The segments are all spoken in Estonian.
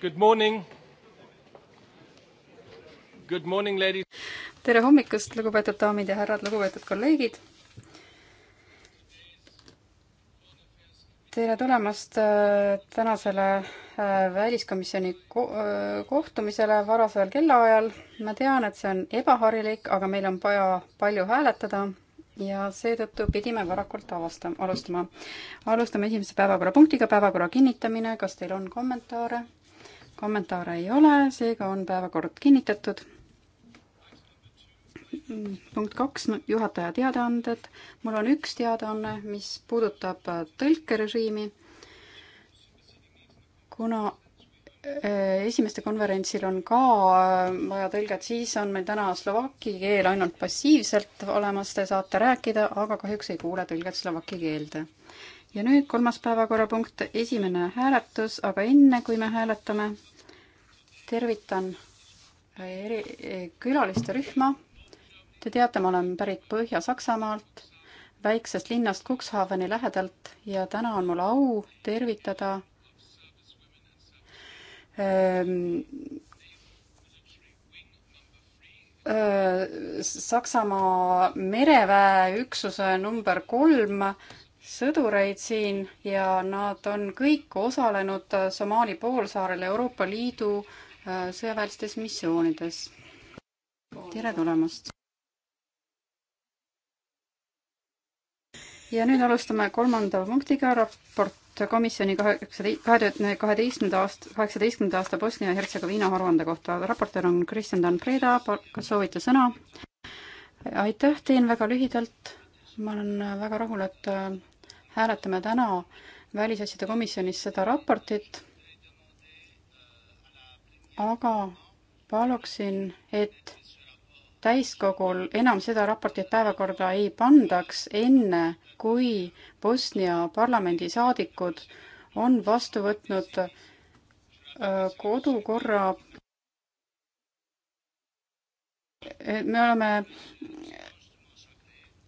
Good morning. Good morning, ladies. tere hommikust, lugupeetud daamid ja härrad, lugupeetud kolleegid. tere tulemast äh, tänasele äh, väliskomisjoni äh, kohtumisele varasel kellaajal. ma tean, et see on ebaharilik, aga meil on vaja palju hääletada ja seetõttu pidime varakult avastama, alustama. alustame esimese päevakorrapunktiga, päevakorra kinnitamine, kas teil on kommentaare? kommentaare ei ole, seega on päevakord kinnitatud. punkt kaks, juhataja teadaanded. mul on üks teadaanne, mis puudutab tõlkerežiimi. kuna äh, esimeste konverentsil on ka äh, vaja tõlget, siis on meil täna slovaki keel ainult passiivselt olemas, te saate rääkida, aga kahjuks ei kuule tõlget slovaki keelde ja nüüd kolmas päevakorrapunkt, esimene hääletus, aga enne kui me hääletame, tervitan äh, eri, äh, külaliste rühma. Te teate, ma olen pärit Põhja-Saksamaalt, väiksest linnast Cuxhaveni lähedalt ja täna on mul au tervitada ähm, äh, Saksamaa mereväe üksuse number kolm sõdureid siin ja nad on kõik osalenud Somaali poolsaarel Euroopa Liidu äh, Äh, sõjaväelistes missioonides. tere tulemast! ja nüüd alustame kolmanda punktiga, raport komisjoni kaheksateistkümne, kaheteistkümnenda aasta, kaheksateistkümnenda aasta Bosnia-Hertsegoviina aruande kohta. raportöör on Kristjan Dan Preda, kas soovite sõna? aitäh, teen väga lühidalt. ma olen väga rahul, et äh, hääletame täna välisasjade komisjonis seda raportit aga paluksin, et täiskogul enam seda raportit päevakorda ei pandaks enne, kui Bosnia parlamendisaadikud on vastu võtnud äh, kodukorra me oleme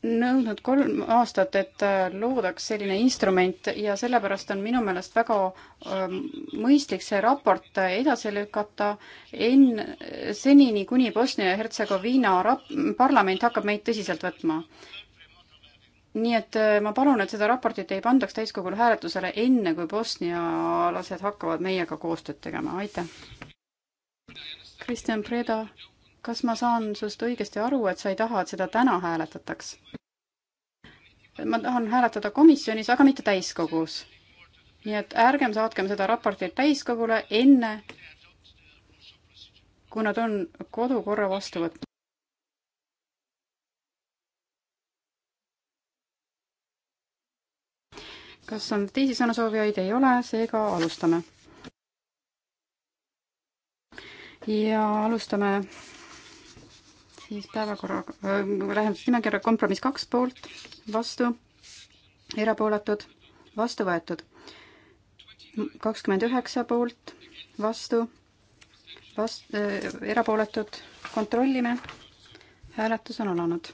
nõudnud kolm aastat, et äh, loodaks selline instrument ja sellepärast on minu meelest väga ähm, mõistlik see raport äh, edasi lükata enn-, senini, kuni Bosnia ja Hertsegoviina rap-, parlament hakkab meid tõsiselt võtma. nii et äh, ma palun, et seda raportit ei pandaks täiskogul hääletusele enne, kui bosnialased hakkavad meiega koostööd tegema, aitäh! Kristjan Preda kas ma saan sinust õigesti aru, et sa ei taha, et seda täna hääletataks? ma tahan hääletada komisjonis, aga mitte täiskogus. nii et ärgem saatkem seda raportit täiskogule enne, kui nad on kodukorra vastu võtnud. kas on teisi sõnasoovijaid, ei ole, seega alustame. ja alustame siis päevakorra äh,, lähemalt nimekirja kompromiss kaks poolt, vastu, erapooletud, vastu võetud. kakskümmend üheksa poolt, vastu, vast- äh,, erapooletud, kontrollime, hääletus on alanud.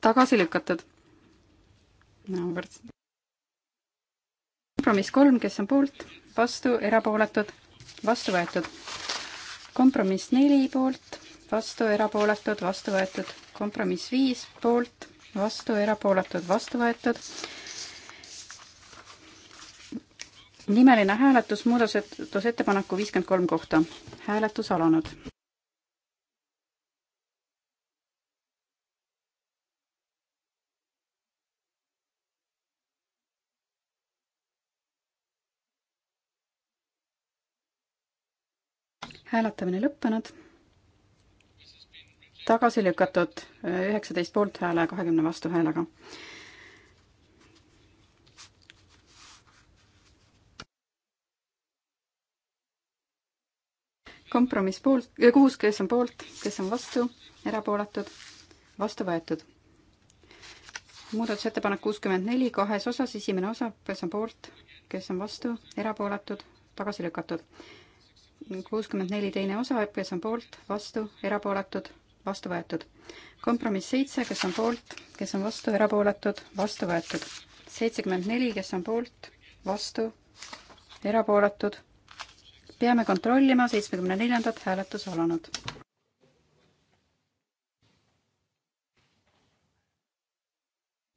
tagasi lükatud auväärt. kompromiss kolm, kes on poolt, vastu, erapooletud, vastu võetud. kompromiss neli poolt, vastu, erapooletud, vastu võetud. kompromiss viis poolt, vastu, erapooletud, vastu võetud nimeline hääletus muudatusettepaneku viiskümmend kolm kohta. hääletus alanud. hääletamine lõppenud. tagasi lükatud äh, üheksateist poolthääle kahekümne vastuhäälega. kompromiss poolt, äh, kuus, kes on poolt, kes on vastu, erapooletud, vastu võetud. muudatusettepanek kuuskümmend neli kahes osas, esimene osa, kes on poolt, kes on vastu, erapooletud, tagasi lükatud kuuskümmend neli teine osa, kes on poolt, vastu, erapooletud, vastu võetud. kompromiss seitse, kes on poolt, kes on vastu, erapooletud, vastu võetud. seitsekümmend neli, kes on poolt, vastu, erapooletud. peame kontrollima seitsmekümne neljandat hääletus alanud.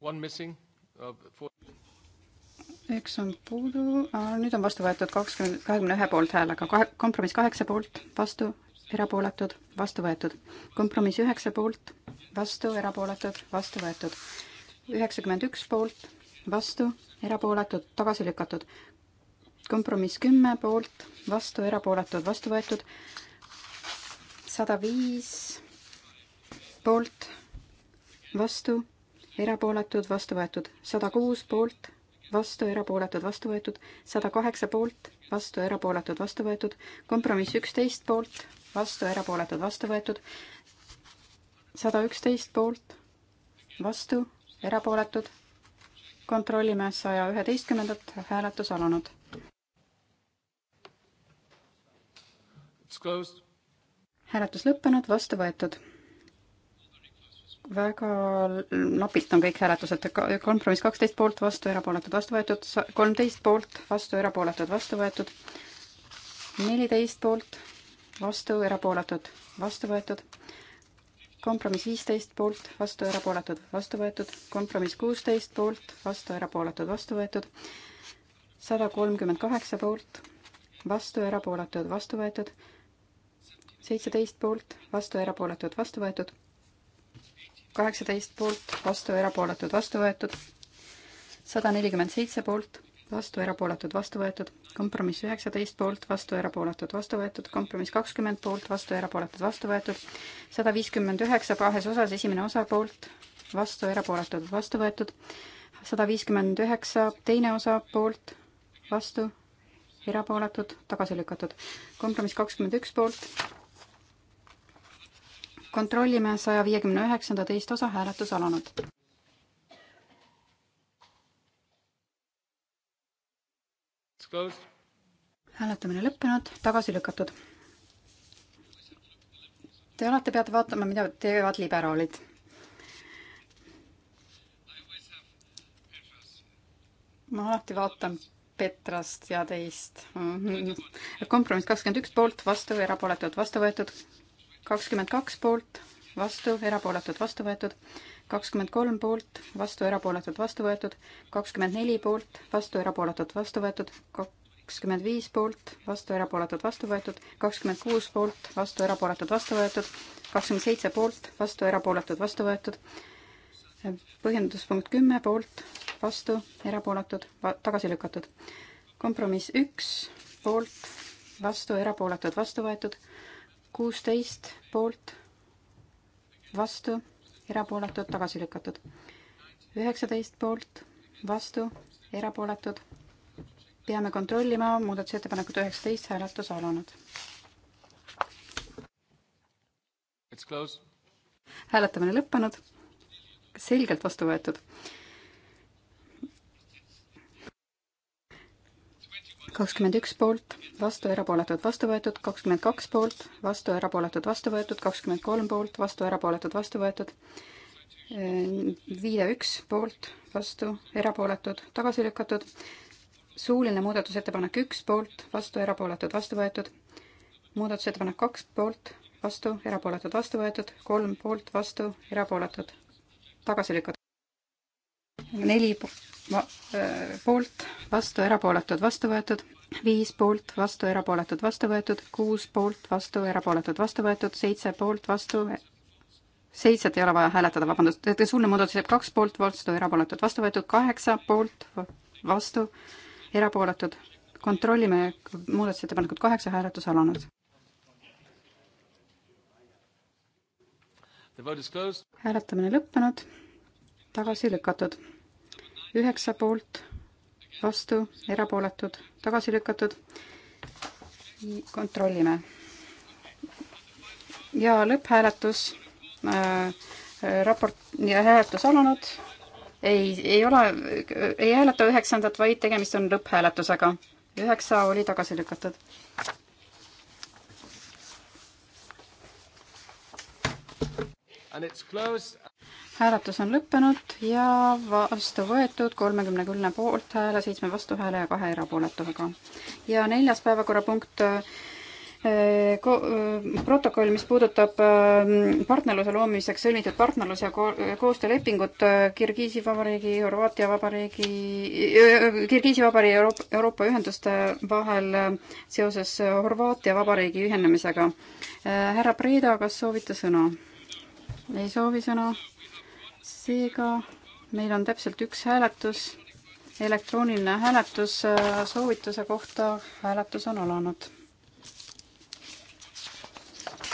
One missing uh, for üks on puudu, nüüd on vastu võetud kakskümmend, kahekümne ühe poolthäälega, kahe, kompromiss kaheksa poolt, vastu, erapooletud, vastu võetud. kompromiss üheksa poolt, vastu, erapooletud, vastu võetud. üheksakümmend üks poolt, vastu, erapooletud, tagasi lükatud. kompromiss kümme poolt, vastu, erapooletud, vastu võetud. sada viis poolt, vastu, erapooletud, vastu võetud. sada kuus poolt vastu, erapooletud, vastu võetud, sada kaheksa poolt, vastu, erapooletud, vastu võetud, kompromiss üksteist poolt, vastu, erapooletud, vastu võetud, sada üksteist poolt, vastu, erapooletud, kontrollime saja üheteistkümnendat, hääletus alanud. hääletus lõppenud, vastu võetud väga napilt on kõik hääletused, kompromiss kaksteist poolt, vastu, erapooletud, vastu võetud, kolmteist poolt, vastu, erapooletud, vastu võetud, neliteist poolt, vastu, erapooletud, vastu võetud, kompromiss viisteist poolt, vastu, erapooletud, vastu võetud, kompromiss kuusteist poolt, vastu, erapooletud, vastu võetud, sada kolmkümmend kaheksa poolt, vastu, erapooletud, vastu võetud, seitseteist poolt, vastu, erapooletud, vastu võetud kaheksateist poolt, vastu, erapooletud, vastu võetud. sada nelikümmend seitse poolt, vastu, erapooletud, vastu võetud. kompromiss üheksateist poolt, vastu, erapooletud, vastu võetud. kompromiss kakskümmend poolt, vastu, erapooletud, vastu võetud. sada viiskümmend üheksa kahes osas, esimene osa poolt, vastu, erapooletud, vastu võetud. sada viiskümmend üheksa teine osa poolt, vastu, erapooletud, tagasi lükatud. kompromiss kakskümmend üks poolt kontrollime saja viiekümne üheksanda teist osa hääletus alanud. hääletamine lõppenud, tagasi lükatud. Te alati peate vaatama, mida teevad liberaalid ma alati vaatan Petrast ja teist. kompromiss kakskümmend üks poolt, vastu, erapooletud, vastu võetud kakskümmend kaks poolt, vastu, erapooletud, vastu võetud, kakskümmend kolm poolt, vastu, erapooletud, vastu võetud, kakskümmend neli poolt, vastu, erapooletud, vastu võetud, kakskümmend viis poolt, vastu, erapooletud, vastu võetud, kakskümmend kuus poolt, vastu, erapooletud, vastu võetud, kakskümmend seitse poolt, vastu, erapooletud, vastu võetud, põhjenduspunkt kümme poolt, vastu, erapooletud, tagasi lükatud. kompromiss üks, poolt, vastu, erapooletud, vastu võetud kuusteist poolt, vastu, erapooletud, tagasi lükatud. üheksateist poolt, vastu, erapooletud. peame kontrollima muudatusettepanekut üheksateist, hääletus alanud. hääletamine lõppenud, selgelt vastu võetud kakskümmend üks poolt, vastu, erapooletud, vastu võetud, kakskümmend kaks poolt, vastu, erapooletud, vastu võetud, kakskümmend kolm poolt, vastu, erapooletud, vastu võetud, viide üks poolt, vastu, erapooletud, tagasi lükatud, suuline muudatusettepanek üks poolt, vastu, erapooletud, vastu võetud, muudatusettepanek kaks poolt, vastu, erapooletud, vastu võetud, kolm poolt, vastu, erapooletud, tagasi lükatud, neli va-, äh, poolt, vastu, erapooletud, vastu võetud, viis poolt, vastu, erapooletud, vastu võetud, kuus poolt, vastu, erapooletud, vastu võetud, seitse poolt, vastu, e-, seitset ei ole vaja hääletada, vabandust, suuline muudatus jääb kaks poolt, vastu, erapooletud, vastu võetud, kaheksa poolt, vastu, erapooletud. kontrollime muudatusettepanekut kaheksa, hääletus alanud. hääletamine lõppenud, tagasi lükatud üheksa poolt, vastu, erapooletud, tagasi lükatud. kontrollime. ja lõpphääletus äh,, äh raport, hääletus alanud. ei, ei ole, ei hääleta üheksandat, vaid tegemist on lõpphääletusega. üheksa oli tagasi lükatud. And it's closed hääletus on lõppenud ja vastu võetud kolmekümne kümne poolthääle, seitsme vastuhääle ja kahe erapooletuga. ja neljas päevakorrapunkt eh, ko-, eh, protokoll, mis puudutab eh, partnerluse loomiseks sõlmitud partnerlus- ja ko-, koostöölepingut Kirgiisi Vabariigi, Horvaatia Vabariigi, Kirgiisi Vabariigi ja Euroopa, Euroopa Ühenduste vahel seoses Horvaatia Vabariigi ühenemisega. härra Preda, kas soovite sõna? ei soovi sõna? seega meil on täpselt üks hääletus, elektrooniline hääletus äh, soovituse kohta, hääletus on alanud.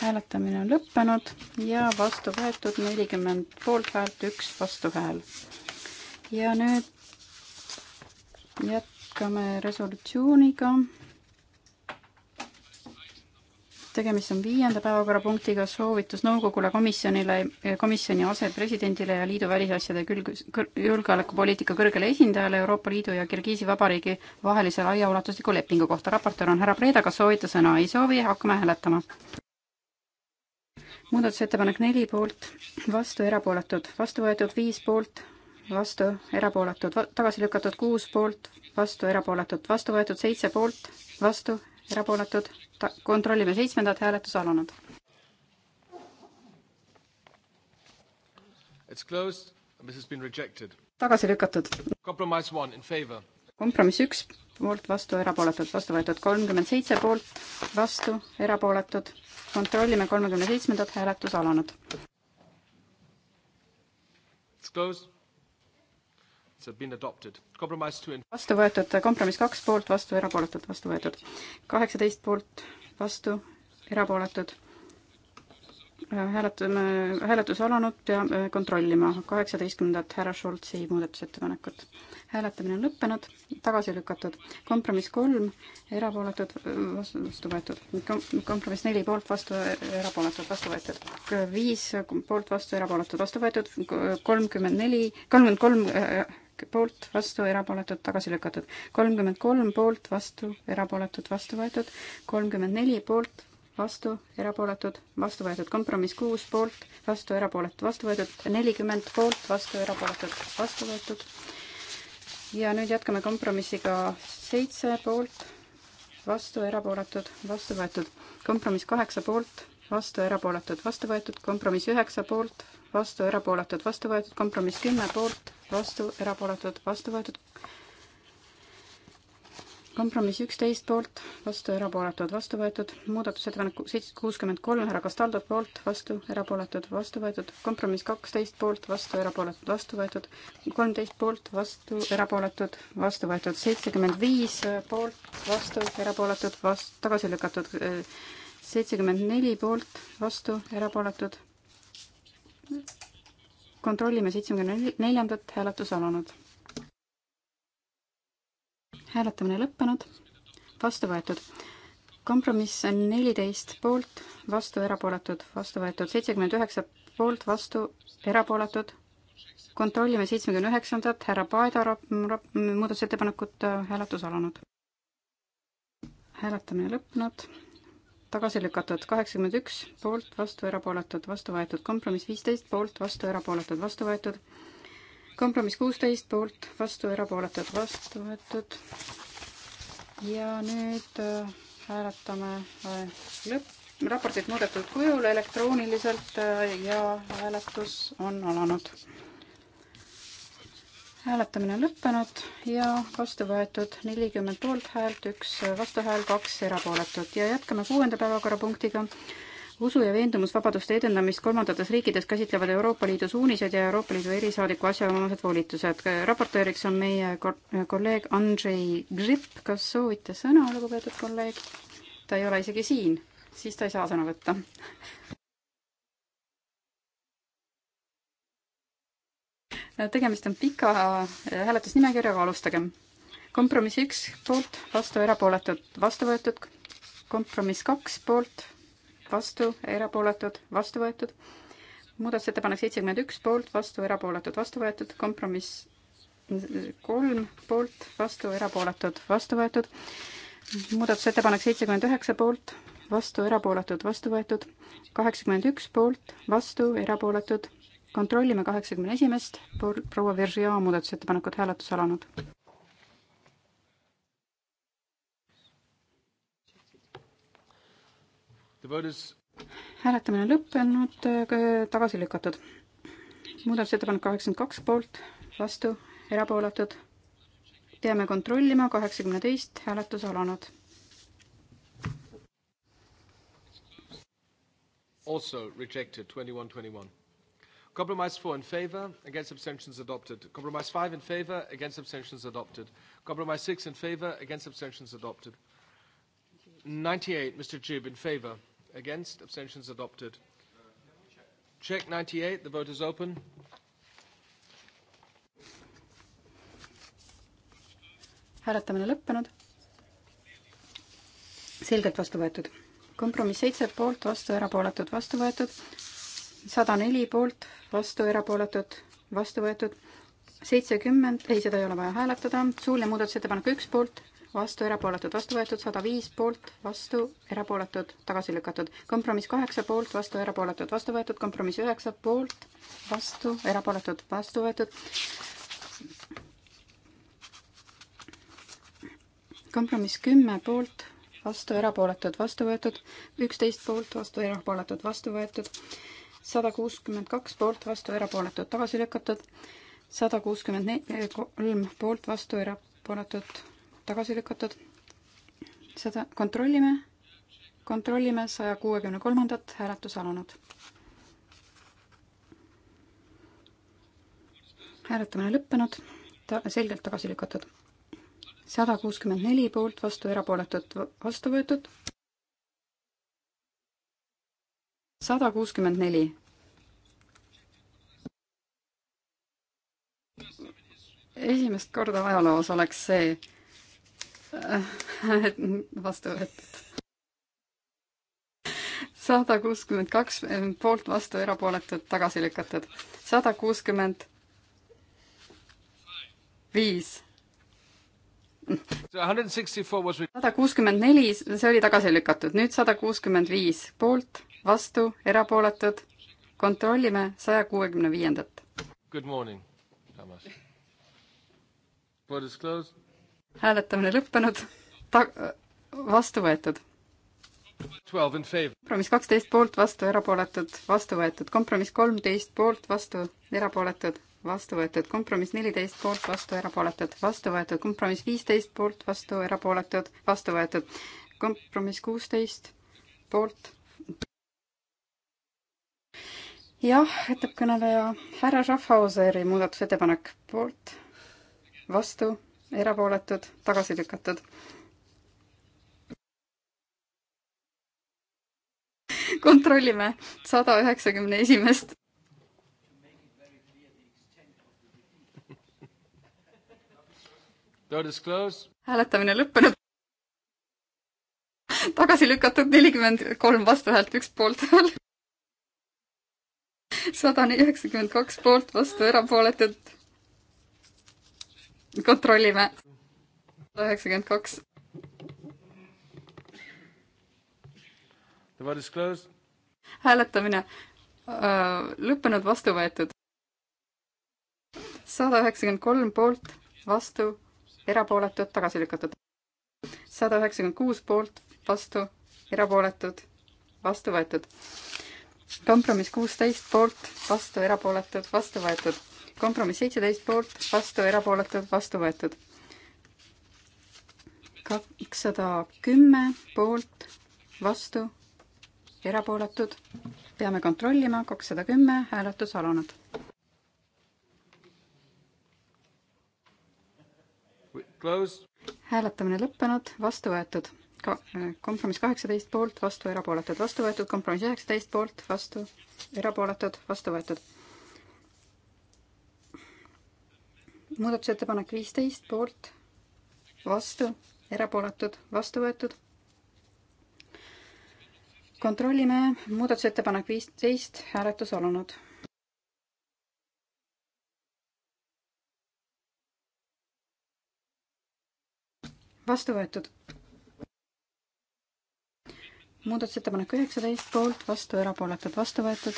hääletamine on lõppenud ja vastu võetud nelikümmend poolthäält, üks vastuhääl. ja nüüd jätkame resolutsiooniga tegemist on viienda päevakorrapunktiga, soovitus nõukogule, komisjonile, komisjoni asepresidendile ja liidu välisasjade külg-, julgeolekupoliitika kõrgele esindajale Euroopa Liidu ja Kirgiisi Vabariigi vahelise laiaulatusliku lepingu kohta. raportöör on härra Preeda, kas soovite sõna? ei soovi, hakkame hääletama. muudatusettepanek neli poolt, vastu, erapooletud, vastu võetud viis poolt, vastu, erapooletud, tagasi lükatud kuus poolt, vastu, erapooletud, vastu võetud seitse poolt, vastu, erapooletud kontrollime seitsmendat, hääletus alanud. tagasi lükatud. kompromiss üks, poolt, vastu, erapooletud, vastu võetud kolmkümmend seitse poolt, vastu, erapooletud. kontrollime kolmekümne seitsmendat, hääletus alanud. It's closed vastu võetud, kompromiss kaks poolt, vastu, erapooletud, vastu võetud. kaheksateist poolt, vastu, erapooletud. hääletame, hääletus alanud, peame äh, kontrollima kaheksateistkümnendat härra Schultzi muudatusettepanekut. hääletamine on lõppenud, tagasi lükatud. kompromiss kolm, erapooletud, äh, vastu võetud. kompromiss neli poolt, vastu, erapooletud, vastu võetud. viis poolt, vastu, erapooletud, vastu võetud. kolmkümmend neli, kolmkümmend kolm äh, poolt, vastu, erapooletud, tagasi lükatud. kolmkümmend kolm poolt, vastu, erapooletud, vastu võetud. kolmkümmend neli poolt, vastu, erapooletud, vastu võetud. kompromiss kuus poolt, vastu, erapooletud, vastu võetud. nelikümmend poolt, vastu, erapooletud, vastu võetud. ja nüüd jätkame kompromissiga seitse poolt, vastu, erapooletud, vastu võetud. kompromiss kaheksa poolt, vastu, erapooletud, vastu võetud. kompromiss üheksa poolt, vastu, erapooletud, vastu võetud. kompromiss kümme poolt vastu, erapooletud, vastu võetud. kompromiss üksteist poolt, vastu, erapooletud, vastu võetud. muudatusettepanek kuuskümmend kolm härra Kastaldo poolt, vastu, erapooletud, vastu võetud. kompromiss kaksteist poolt, vastu, erapooletud, vastu võetud. kolmteist poolt, vastu, erapooletud, vastu võetud. seitsekümmend viis poolt, vastu, erapooletud, vastu, tagasi lükatud seitsekümmend neli poolt, vastu, erapooletud kontrollime seitsmekümne neljandat, hääletus alanud. hääletamine lõppenud, vastu võetud. kompromiss on neliteist poolt, vastu erapooletud, vastu võetud seitsekümmend üheksa poolt, vastu erapooletud. kontrollime seitsmekümne üheksandat, härra Paeda muudatusettepanekut, äh, hääletus alanud. hääletamine lõppenud tagasi lükatud kaheksakümmend üks, poolt, vastu, erapooletud, vastu võetud, kompromiss viisteist, poolt, vastu, erapooletud, vastu võetud, kompromiss kuusteist, poolt, vastu, erapooletud, vastu võetud. ja nüüd äh, hääletame äh, lõpp, raportit muudetud kujul elektrooniliselt äh, ja hääletus on alanud hääletamine on lõppenud ja vastu võetud nelikümmend poolthäält, üks vastuhääl, kaks erapooletut ja jätkame kuuenda päevakorrapunktiga. usu ja veendumusvabaduste edendamist kolmandates riikides käsitlevad Euroopa Liidu suunised ja Euroopa Liidu erisaadiku asjaomased volitused. raportööriks on meie kolleeg Andrei Grip. kas soovite sõna, lugupeetud kolleeg? ta ei ole isegi siin, siis ta ei saa sõna võtta. tegemist on pika äh, hääletusnimekirjaga, alustagem. kompromiss üks poolt, vastu, erapooletud, vastu võetud. kompromiss kaks poolt, vastu, erapooletud, vastu võetud. muudatusettepanek seitsekümmend üks poolt, vastu, erapooletud, vastu võetud. kompromiss kolm poolt, vastu, erapooletud, vastu võetud. muudatusettepanek seitsekümmend üheksa poolt, vastu, erapooletud, vastu võetud. kaheksakümmend üks poolt, vastu, erapooletud kontrollime kaheksakümne esimest proua Veržia muudatusettepanekut hääletus alanud. hääletamine on lõppenud, äh, tagasi lükatud. muudatusettepanek kaheksakümmend kaks poolt, vastu, erapooletud. peame kontrollima, kaheksakümne teist hääletus alanud. Also rejected twenty one twenty one Compromise 4 in favor, against abstentions adopted. Compromise 5 in favor, against abstentions adopted. Compromise 6 in favor, against abstentions adopted. 98, Mr. Jib in favor, against abstentions adopted. Check 98, the vote is open. hääletamine lõppenud. selgelt vastu võetud. kompromiss seitse poolt, vastu, erapooletud, vastu võetud sada neli poolt, vastu erapooletud, vastu võetud seitsekümmend, ei, seda ei ole vaja hääletada, suuline muudatusettepanek üks poolt, vastu erapooletud, vastu võetud sada viis poolt, vastu erapooletud, tagasi lükatud. kompromiss kaheksa poolt, vastu erapooletud, vastu võetud, kompromiss üheksa poolt, vastu erapooletud, vastu võetud. kompromiss kümme poolt, vastu erapooletud, vastu võetud, üksteist poolt, vastu erapooletud, vastu võetud sada kuuskümmend kaks poolt, vastu, erapooletud, tagasi lükatud. sada kuuskümmend eh, kolm poolt, vastu, erapooletud, tagasi lükatud. seda kontrollime, kontrollime saja kuuekümne kolmandat, hääletus alanud. hääletamine lõppenud, ta selgelt tagasi lükatud sada kuuskümmend neli poolt, vastu erapooletud, vastu võetud, sada kuuskümmend neli. esimest korda ajaloos oleks see äh, vastu võetud. sada kuuskümmend kaks äh, poolt vastu, erapooletud, tagasi lükatud. sada kuuskümmend viis. sada kuuskümmend neli, see oli tagasi lükatud, nüüd sada kuuskümmend viis poolt vastu, erapooletud. kontrollime saja kuuekümne viiendat. Good morning, Tamas. Vote is closed. hääletamine lõppenud, ta-, vastu võetud. kompromiss kaksteist poolt, vastu, erapooletud, vastu võetud. kompromiss kolmteist poolt, vastu, erapooletud vastu võetud, kompromiss neliteist poolt, vastu erapooletud, vastu võetud, kompromiss viisteist poolt, vastu erapooletud, vastu võetud, kompromiss kuusteist poolt, jah, ütleb kõneleja, härra Schaffhauseri muudatusettepanek poolt, vastu, erapooletud, tagasi lükatud. kontrollime sada üheksakümne esimest. hääletamine lõppenud. tagasi lükatud nelikümmend kolm vastuhäält, üks poolthääl sada üheksakümmend kaks poolt, vastu erapooletud. kontrollime. sada üheksakümmend kaks. hääletamine äh, lõppenud, vastu võetud. sada üheksakümmend kolm poolt, vastu, erapooletud, tagasi lükatud. sada üheksakümmend kuus poolt, vastu, erapooletud, vastu võetud kompromiss kuusteist poolt, vastu, erapooletud, vastu võetud. kompromiss seitseteist poolt, vastu, erapooletud, vastu võetud. kakssada kümme poolt, vastu, erapooletud. peame kontrollima, kakssada kümme, hääletus alanud. hääletamine lõppenud, vastu võetud ka-, kompromiss kaheksateist poolt, vastu, erapooletud, vastu võetud, kompromiss üheksateist poolt, vastu, erapooletud, vastu võetud. muudatusettepanek viisteist poolt, vastu, erapooletud, vastu võetud. kontrollime muudatusettepanek viisteist, hääletus alanud vastu võetud muudatusettepanek üheksateist poolt, vastu erapooletud, vastu võetud.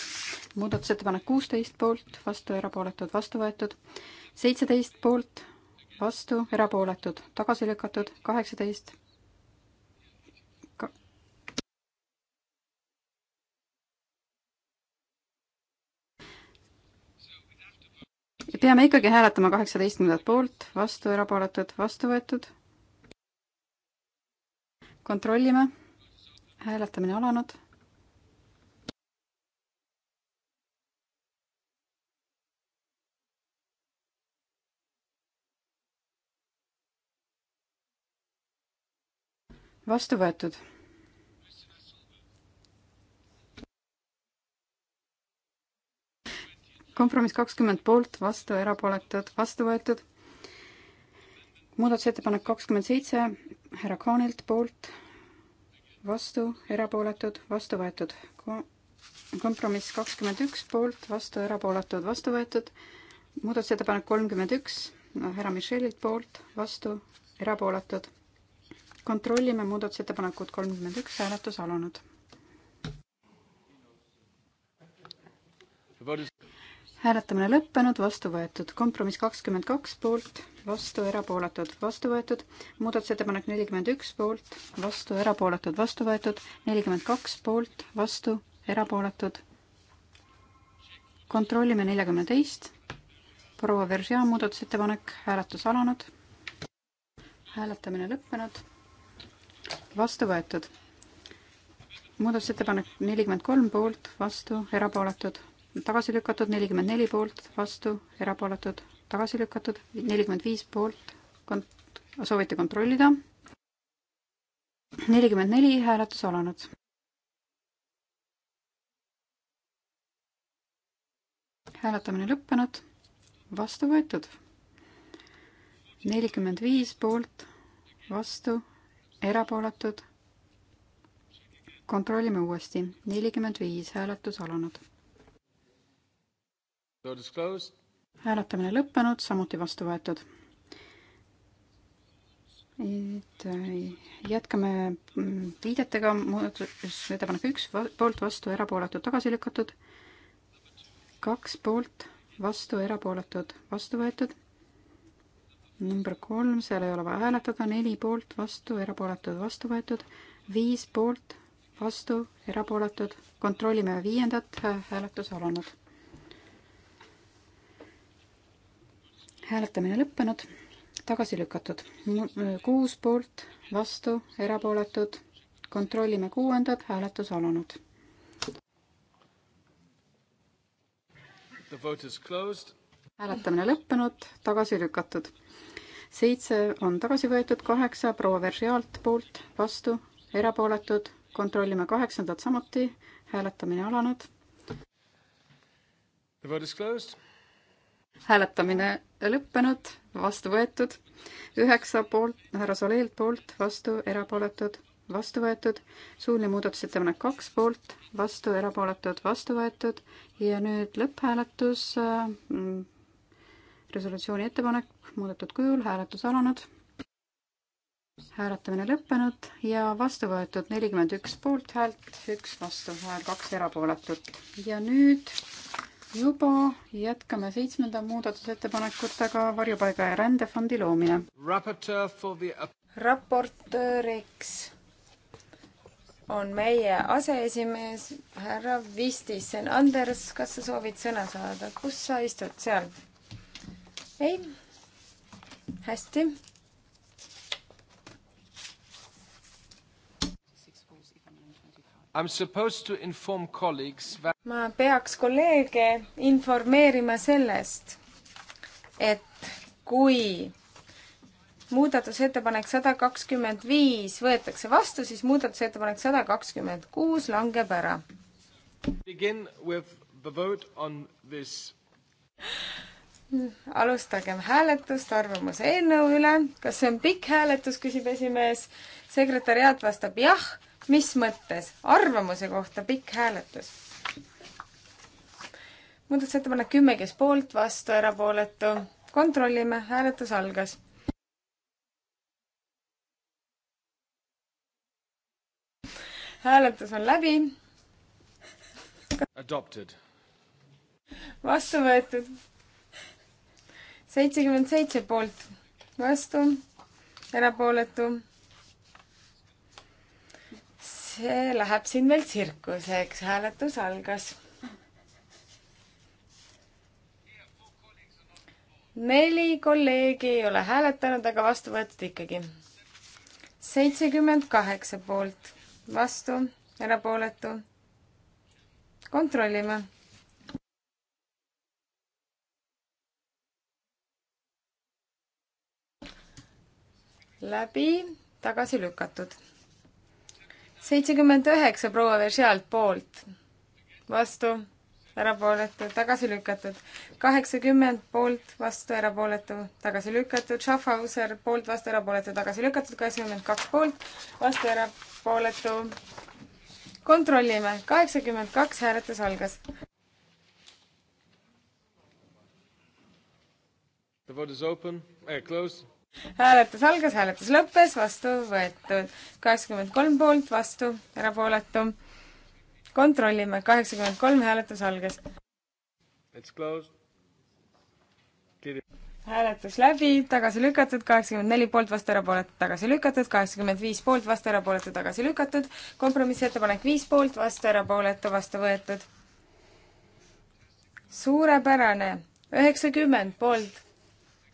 muudatusettepanek kuusteist poolt, vastu erapooletud, vastu võetud. seitseteist poolt, vastu erapooletud, tagasi lükatud. kaheksateist peame ikkagi hääletama kaheksateistkümnendat poolt, vastu erapooletud, vastu võetud. kontrollime hääletamine alanud. vastu võetud. kompromiss kakskümmend poolt, vastu, erapooletud, vastu võetud. muudatusettepanek kakskümmend seitse härra Kaanilt poolt vastu, erapooletud, vastu võetud. kompromiss kakskümmend üks poolt, vastu, erapooletud, vastu võetud. muudatusettepanek kolmkümmend üks, härra Michelilt poolt, vastu, erapooletud. kontrollime muudatusettepanekut kolmkümmend üks, hääletus alanud. hääletamine lõppenud, vastu võetud. kompromiss kakskümmend kaks poolt, vastu, erapooletud, vastu võetud. muudatusettepanek nelikümmend üks poolt, vastu, erapooletud, vastu võetud. nelikümmend kaks poolt, vastu, erapooletud. kontrollime neljakümne teist. proua Veržea muudatusettepanek, hääletus alanud. hääletamine lõppenud. vastu võetud. muudatusettepanek nelikümmend kolm poolt, vastu, erapooletud tagasi lükatud, nelikümmend neli poolt, vastu, erapooletud, tagasi lükatud, nelikümmend viis poolt kont-, sooviti kontrollida. nelikümmend neli hääletus alanud. hääletamine lõppenud, vastu võetud. nelikümmend viis poolt, vastu, erapooletud. kontrollime uuesti, nelikümmend viis hääletus alanud. Vote is closed hääletamine lõppenud, samuti vastu võetud. et äh, jätkame mm, viidetega, muudatusettepanek üks, poolt, vastu, erapooletud, tagasi lükatud. kaks poolt, vastu, erapooletud, vastu võetud. number kolm, seal ei ole vaja hääletada, neli poolt, vastu, erapooletud, vastu võetud. viis poolt, vastu, erapooletud, kontrollime viiendat, hääletus alanud hääletamine lõppenud, tagasi lükatud. kuus poolt, vastu, erapooletud. kontrollime kuuendat, hääletus alanud. hääletamine lõppenud, tagasi lükatud. seitse on tagasi võetud, kaheksa proua Veržialt poolt, vastu, erapooletud. kontrollime kaheksandat samuti, hääletamine alanud. hääletamine lõppenud, vastu võetud, üheksa poolt, härra Soleilt poolt, vastu, erapooletud, vastu võetud, suuline muudatusettepanek kaks poolt, vastu, erapooletud, vastu võetud ja nüüd lõpphääletus äh,, resolutsiooni ettepanek muudetud kujul, hääletus alanud, hääletamine lõppenud ja vastu võetud nelikümmend üks poolthäält, üks vastuhääl, kaks erapooletut ja nüüd juba jätkame seitsmenda muudatusettepanekutega Varjupaiga ja rändefondi loomine. raportööriks on meie aseesimees härra Vistisen. Anders, kas sa soovid sõna saada, kus sa istud seal? ei? hästi ma peaks kolleege informeerima sellest, et kui muudatusettepanek sada kakskümmend viis võetakse vastu, siis muudatusettepanek sada kakskümmend kuus langeb ära. alustagem hääletust arvamuse eelnõu üle. kas see on pikk hääletus, küsib esimees. sekretäriaat vastab jah mis mõttes? arvamuse kohta pikk hääletus. muudatusettepanek kümme, kes poolt, vastu, erapooletu. kontrollime, hääletus algas. hääletus on läbi. Adopted. vastu võetud. seitsekümmend seitse poolt, vastu, erapooletu see läheb siin veel tsirkuseks, hääletus algas. neli kolleegi ei ole hääletanud, aga vastu võetud ikkagi. seitsekümmend kaheksa poolt, vastu, erapooletu. kontrollime läbi tagasi lükatud seitsekümmend üheksa proua Veržealt poolt, vastu, erapooletu, tagasi lükatud. kaheksakümmend poolt, vastu, erapooletu, tagasi lükatud. Schaffhauser poolt, vastu, erapooletu, tagasi lükatud. kaheksakümmend kaks poolt, vastu, erapooletu. kontrollime, kaheksakümmend kaks hääletus algas. The vote is open, eh, closed hääletus algas, hääletus lõppes, vastu võetud. kaheksakümmend kolm poolt, vastu, erapooletu. kontrollime, kaheksakümmend kolm, hääletus algas. hääletus läbi, tagasi lükatud, kaheksakümmend neli poolt, vastu, erapooletu, tagasi lükatud, kaheksakümmend viis poolt, vastu, erapooletu, tagasi lükatud. kompromissettepanek viis poolt, vastu, erapooletu, vastu võetud. suurepärane, üheksakümmend poolt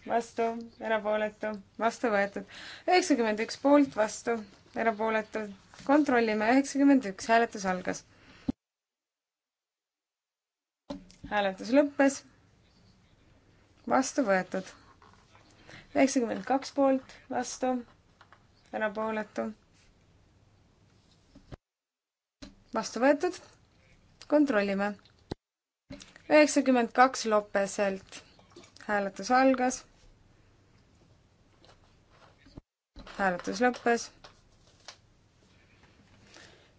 vastu, erapooletu, vastu võetud. üheksakümmend üks poolt, vastu, erapooletu. kontrollime, üheksakümmend üks, hääletus algas. hääletus lõppes. vastu võetud. üheksakümmend kaks poolt, vastu, erapooletu. vastu võetud. kontrollime. üheksakümmend kaks Lopeselt. hääletus algas hääletus lõppes.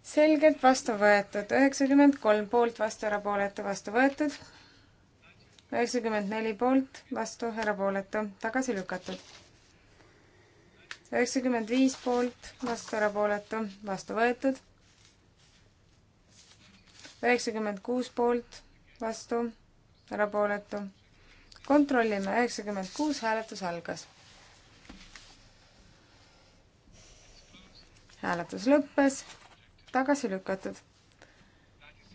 selgelt vastu võetud, üheksakümmend kolm poolt, vastu, erapooletu, vastu võetud. üheksakümmend neli poolt, vastu, erapooletu, tagasi lükatud. üheksakümmend viis poolt, vastu, erapooletu, vastu võetud. üheksakümmend kuus poolt, vastu, erapooletu kontrollime, üheksakümmend kuus hääletus algas hääletus lõppes, tagasi lükatud.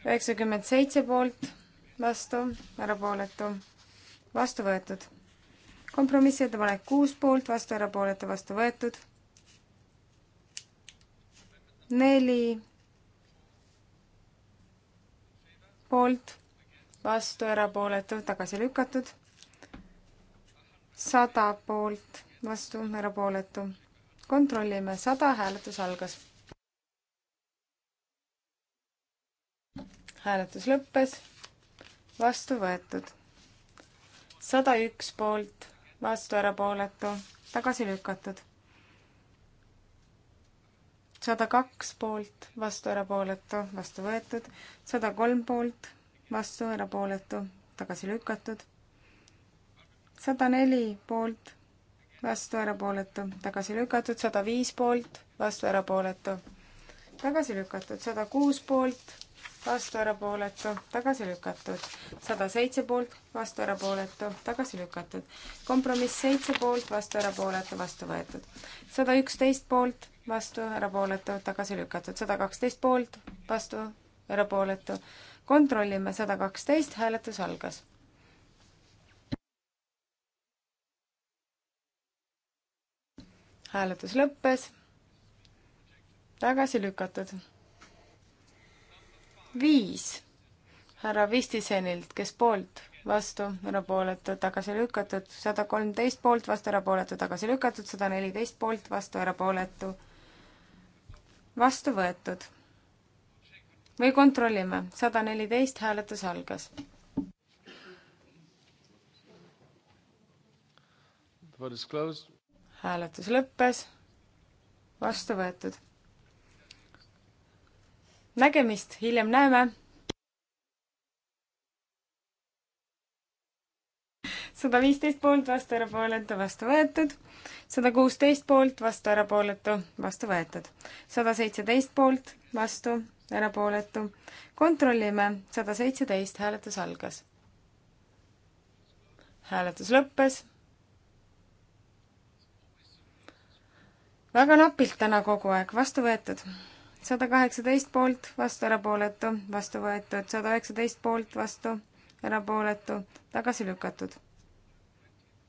üheksakümmend seitse poolt, vastu, erapooletu, vastu võetud. kompromissettepanek kuus poolt, vastu, erapooletu, vastu võetud. neli poolt, vastu, erapooletu, tagasi lükatud. sada poolt, vastu, erapooletu kontrollime, sada, hääletus algas. hääletus lõppes, vastu võetud. sada üks poolt, vastu erapooletu, tagasi lükatud. sada kaks poolt, vastu erapooletu, vastu võetud. sada kolm poolt, vastu erapooletu, tagasi lükatud. sada neli poolt vastu, erapooletu, tagasi lükatud, sada viis poolt, vastu, erapooletu, tagasi lükatud, sada kuus poolt, vastu, erapooletu, tagasi lükatud, sada seitse poolt, vastu, erapooletu, tagasi lükatud, kompromiss seitse poolt, vastu, erapooletu, vastu võetud, sada üksteist poolt, vastu, erapooletu, tagasi lükatud, sada kaksteist poolt, vastu, erapooletu, kontrollime, sada kaksteist, hääletus algas hääletus lõppes. tagasi lükatud. viis härra Vistisenilt, kes poolt, vastu, erapooletu, tagasi lükatud, sada kolmteist poolt, vastu, erapooletu, tagasi lükatud, sada neliteist poolt, vastu, erapooletu, vastu võetud. või kontrollime, sada neliteist hääletus algas. The vote is closed hääletus lõppes, vastu võetud. nägemist, hiljem näeme. sada viisteist poolt, vastu erapooletu, vastu võetud. sada kuusteist poolt, vastu erapooletu, vastu võetud. sada seitseteist poolt, vastu erapooletu. kontrollime, sada seitseteist, hääletus algas. hääletus lõppes väga napilt täna kogu aeg, vastu võetud. sada kaheksateist poolt, vastu erapooletu, vastu võetud, sada üheksateist poolt, vastu erapooletu, tagasi lükatud.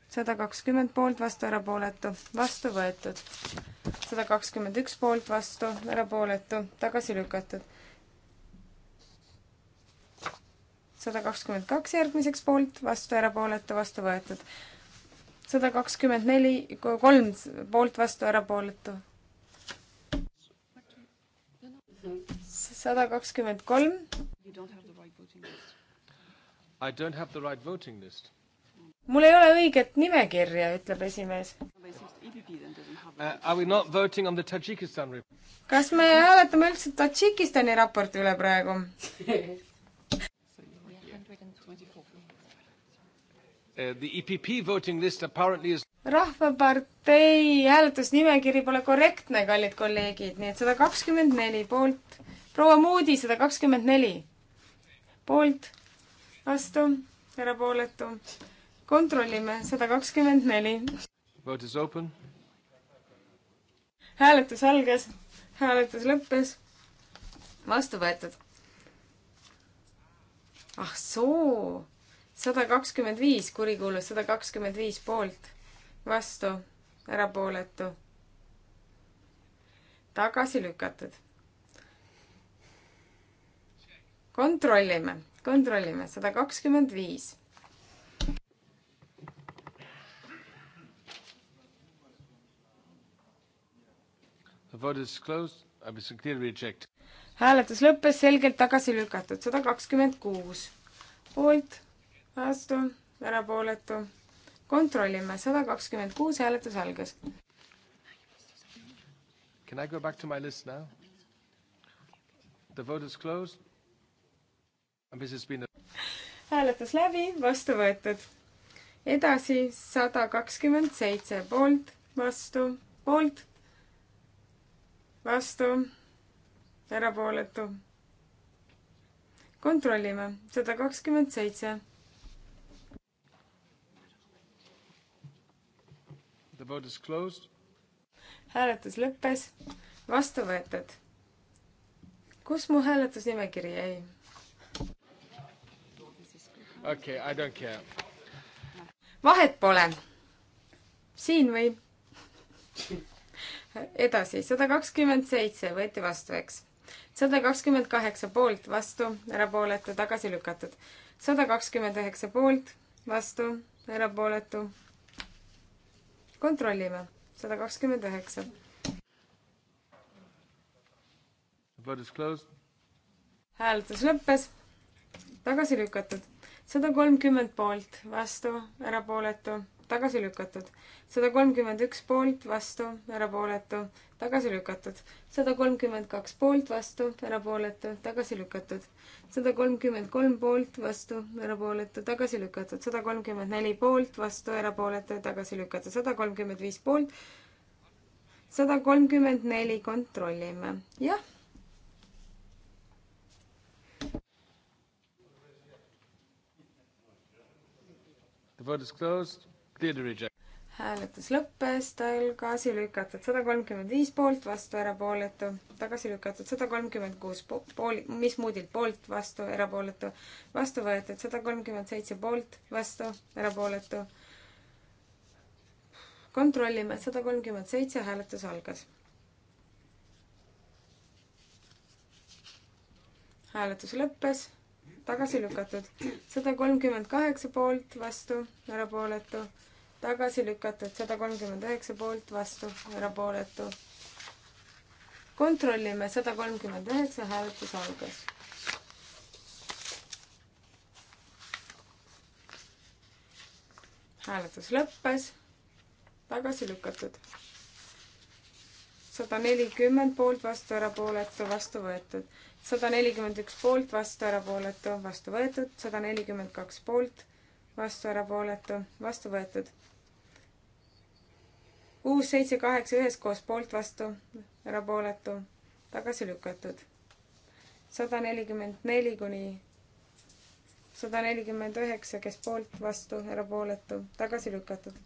sada kakskümmend poolt, vastu erapooletu, vastu võetud. sada kakskümmend üks poolt, vastu erapooletu, tagasi lükatud sada kakskümmend kaks järgmiseks poolt, vastu erapooletu, vastu võetud sada kakskümmend neli, kolm poolt vastu, erapooletu. sada kakskümmend kolm. I don't have the right voting list. mul ei ole õiget nimekirja, ütleb esimees. Uh, kas me hääletame üldse Tadžikistani raporti üle praegu Uh, e is... rahvapartei hääletusnimekiri pole korrektne, kallid kolleegid, nii et sada kakskümmend neli poolt, proua Moody sada kakskümmend neli poolt, vastu, erapooletu. kontrollime, sada kakskümmend neli. Vote is open. hääletus algas, hääletus lõppes, vastu võetud. ah soo sada kakskümmend viis kurikuulus, sada kakskümmend viis poolt, vastu, erapooletu, tagasi lükatud. kontrollime, kontrollime, sada kakskümmend viis. The vote is closed. I was clearly rejected. hääletus lõppes selgelt tagasi lükatud, sada kakskümmend kuus poolt vastu, erapooletu. kontrollime, sada kakskümmend kuus hääletus algas. Can I go back to my list now? The vote is closed. And this has been a... hääletus läbi, vastu võetud. edasi sada kakskümmend seitse poolt, vastu, poolt, vastu, erapooletu kontrollime, sada kakskümmend seitse hääletus lõppes, vastu võetud. kus mu hääletusnimekiri jäi? okei okay,, I don't care. vahet pole. siin või? edasi, sada kakskümmend seitse võeti vastu, eks. sada kakskümmend kaheksa poolt, vastu, erapooletu, tagasi lükatud. sada kakskümmend üheksa poolt, vastu, erapooletu, kontrollime, sada kakskümmend üheksa. hääletus lõppes, tagasi lükatud, sada kolmkümmend poolt, vastu, erapooletu tagasi lükatud. sada kolmkümmend üks poolt, vastu, erapooletu, tagasi lükatud. sada kolmkümmend kaks poolt, vastu, erapooletu, tagasi lükatud. sada kolmkümmend kolm poolt, vastu, erapooletu, tagasi lükatud. sada kolmkümmend neli poolt, vastu, erapooletu, tagasi lükatud. sada kolmkümmend viis poolt, sada kolmkümmend neli, kontrollime. jah The vote is closed hääletus lõppes, tal tagasi lükatud sada kolmkümmend viis poolt, vastu erapooletu, tagasi lükatud sada kolmkümmend kuus pool, mis moodil poolt, vastu erapooletu, vastu võetud sada kolmkümmend seitse poolt, vastu erapooletu. kontrollime, sada kolmkümmend seitse, hääletus algas. hääletus lõppes tagasi lükatud. sada kolmkümmend kaheksa poolt, vastu, erapooletu, tagasi lükatud. sada kolmkümmend üheksa poolt, vastu, erapooletu. kontrollime, sada kolmkümmend üheksa, hääletus algas. hääletus lõppes, tagasi lükatud sada nelikümmend poolt, vastu, erapooletu, vastu võetud. sada nelikümmend üks poolt, vastu, erapooletu, vastu võetud. sada nelikümmend kaks poolt, vastu, erapooletu, vastu võetud. kuus, seitse, kaheksa üheskoos poolt, vastu, erapooletu, tagasi lükatud. sada nelikümmend neli kuni sada nelikümmend üheksa, kes poolt, vastu, erapooletu, tagasi lükatud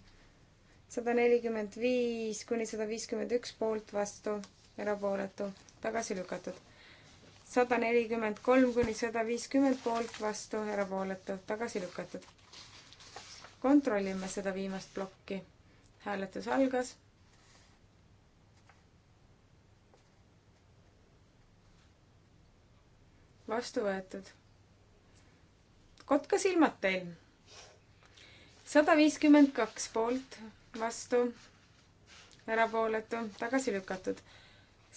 sada nelikümmend viis kuni sada viiskümmend üks poolt, vastu, erapooletu, tagasi lükatud. sada nelikümmend kolm kuni sada viiskümmend poolt, vastu, erapooletu, tagasi lükatud. kontrollime seda viimast plokki. hääletus algas. vastu võetud. kotka silmad teil sada viiskümmend kaks poolt, vastu, erapooletu, tagasi lükatud.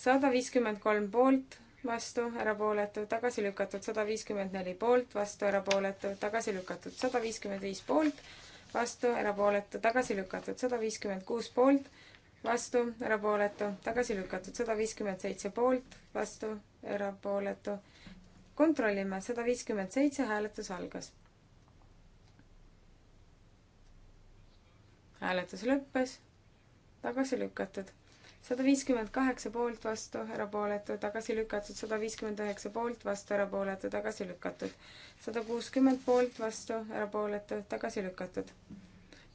sada viiskümmend kolm poolt, vastu, erapooletu, tagasi lükatud. sada viiskümmend neli poolt, vastu, erapooletu, tagasi lükatud. sada viiskümmend viis poolt, vastu, erapooletu, tagasi lükatud. sada viiskümmend kuus poolt, vastu, erapooletu, tagasi lükatud. sada viiskümmend seitse poolt, vastu, erapooletu. kontrollime, sada viiskümmend seitse, hääletus algas hääletus lõppes, tagasi lükatud. sada viiskümmend kaheksa poolt, vastu, erapooletu, tagasi lükatud, sada viiskümmend üheksa poolt, vastu, erapooletu, tagasi lükatud. sada kuuskümmend poolt, vastu, erapooletu, tagasi lükatud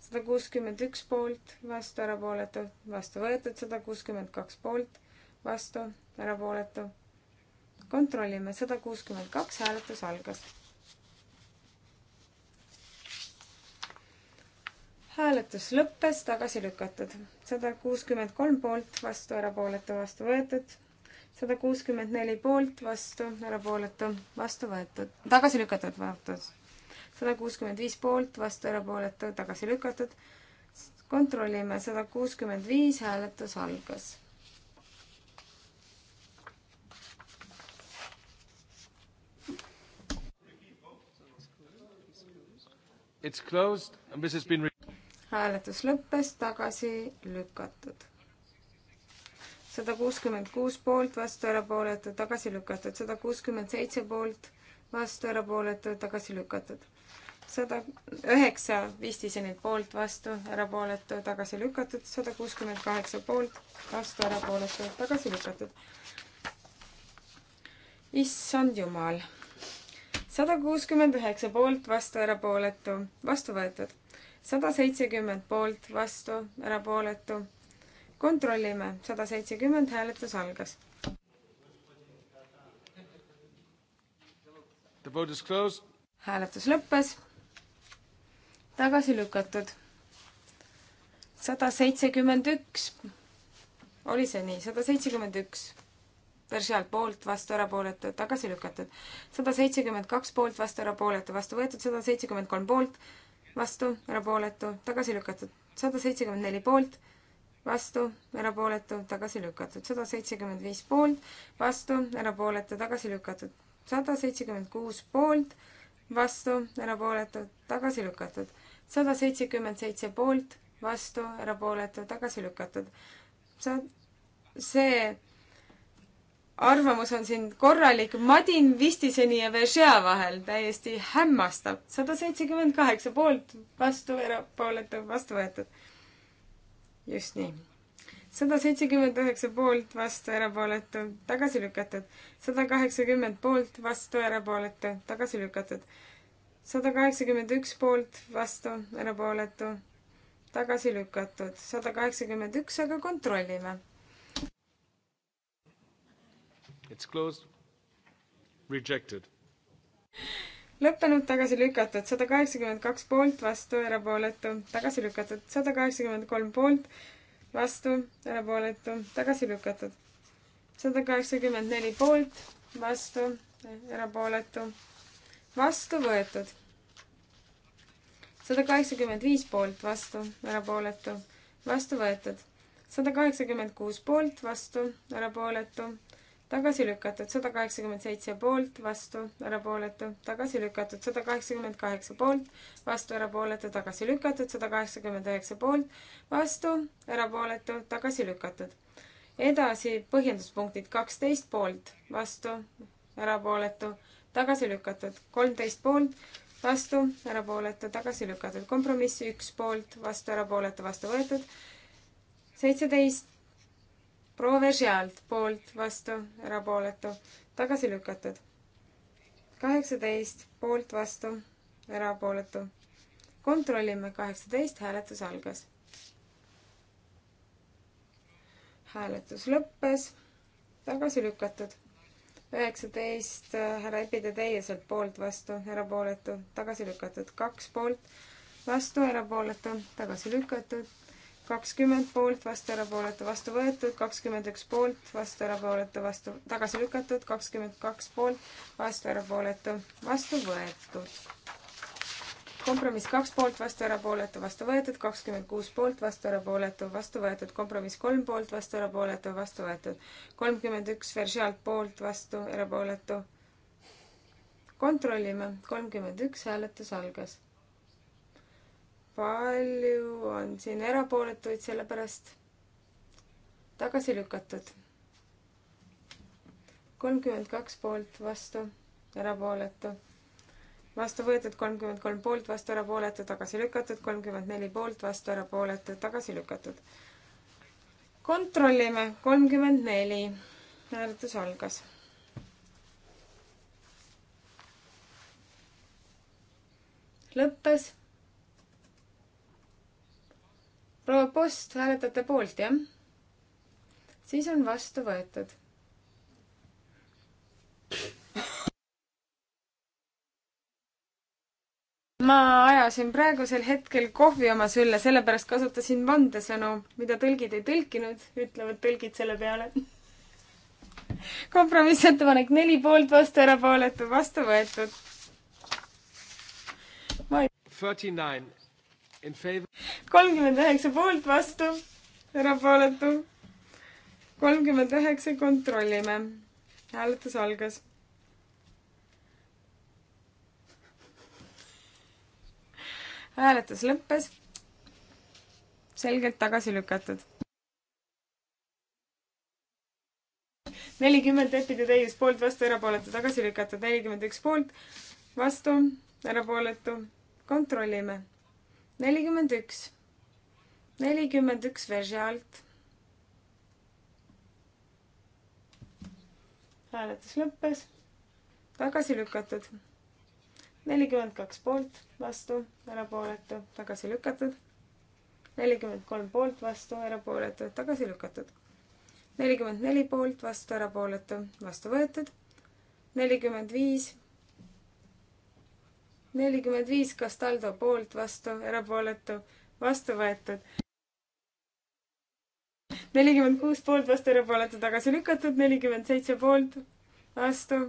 sada kuuskümmend üks poolt, vastu, erapooletu, vastu võetud, sada kuuskümmend kaks poolt, vastu, erapooletu. kontrollime, sada kuuskümmend kaks hääletus algas hääletus lõppes, tagasi lükatud. sada kuuskümmend kolm poolt, vastu, erapooletu, vastu võetud. sada kuuskümmend neli poolt, vastu, erapooletu, vastu võetud, tagasi lükatud, vabandust. sada kuuskümmend viis poolt, vastu, erapooletu, tagasi lükatud. kontrollime, sada kuuskümmend viis, hääletus algas. It's closed and this has been hääletus lõppes, tagasi lükatud. sada kuuskümmend kuus poolt, vastu erapooletu, tagasi lükatud, sada kuuskümmend seitse poolt, vastu erapooletu, tagasi lükatud. sada üheksa vistisenid poolt, vastu erapooletu, tagasi lükatud, sada kuuskümmend kaheksa poolt, vastu erapooletu, tagasi lükatud. issand jumal sada kuuskümmend üheksa poolt, vastu erapooletu, vastu võetud sada seitsekümmend poolt, vastu, erapooletu. kontrollime, sada seitsekümmend, hääletus algas. hääletus lõppes. tagasi lükatud. sada seitsekümmend üks. oli see nii, sada seitsekümmend üks Veržalt poolt, vastu erapooletu, tagasi lükatud. sada seitsekümmend kaks poolt, vastu erapooletu, vastu võetud, sada seitsekümmend kolm poolt, vastu, erapooletu, tagasi lükatud. sada seitsekümmend neli poolt, vastu, erapooletu, tagasi lükatud. sada seitsekümmend viis poolt, vastu, erapooletu, tagasi lükatud. sada seitsekümmend kuus poolt, vastu, erapooletu, tagasi lükatud. sada seitsekümmend seitse poolt, vastu, erapooletu, tagasi lükatud. sa-, see arvamus on siin korralik Madin Vistiseni ja Veržea vahel, täiesti hämmastav. sada seitsekümmend kaheksa poolt, vastu, erapooletu, vastu võetud. just nii. sada seitsekümmend üheksa poolt, vastu, erapooletu, tagasi lükatud. sada kaheksakümmend poolt, vastu, erapooletu, tagasi lükatud. sada kaheksakümmend üks poolt, vastu, erapooletu, tagasi lükatud. sada kaheksakümmend üks, aga kontrollime It's closed. Rejected. lõppenud, tagasi lükatud, sada kaheksakümmend kaks poolt, vastu, erapooletu, tagasi lükatud, sada kaheksakümmend kolm poolt, vastu, erapooletu, tagasi lükatud. sada kaheksakümmend neli poolt, vastu, erapooletu, vastu võetud. sada kaheksakümmend viis poolt, vastu, erapooletu, vastu võetud. sada kaheksakümmend kuus poolt, vastu, erapooletu tagasi lükatud sada kaheksakümmend seitse poolt, vastu, erapooletu, tagasi lükatud sada kaheksakümmend kaheksa poolt, vastu, erapooletu, tagasi lükatud sada kaheksakümmend üheksa poolt, vastu, erapooletu, tagasi lükatud. edasi põhjenduspunktid kaksteist poolt, vastu, erapooletu, tagasi lükatud, kolmteist poolt, vastu, erapooletu, tagasi lükatud, kompromiss üks poolt, vastu, erapooletu, vastu võetud, seitseteist proua Veržealt poolt, vastu, erapooletu, tagasi lükatud. kaheksateist poolt, vastu, erapooletu. kontrollime, kaheksateist, hääletus algas. hääletus lõppes, tagasi lükatud. üheksateist, härra Epide teie sealt poolt, vastu, erapooletu, tagasi lükatud, kaks poolt, vastu, erapooletu, tagasi lükatud kakskümmend poolt, vastu, erapooletu, vastu võetud, kakskümmend üks poolt, vastu, erapooletu, vastu, tagasi lükatud, kakskümmend kaks poolt, vastu, erapooletu, vastu võetud. kompromiss kaks poolt, vastu, erapooletu, vastu võetud, kakskümmend kuus poolt, vastu, erapooletu, vastu võetud, kompromiss kolm poolt, vastu, erapooletu, vastu võetud, kolmkümmend üks Veržalt poolt, vastu, erapooletu. kontrollime, kolmkümmend üks hääletus algas palju on siin erapooletuid, sellepärast tagasi lükatud. kolmkümmend kaks poolt, vastu, erapooletu. vastu võetud kolmkümmend kolm poolt, vastu erapooletu, tagasi lükatud, kolmkümmend neli poolt, vastu erapooletu, tagasi lükatud. kontrollime, kolmkümmend neli. hääletus algas lõppes proua Post, hääletate poolt, jah? siis on vastu võetud. ma ajasin praegusel hetkel kohvi oma sülle, sellepärast kasutasin vandesõnu, mida tõlgid ei tõlkinud, ütlevad tõlgid selle peale. kompromissettepanek neli poolt, vastu, erapooletu, vastu võetud. Ei... 39 kolmkümmend üheksa poolt, vastu, erapooletu. kolmkümmend üheksa, kontrollime. hääletus algas. hääletus lõppes. selgelt tagasi lükatud. nelikümmend Eppide täius poolt, vastu, erapooletu, tagasi lükatud, nelikümmend üks poolt, vastu, erapooletu. kontrollime nelikümmend üks, nelikümmend üks Veržalt. hääletus lõppes, tagasi lükatud. nelikümmend kaks poolt, vastu, erapooletu, tagasi lükatud. nelikümmend kolm poolt, vastu, erapooletu, tagasi lükatud. nelikümmend neli poolt, vastu, erapooletu, vastu võetud. nelikümmend viis nelikümmend viis Castaldo poolt, vastu, erapooletu, vastu võetud. nelikümmend kuus poolt, vastu, erapooletu, tagasi lükatud, nelikümmend seitse poolt, vastu,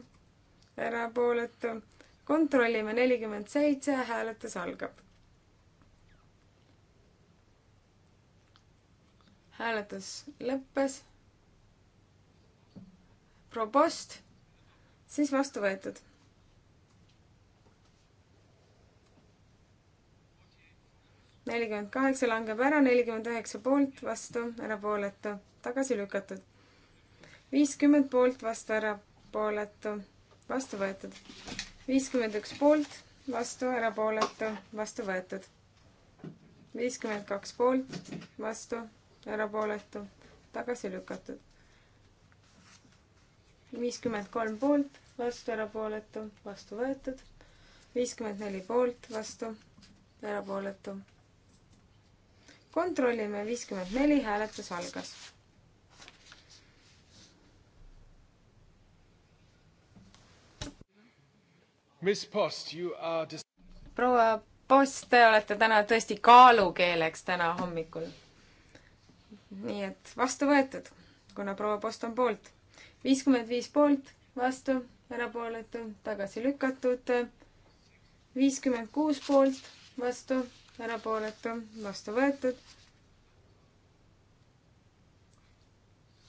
erapooletu. kontrollime, nelikümmend seitse, hääletus algab. hääletus lõppes. probost, siis vastu võetud nelikümmend kaheksa langeb ära, nelikümmend üheksa poolt, vastu, erapooletu, tagasi lükatud. viiskümmend poolt, vastu, erapooletu, vastu võetud. viiskümmend üks poolt, vastu, erapooletu, vastu võetud. viiskümmend kaks poolt, vastu, erapooletu, tagasi lükatud. viiskümmend kolm poolt, vastu, erapooletu, vastu võetud. viiskümmend neli poolt, vastu, erapooletu kontrollime, viiskümmend neli, hääletus algas. proua Post, te olete täna tõesti kaalukeeleks täna hommikul. nii et vastu võetud, kuna proua Post on poolt. viiskümmend viis poolt, vastu, erapooletu, tagasi lükatud. viiskümmend kuus poolt, vastu erapooletu, vastu võetud.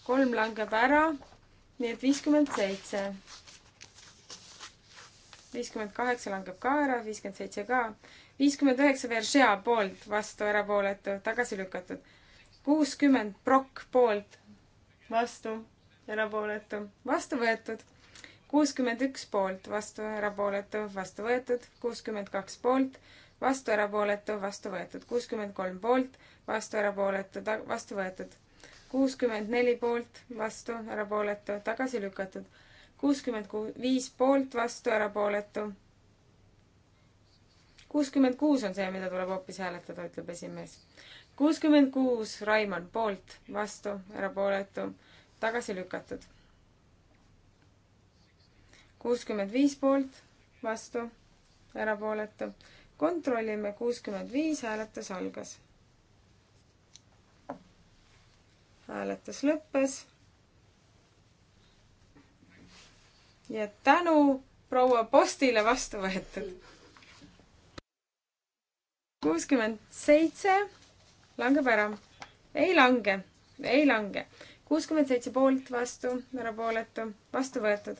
kolm langeb ära, nii et viiskümmend seitse. viiskümmend kaheksa langeb ka ära, viiskümmend seitse ka. viiskümmend üheksa Veržea poolt, vastu, erapooletu, tagasi lükatud. kuuskümmend Prokk poolt, vastu, erapooletu, vastu võetud kuuskümmend üks poolt, vastu erapooletu, vastu võetud, kuuskümmend kaks poolt, vastu erapooletu, vastu võetud. kuuskümmend kolm poolt, vastu erapooletu, vastu võetud. kuuskümmend neli poolt, vastu erapooletu, tagasi lükatud. kuuskümmend viis poolt, vastu erapooletu. kuuskümmend kuus on see, mida tuleb hoopis hääletada, ütleb esimees. kuuskümmend kuus, Raimond poolt, vastu erapooletu, tagasi lükatud. kuuskümmend viis poolt, vastu erapooletu kontrollime, kuuskümmend viis hääletus algas. hääletus lõppes. ja tänu proua Postile vastu võetud. kuuskümmend seitse langeb ära. ei lange, ei lange. kuuskümmend seitse poolt vastu, erapooletu, vastu võetud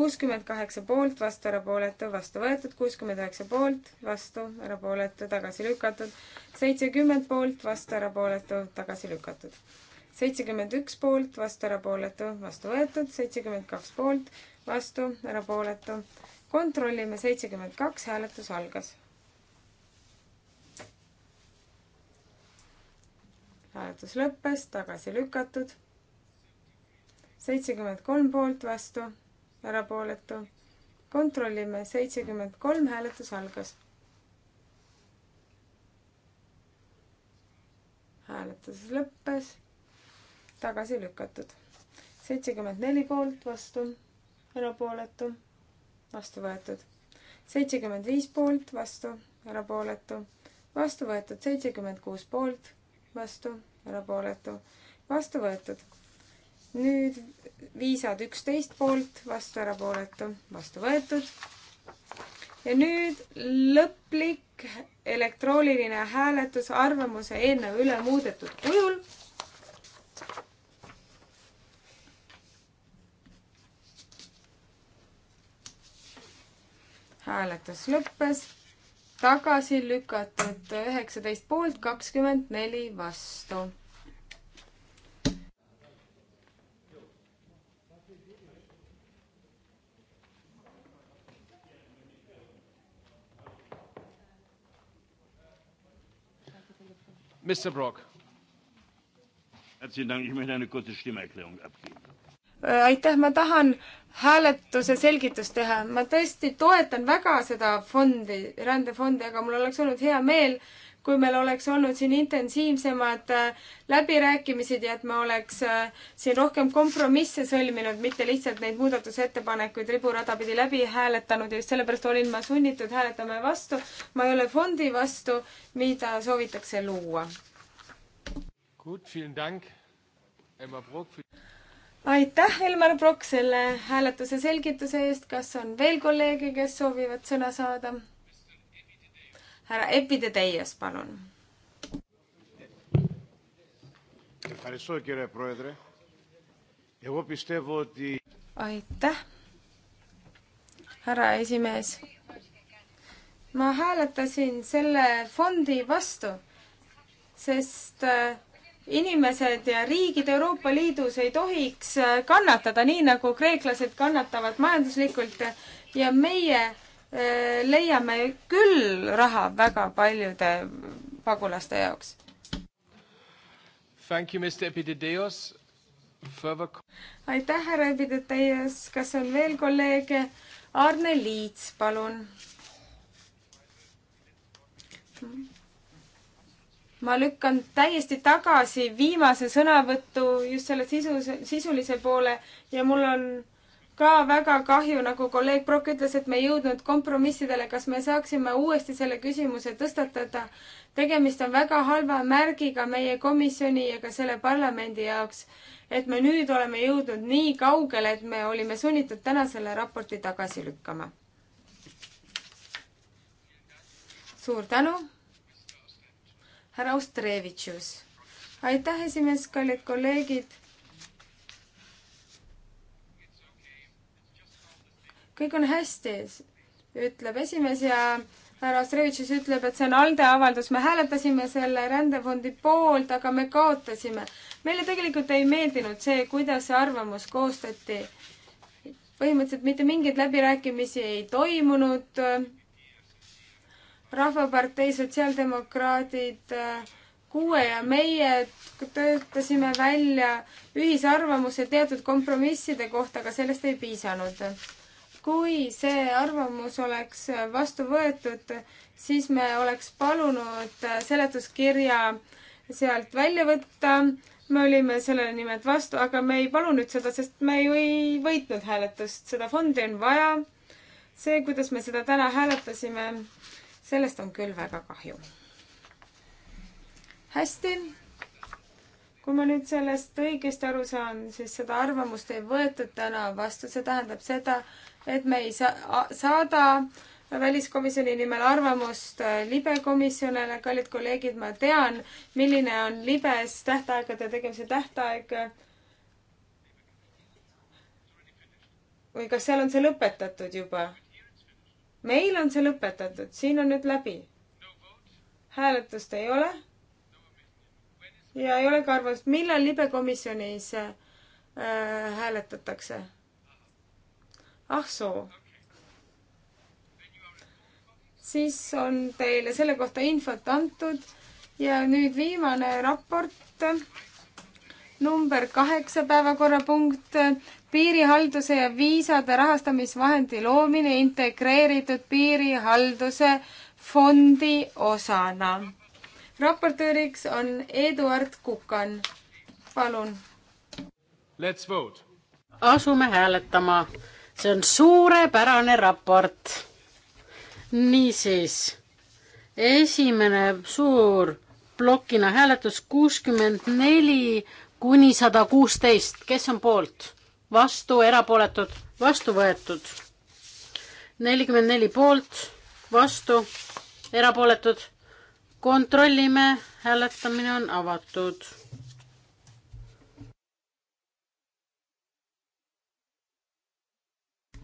kuuskümmend kaheksa poolt, vastu, erapooletu, vastu võetud, kuuskümmend üheksa poolt, vastu, erapooletu, tagasi lükatud, seitsekümmend poolt, vastu, erapooletu, tagasi lükatud. seitsekümmend üks poolt, vastu, erapooletu, vastu võetud, seitsekümmend kaks poolt, vastu, erapooletu. kontrollime, seitsekümmend kaks, hääletus algas. hääletus lõppes, tagasi lükatud. seitsekümmend kolm poolt, vastu erapooletu. kontrollime, seitsekümmend kolm hääletus algas. hääletus lõppes, tagasi lükatud. seitsekümmend neli poolt, vastu, erapooletu, vastu võetud. seitsekümmend viis poolt, vastu, erapooletu, vastu võetud, seitsekümmend kuus poolt, vastu, erapooletu, vastu võetud nüüd viisad üksteist poolt, vastu erapooletu, vastu võetud. ja nüüd lõplik elektrooniline hääletus arvamuse eelnõu üle muudetud kujul. hääletus lõppes, tagasi lükatud üheksateist poolt, kakskümmend neli vastu Mr Brock. Äh, aitäh, ma tahan hääletuse selgitust teha. ma tõesti toetan väga seda fondi, rändefondi, aga mul oleks olnud hea meel, kui meil oleks olnud siin intensiivsemad äh, läbirääkimised ja et me oleks äh, siin rohkem kompromisse sõlminud, mitte lihtsalt neid muudatusettepanekuid riburadapidi läbi hääletanud ja just sellepärast olin ma sunnitud hääletama vastu. ma ei ole fondi vastu, mida soovitakse luua. aitäh, Elmar Brokk, selle hääletuse selgituse eest. kas on veel kolleege, kes soovivad sõna saada? härra Epide Teies, palun. aitäh, härra esimees. ma hääletasin selle fondi vastu, sest äh, inimesed ja riigid Euroopa Liidus ei tohiks äh, kannatada nii, nagu kreeklased kannatavad majanduslikult ja meie Äh, leiame küll raha väga paljude pagulaste jaoks. aitäh, härra Epideteios, kas on veel kolleege? Arne Liits, palun. ma lükkan täiesti tagasi viimase sõnavõtu just selle sisu, sisulise poole ja mul on äh, ka väga kahju, nagu kolleeg Brock ütles, et me ei jõudnud kompromissidele, kas me saaksime uuesti selle küsimuse tõstatada. tegemist on väga halva märgiga meie komisjoni ja ka selle parlamendi jaoks, et me nüüd oleme jõudnud nii kaugele, et me olime sunnitud täna selle raporti tagasi lükkama. suur tänu, härra Ostrevitšus. aitäh, esimees, kallid kolleegid kõik on hästi, ütleb esimees ja härra Ostrevitšis ütleb, et see on ALDE avaldus, me hääletasime selle rändefondi poolt, aga me kaotasime. meile tegelikult ei meeldinud see, kuidas see arvamus koostati. põhimõtteliselt mitte mingeid läbirääkimisi ei toimunud. rahvapartei Sotsiaaldemokraadid äh, kuue ja meie töötasime välja ühisarvamuse teatud kompromisside kohta, aga sellest ei piisanud kui see arvamus oleks vastu võetud, siis me oleks palunud seletuskirja sealt välja võtta. me olime sellele nimelt vastu, aga me ei palunud seda, sest me ju ei võitnud hääletust, seda fondi on vaja. see, kuidas me seda täna hääletasime, sellest on küll väga kahju. hästi kui ma nüüd sellest õigesti aru saan, siis seda arvamust ei võetud täna vastu, see tähendab seda, et me ei saa, saada väliskomisjoni nimel arvamust äh, libekomisjonile. kallid kolleegid, ma tean, milline on libes tähtaegade tegemise tähtaeg. või kas seal on see lõpetatud juba? meil on see lõpetatud, siin on nüüd läbi. hääletust ei ole. ja ei ole ka arvamust, millal libekomisjonis äh, hääletatakse ah soo. siis on teile selle kohta infot antud ja nüüd viimane raport, number kaheksa päevakorrapunkt, piirihalduse ja viisade rahastamisvahendi loomine integreeritud piirihalduse fondi osana. raportööriks on Eduard Kukan. palun. asume hääletama see on suurepärane raport. niisiis, esimene suur plokina hääletus kuuskümmend neli kuni sada kuusteist, kes on poolt, vastu, erapooletud, vastu võetud. nelikümmend neli poolt, vastu, erapooletud. kontrollime, hääletamine on avatud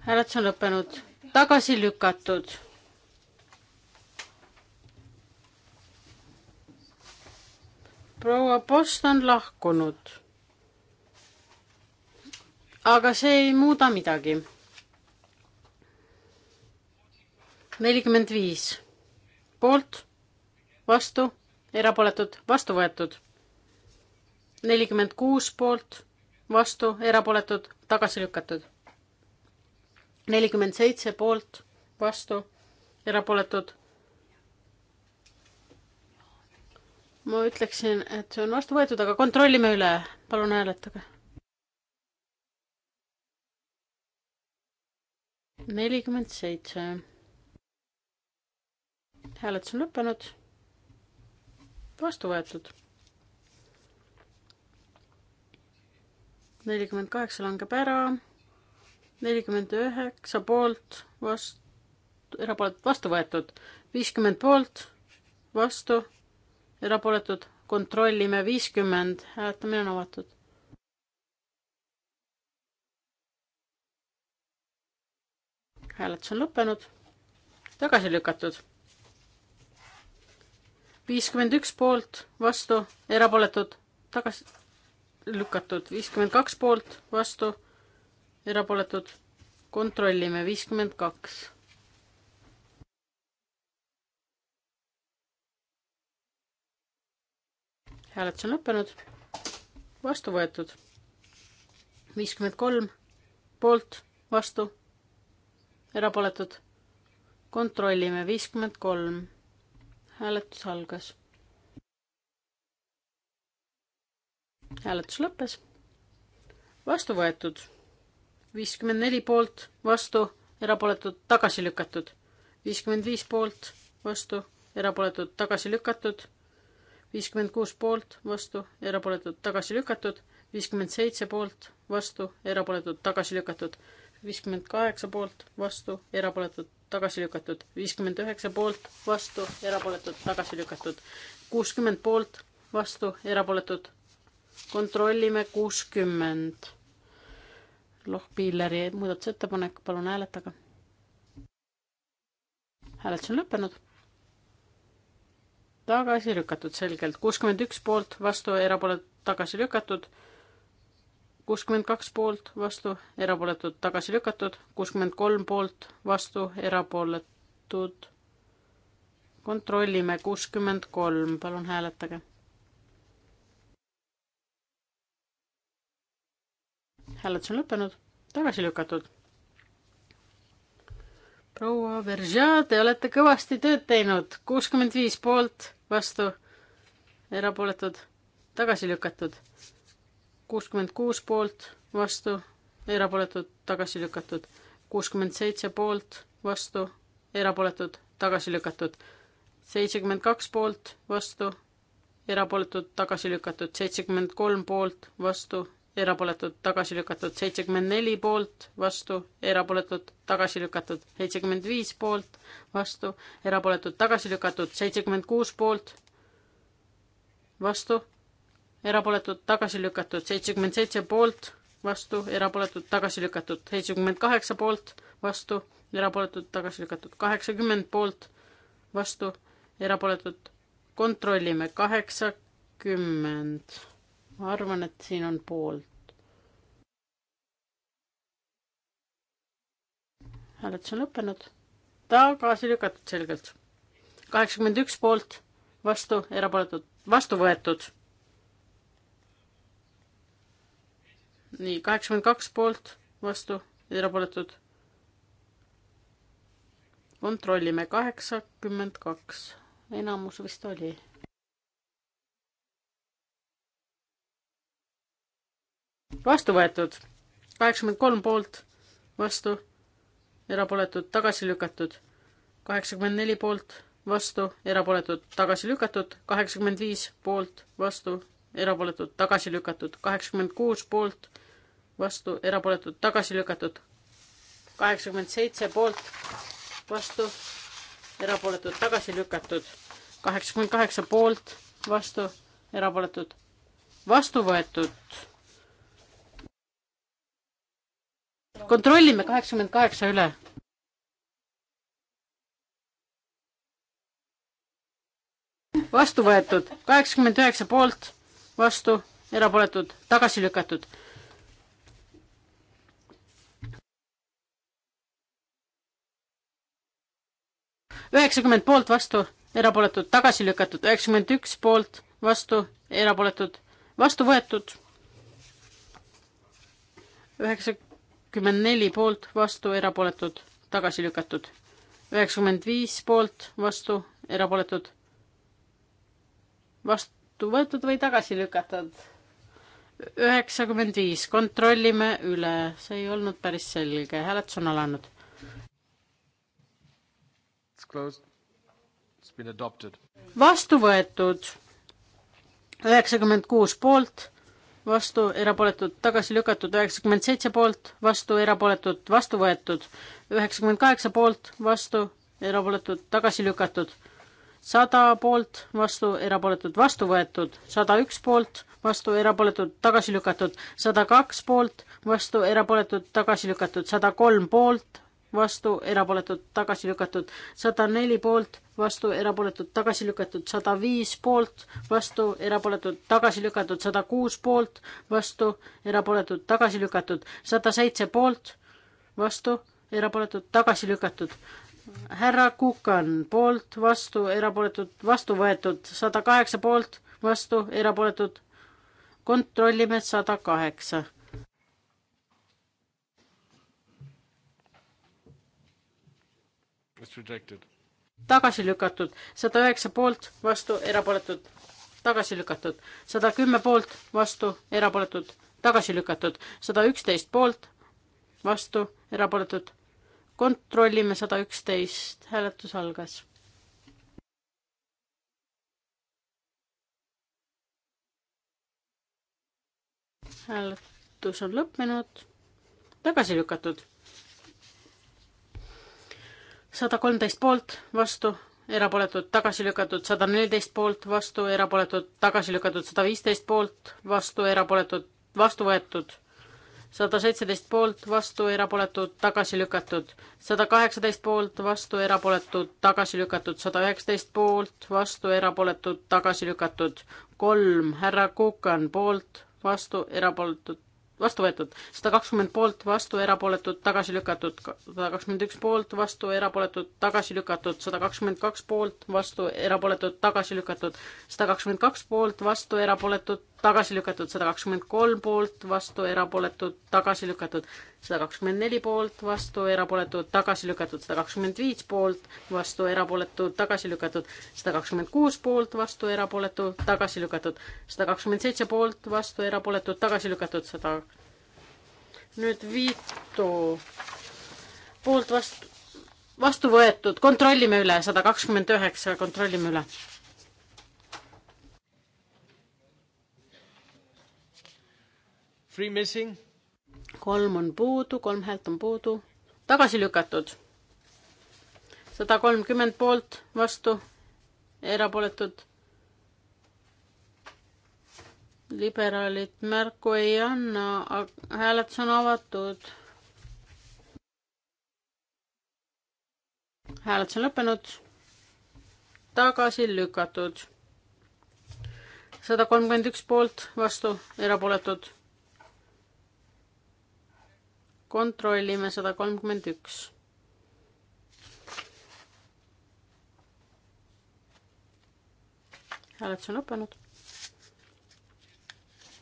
hääletus on lõppenud, tagasi lükatud. proua Post on lahkunud. aga see ei muuda midagi. nelikümmend viis poolt, vastu, erapooletud, vastu võetud. nelikümmend kuus poolt, vastu, erapooletud, tagasi lükatud nelikümmend seitse poolt, vastu, erapooletud. ma ütleksin, et see on vastu võetud, aga kontrollime üle, palun hääletage. nelikümmend seitse. hääletus on lõppenud. vastu võetud. nelikümmend kaheksa langeb ära nelikümmend üheksa poolt, vastu, erapooletud, vastu võetud. viiskümmend poolt, vastu, erapooletud, kontrollime viiskümmend, hääletamine on avatud. hääletus on lõppenud, tagasi lükatud. viiskümmend üks poolt, vastu, erapooletud, tagasi lükatud, viiskümmend kaks poolt, vastu erapooletud, kontrollime, viiskümmend kaks. hääletus on lõppenud, vastu võetud, viiskümmend kolm poolt, vastu, erapooletud, kontrollime, viiskümmend kolm, hääletus algas hääletus lõppes. vastu võetud viiskümmend neli poolt, vastu, erapooletud, tagasi lükatud. viiskümmend viis poolt, vastu, erapooletud, tagasi lükatud. viiskümmend kuus poolt, vastu, erapooletud, tagasi lükatud. viiskümmend seitse poolt, vastu, erapooletud, tagasi lükatud. viiskümmend kaheksa poolt, vastu, erapooletud, tagasi lükatud. viiskümmend üheksa poolt, vastu, erapooletud, tagasi lükatud. kuuskümmend poolt, vastu, erapooletud. kontrollime kuuskümmend Lohpilleri muudatusettepanek, palun hääletage. hääletus on lõppenud. tagasi lükatud selgelt, kuuskümmend üks poolt, vastu, erapooletud, tagasi lükatud. kuuskümmend kaks poolt, vastu, erapooletud, tagasi lükatud, kuuskümmend kolm poolt, vastu, erapooletud kontrollime kuuskümmend kolm, palun hääletage hääletus on lõppenud, tagasi lükatud. proua Veržea, te olete kõvasti tööd teinud, kuuskümmend viis poolt, vastu, erapooletud, tagasi lükatud. kuuskümmend kuus poolt, vastu, erapooletud, tagasi lükatud. kuuskümmend seitse poolt, vastu, erapooletud, tagasi lükatud. seitsekümmend kaks poolt, vastu, erapooletud, tagasi lükatud. seitsekümmend kolm poolt, vastu, erapooletud, tagasi lükatud, seitsekümmend neli poolt, vastu, erapooletud, tagasi lükatud, seitsekümmend viis poolt, vastu, erapooletud, tagasi lükatud, seitsekümmend kuus poolt, vastu, erapooletud, tagasi lükatud, seitsekümmend seitse poolt, vastu, erapooletud, tagasi lükatud, seitsekümmend kaheksa poolt, vastu, erapooletud, tagasi lükatud, kaheksakümmend poolt, vastu, erapooletud, kontrollime, kaheksakümmend ma arvan, et siin on poolt. hääletus on lõppenud. tagasi lükatud selgelt. kaheksakümmend üks poolt, vastu, erapooletud, vastu võetud. nii, kaheksakümmend kaks poolt, vastu, erapooletud. kontrollime, kaheksakümmend kaks, enamus vist oli vastu võetud, kaheksakümmend kolm poolt, vastu, erapooletud, tagasi lükatud, kaheksakümmend neli poolt, vastu, erapooletud, tagasi lükatud, kaheksakümmend viis poolt, vastu, erapooletud, tagasi lükatud, kaheksakümmend kuus poolt, vastu, erapooletud, tagasi lükatud, kaheksakümmend seitse poolt, vastu, erapooletud, tagasi lükatud. kaheksakümmend kaheksa poolt, vastu, erapooletud, vastu võetud. kontrollime kaheksakümmend kaheksa üle. vastu võetud, kaheksakümmend üheksa poolt, vastu, erapooletud, tagasi lükatud. üheksakümmend poolt, vastu, erapooletud, tagasi lükatud, üheksakümmend üks poolt, vastu, erapooletud, vastu võetud üheksa, kakskümmend neli poolt, vastu, erapooletud, tagasi lükatud. üheksakümmend viis poolt, vastu, erapooletud, vastu võetud või tagasi lükatud. üheksakümmend viis, kontrollime üle, see ei olnud päris selge, hääletus on alanud. vastu võetud üheksakümmend kuus poolt vastu, erapooletud, tagasi lükatud, üheksakümmend seitse poolt, vastu, erapooletud, vastu võetud, üheksakümmend kaheksa poolt, vastu, erapooletud, tagasi lükatud, sada poolt, vastu, erapooletud, vastu võetud, sada üks poolt, vastu, erapooletud, tagasi lükatud, sada kaks poolt, vastu, erapooletud, tagasi lükatud, sada kolm poolt, vastu, erapooletud, tagasi lükatud, sada neli poolt, vastu, erapooletud, tagasi lükatud, sada viis poolt, vastu, erapooletud, tagasi lükatud, sada kuus poolt, vastu, erapooletud, tagasi lükatud, sada seitse poolt, vastu, erapooletud, tagasi lükatud. härra Kukan poolt, vastu, erapooletud, vastu võetud, sada kaheksa poolt, vastu, erapooletud. kontrollime sada kaheksa tagasi lükatud, sada üheksa poolt, vastu, erapooletud, tagasi lükatud, sada kümme poolt, vastu, erapooletud, tagasi lükatud, sada üksteist poolt, vastu, erapooletud. kontrollime sada üksteist, hääletus algas. hääletus on lõppenud, tagasi lükatud sada kolmteist poolt, vastu, erapooletud, tagasi lükatud, sada neliteist poolt, vastu, erapooletud, tagasi lükatud, sada viisteist poolt, vastu, erapooletud, vastu võetud, sada seitseteist poolt, vastu, erapooletud, tagasi lükatud, sada kaheksateist poolt, vastu, erapooletud, tagasi lükatud, sada üheksateist poolt, vastu, erapooletud, tagasi lükatud, kolm, härra Kukan poolt, vastu, erapooletud, vastu võetud, sada kakskümmend poolt, vastu, erapooletud, tagasi lükatud, sada kakskümmend üks poolt, vastu, erapooletud, tagasi lükatud, sada kakskümmend kaks poolt, vastu, erapooletud, tagasi lükatud, sada kakskümmend kaks poolt, vastu, erapooletud, tagasi lükatud sada kakskümmend kolm poolt, vastu erapooletud, tagasi lükatud sada kakskümmend neli poolt, vastu erapooletud, tagasi lükatud sada kakskümmend viis poolt, vastu erapooletud, tagasi lükatud sada kakskümmend kuus poolt, vastu erapooletud, tagasi lükatud sada kakskümmend seitse poolt, vastu erapooletud, tagasi lükatud sada. nüüd Vito poolt vastu, vastu võetud, kontrollime üle, sada kakskümmend üheksa, kontrollime üle Three missing. kolm on puudu, kolm häält on puudu, tagasi lükatud. sada kolmkümmend poolt, vastu, erapooletud. liberaalid märku ei anna, hääletus on avatud. hääletus on lõppenud, tagasi lükatud sada kolmkümmend üks poolt, vastu, erapooletud kontrollime sada kolmkümmend üks. hääletus on lõppenud.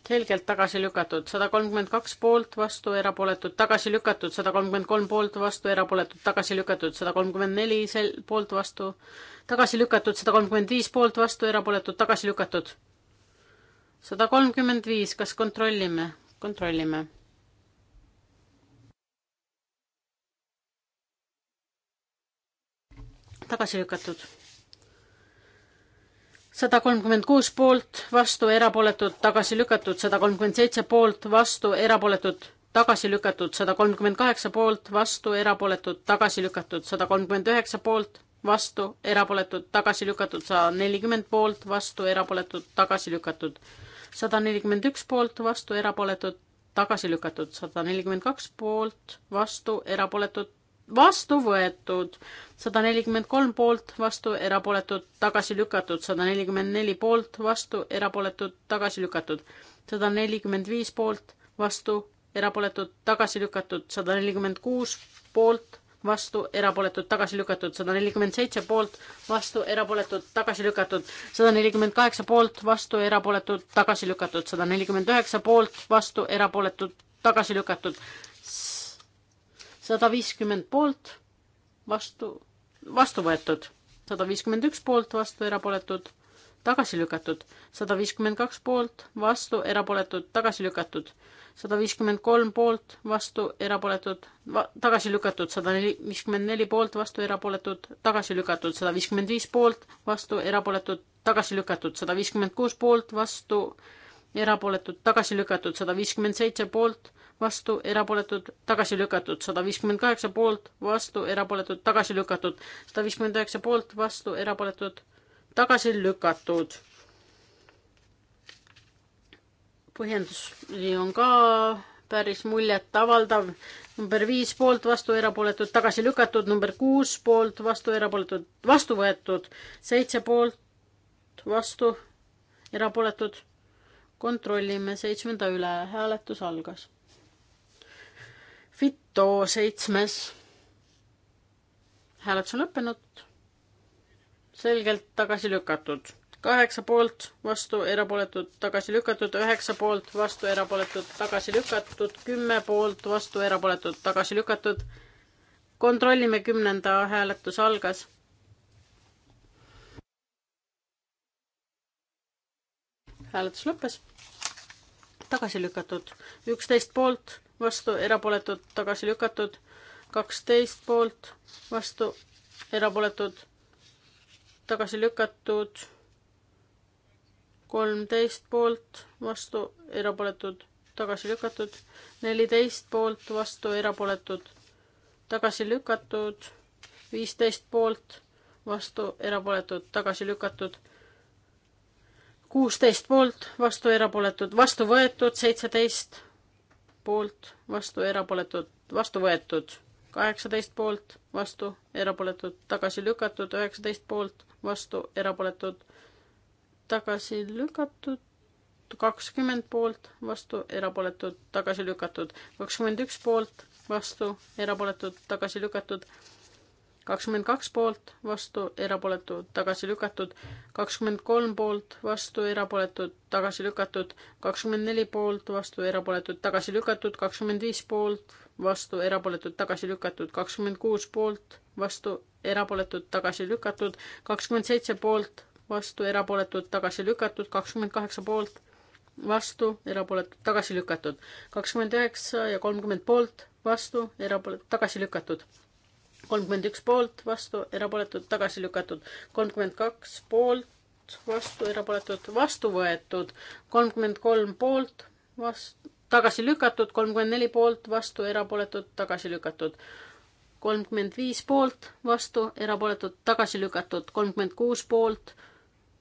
selgelt tagasi lükatud, sada kolmkümmend kaks poolt, vastu, erapooletud, tagasi lükatud, sada kolmkümmend kolm poolt, vastu, erapooletud, tagasi lükatud, sada kolmkümmend neli sel-, poolt, vastu, tagasi lükatud, sada kolmkümmend viis poolt, vastu, erapooletud, tagasi lükatud. sada kolmkümmend viis, kas kontrollime? kontrollime tagasi lükatud. sada kolmkümmend kuus poolt, vastu, erapooletud, tagasi lükatud, sada kolmkümmend seitse poolt, vastu, erapooletud, tagasi lükatud, sada kolmkümmend kaheksa poolt, vastu, erapooletud, tagasi lükatud, sada kolmkümmend üheksa poolt, vastu, erapooletud, tagasi lükatud, sada nelikümmend poolt, vastu, erapooletud, tagasi lükatud, sada nelikümmend üks poolt, vastu, erapooletud, tagasi lükatud, sada nelikümmend kaks poolt, vastu, erapooletud, vastu võetud, sada nelikümmend kolm poolt, vastu erapooletud, tagasi lükatud, sada nelikümmend neli poolt, vastu erapooletud, tagasi lükatud, sada nelikümmend viis poolt, vastu erapooletud, tagasi lükatud, sada nelikümmend kuus poolt, vastu erapooletud, tagasi lükatud, sada nelikümmend seitse poolt, vastu erapooletud, tagasi lükatud, sada nelikümmend kaheksa poolt, vastu erapooletud, tagasi lükatud, sada nelikümmend üheksa poolt, vastu erapooletud, tagasi lükatud, sada viiskümmend poolt, vastu, vastu võetud, sada viiskümmend üks poolt, vastu erapooletud, tagasi lükatud, sada viiskümmend kaks poolt, vastu erapooletud, tagasi lükatud, sada viiskümmend kolm poolt, vastu erapooletud, tagasi lükatud, sada viiskümmend neli poolt, vastu erapooletud, tagasi lükatud, sada viiskümmend viis poolt, vastu erapooletud, tagasi lükatud, sada viiskümmend kuus poolt, vastu erapooletud, tagasi lükatud, sada viiskümmend seitse poolt vastu, erapooletud, tagasi lükatud, sada viiskümmend kaheksa poolt, vastu, erapooletud, tagasi lükatud, sada viiskümmend üheksa poolt, vastu, erapooletud, tagasi lükatud. põhjendusi on ka päris muljetavaldav, number viis poolt, vastu, erapooletud, tagasi lükatud, number kuus poolt, vastu, erapooletud, vastu võetud, seitse poolt, vastu, erapooletud kontrollime seitsmenda üle, hääletus algas Fito seitsmes. hääletus on lõppenud. selgelt tagasi lükatud. kaheksa poolt, vastu, erapooletud, tagasi lükatud, üheksa poolt, vastu, erapooletud, tagasi lükatud, kümme poolt, vastu, erapooletud, tagasi lükatud. kontrollime kümnenda, hääletus algas. hääletus lõppes tagasi lükatud, üksteist poolt, vastu, erapooletud, tagasi lükatud, kaksteist poolt, vastu, erapooletud, tagasi lükatud, kolmteist poolt, vastu, erapooletud, tagasi lükatud, neliteist poolt, vastu, erapooletud, tagasi lükatud, viisteist poolt, vastu, erapooletud, tagasi lükatud kuusteist poolt, vastu erapooletud, vastu võetud seitseteist, poolt, vastu, erapooletud, vastu võetud. kaheksateist poolt, vastu, erapooletud, tagasi lükatud, üheksateist poolt, vastu, erapooletud, tagasi lükatud, kakskümmend poolt, vastu, erapooletud, tagasi lükatud, kakskümmend üks poolt, vastu, erapooletud, tagasi lükatud kakskümmend kaks poolt, vastu, erapooletud, tagasi lükatud, kakskümmend kolm poolt, vastu, erapooletud, tagasi lükatud, kakskümmend neli poolt, vastu, erapooletud, tagasi lükatud, kakskümmend viis poolt, vastu, erapooletud, tagasi lükatud, kakskümmend kuus poolt, vastu, erapooletud, tagasi lükatud, kakskümmend seitse poolt, vastu, erapooletud, tagasi lükatud, kakskümmend kaheksa poolt, vastu, erapooletud, tagasi lükatud, kakskümmend üheksa ja kolmkümmend poolt, vastu, erapooletud, tagasi lükatud kolmkümmend üks poolt, vastu, erapooletud, tagasi lükatud. kolmkümmend kaks poolt, vastu, erapooletud, vastu võetud. kolmkümmend kolm poolt, vastu, tagasi lükatud. kolmkümmend neli poolt, vastu, erapooletud, tagasi lükatud. kolmkümmend viis poolt, vastu, erapooletud, tagasi lükatud. kolmkümmend kuus poolt,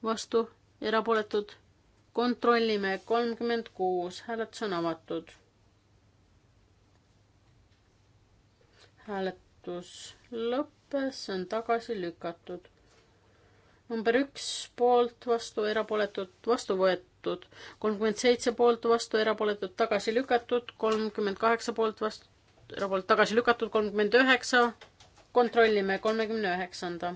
vastu, erapooletud. kontrollime, kolmkümmend kuus, hääletus on avatud. hääled hääletus lõppes, see on tagasi lükatud. number üks poolt, vastu, erapooletud, vastu võetud, kolmkümmend seitse poolt, vastu, erapooletud, tagasi lükatud, kolmkümmend kaheksa poolt, vastu, erapoolt tagasi lükatud, kolmkümmend üheksa, kontrollime kolmekümne üheksanda.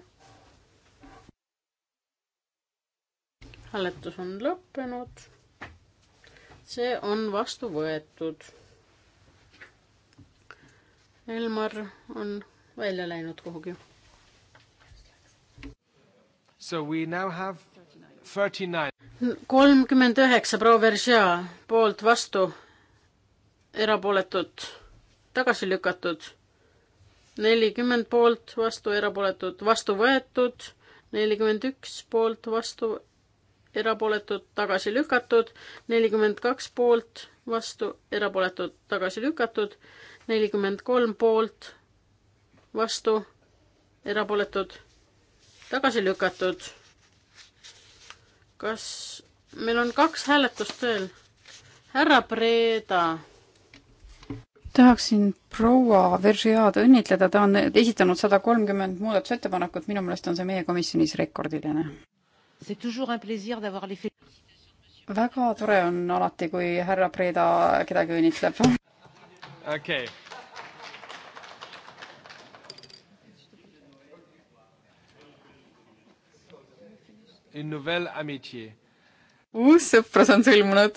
hääletus on lõppenud. see on vastu võetud Elmar on välja läinud kuhugi. So we now have thirty nine. kolmkümmend üheksa Provergia poolt vastu, erapooletud, tagasi lükatud. nelikümmend poolt vastu, erapooletud, vastu võetud. nelikümmend üks poolt vastu, erapooletud, tagasi lükatud. nelikümmend kaks poolt vastu, erapooletud, tagasi lükatud nelikümmend kolm poolt, vastu, erapooletud, tagasi lükatud. kas meil on kaks hääletust veel? härra Preeda. tahaksin proua Veržiaad õnnitleda, ta on esitanud sada kolmkümmend muudatusettepanekut, minu meelest on see meie komisjonis rekordiline. C'est toujours un plaisir d'avoir les väga tore on alati, kui härra Preeda kedagi õnnitleb Okay. Une nouvelle amitié. uus uh, sõprus on sõlmunud.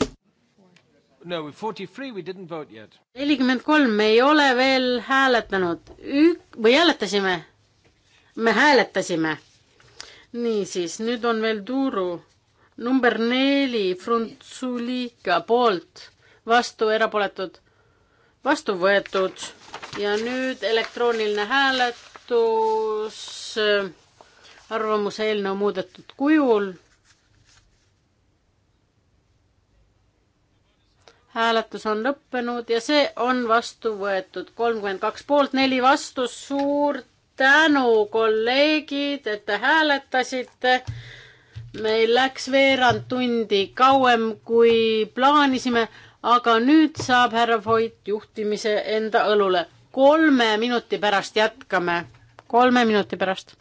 nelikümmend kolm, me ei ole veel hääletanud Ük- või hääletasime? me hääletasime. niisiis, nüüd on veel Turu number neli Frunzuliga poolt, vastu erapooletud vastu võetud ja nüüd elektrooniline hääletus äh, arvamuse eelnõu muudetud kujul. hääletus on lõppenud ja see on vastu võetud kolmkümmend kaks poolt, neli vastu, suur tänu, kolleegid, et te hääletasite meil läks veerand tundi kauem, kui plaanisime, aga nüüd saab härra Voit juhtimise enda õlule. kolme minuti pärast jätkame, kolme minuti pärast.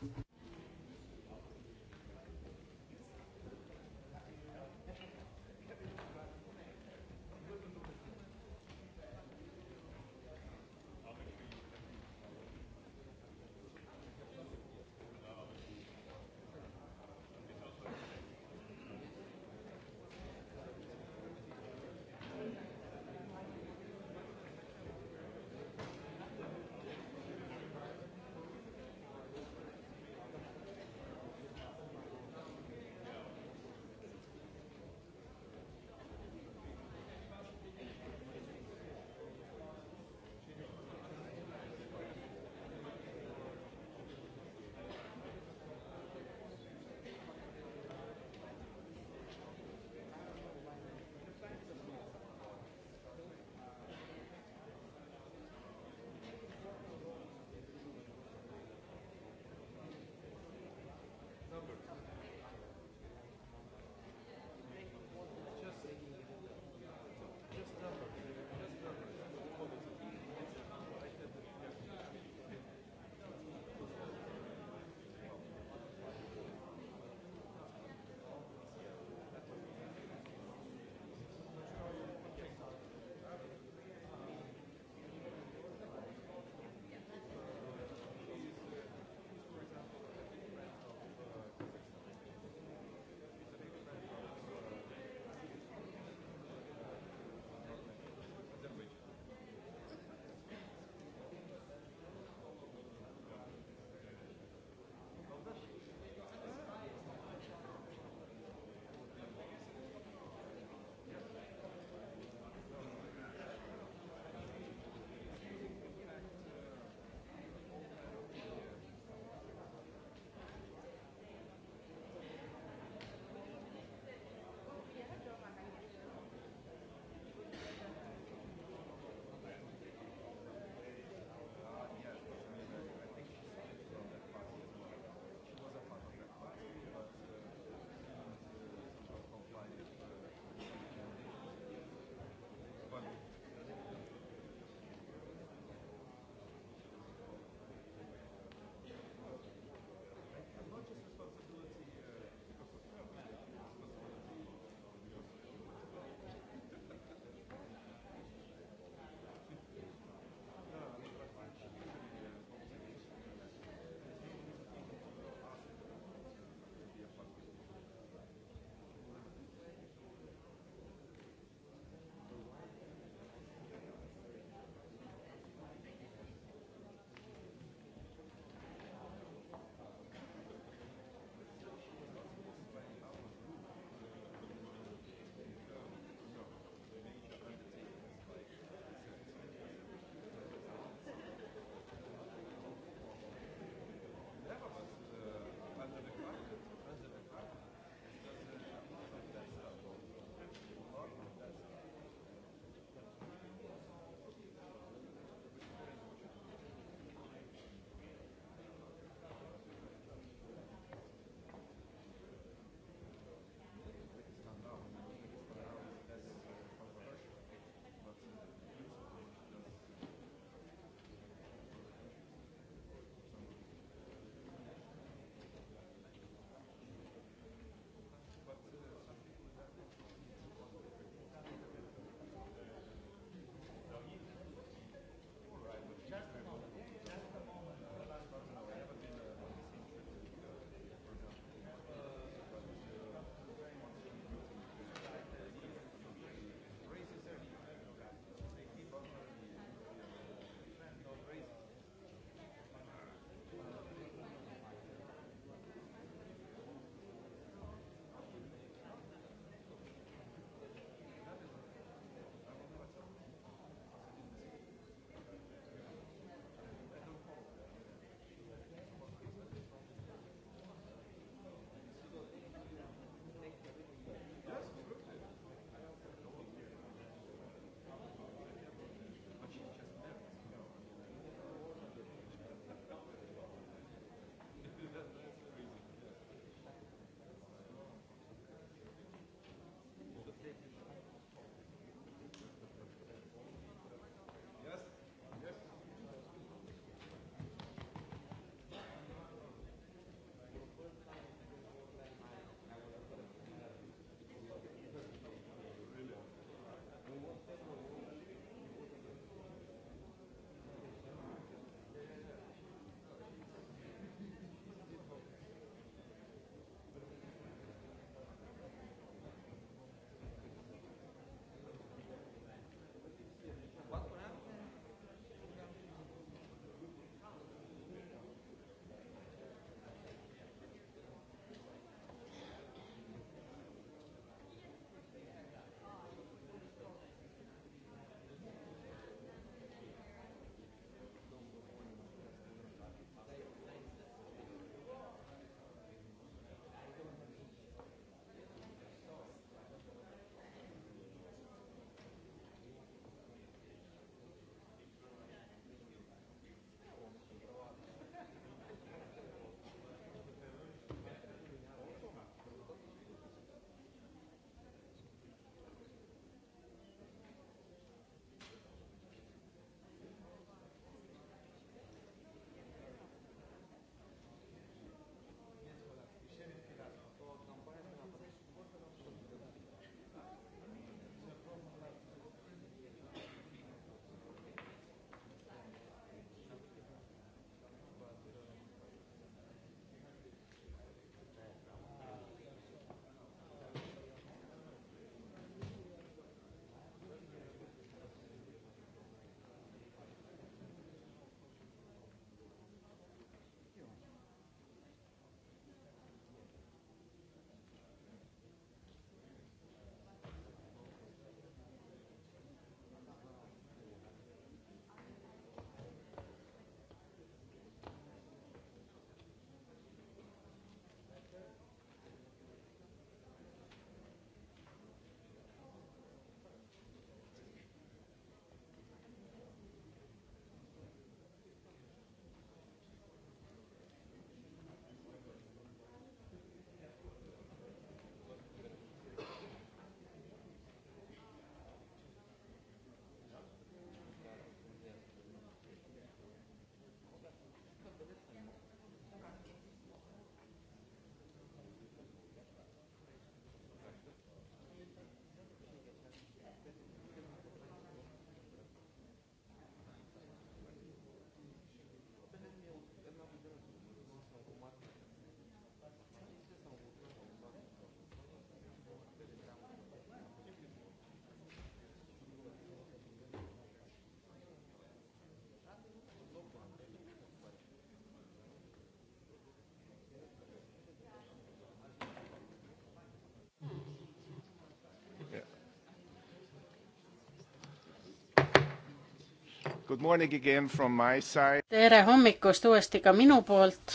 tere hommikust uuesti ka minu poolt,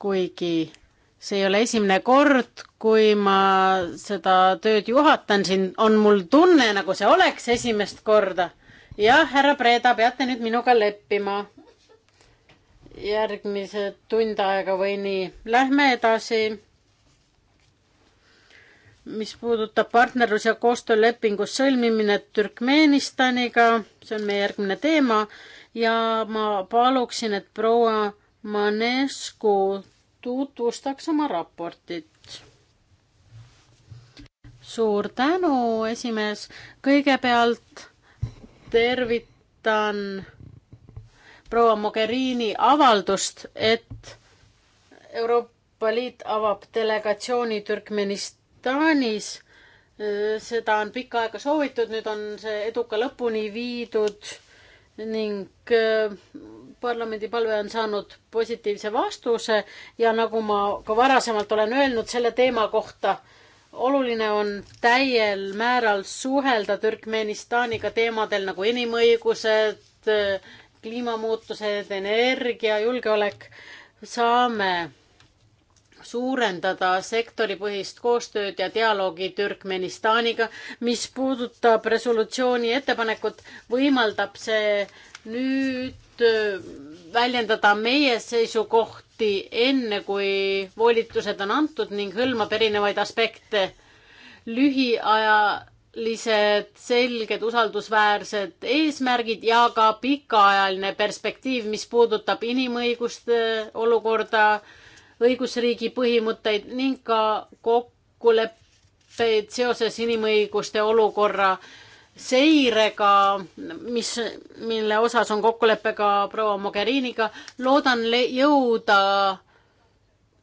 kuigi see ei ole esimene kord, kui ma seda tööd juhatan siin, on mul tunne, nagu see oleks esimest korda. jah, härra Breda, peate nüüd minuga leppima. järgmise tund aega või nii. Lähme edasi mis puudutab partnerlus- ja koostöölepingu sõlmimine Türkmenistaniga, see on meie järgmine teema ja ma paluksin, et proua Manescu tutvustaks oma raportit. suur tänu, esimees. kõigepealt tervitan proua Mogherini avaldust, et Euroopa Liit avab delegatsiooni Türkmenist-, Taanis. seda on pikka aega soovitud, nüüd on see eduka lõpuni viidud ning parlamendi palve on saanud positiivse vastuse ja nagu ma ka varasemalt olen öelnud selle teema kohta, oluline on täiel määral suhelda Türkmenistaniga teemadel nagu inimõigused, kliimamuutused, energia, julgeolek. saame suurendada sektoripõhist koostööd ja dialoogi Türkmenistaniga. mis puudutab resolutsiooni ettepanekut, võimaldab see nüüd äh, väljendada meie seisukohti enne, kui volitused on antud ning hõlmab erinevaid aspekte. lühiajalised, selged, usaldusväärsed eesmärgid ja ka pikaajaline perspektiiv, mis puudutab inimõiguste olukorda, õigusriigi põhimõtteid ning ka kokkuleppeid seoses inimõiguste olukorra seirega, mis, mille osas on kokkulepe ka proua Mogheriniga. loodan jõuda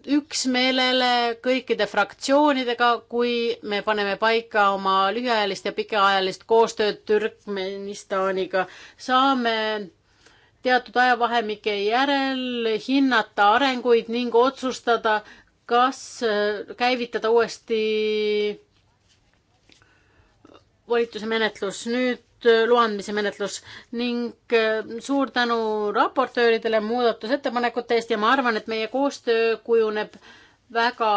üksmeelele kõikide fraktsioonidega, kui me paneme paika oma lühiajalist ja pikaajalist koostööd Türkmenistaniga. saame teatud ajavahemike järel hinnata arenguid ning otsustada, kas äh, käivitada uuesti volituse menetlus, nüüd äh, loa andmise menetlus ning äh, suur tänu raportööridele muudatusettepanekute eest ja ma arvan, et meie koostöö kujuneb väga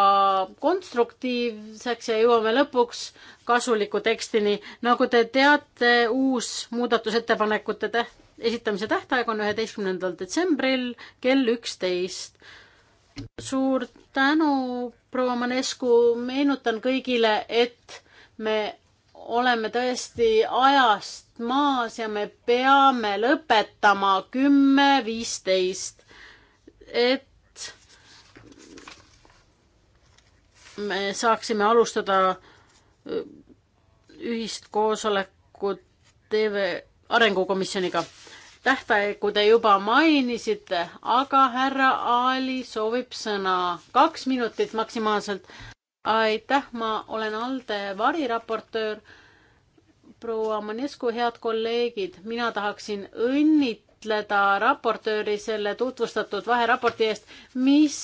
konstruktiivseks ja jõuame lõpuks kasuliku tekstini. nagu te teate, uus muudatusettepanekute täht-, esitamise tähtaeg on üheteistkümnendal detsembril kell üksteist. suur tänu, proua Manescu, meenutan kõigile, et me oleme tõesti ajast maas ja me peame lõpetama kümme viisteist, et me saaksime alustada äh, ühist koosolekut TV arengukomisjoniga tähtaegu te juba mainisite, aga härra Ali soovib sõna. kaks minutit maksimaalselt. aitäh, ma olen ALDE variraportöör. proua Manescu, head kolleegid, mina tahaksin õnnitleda raportööri selle tutvustatud vaheraporti eest, mis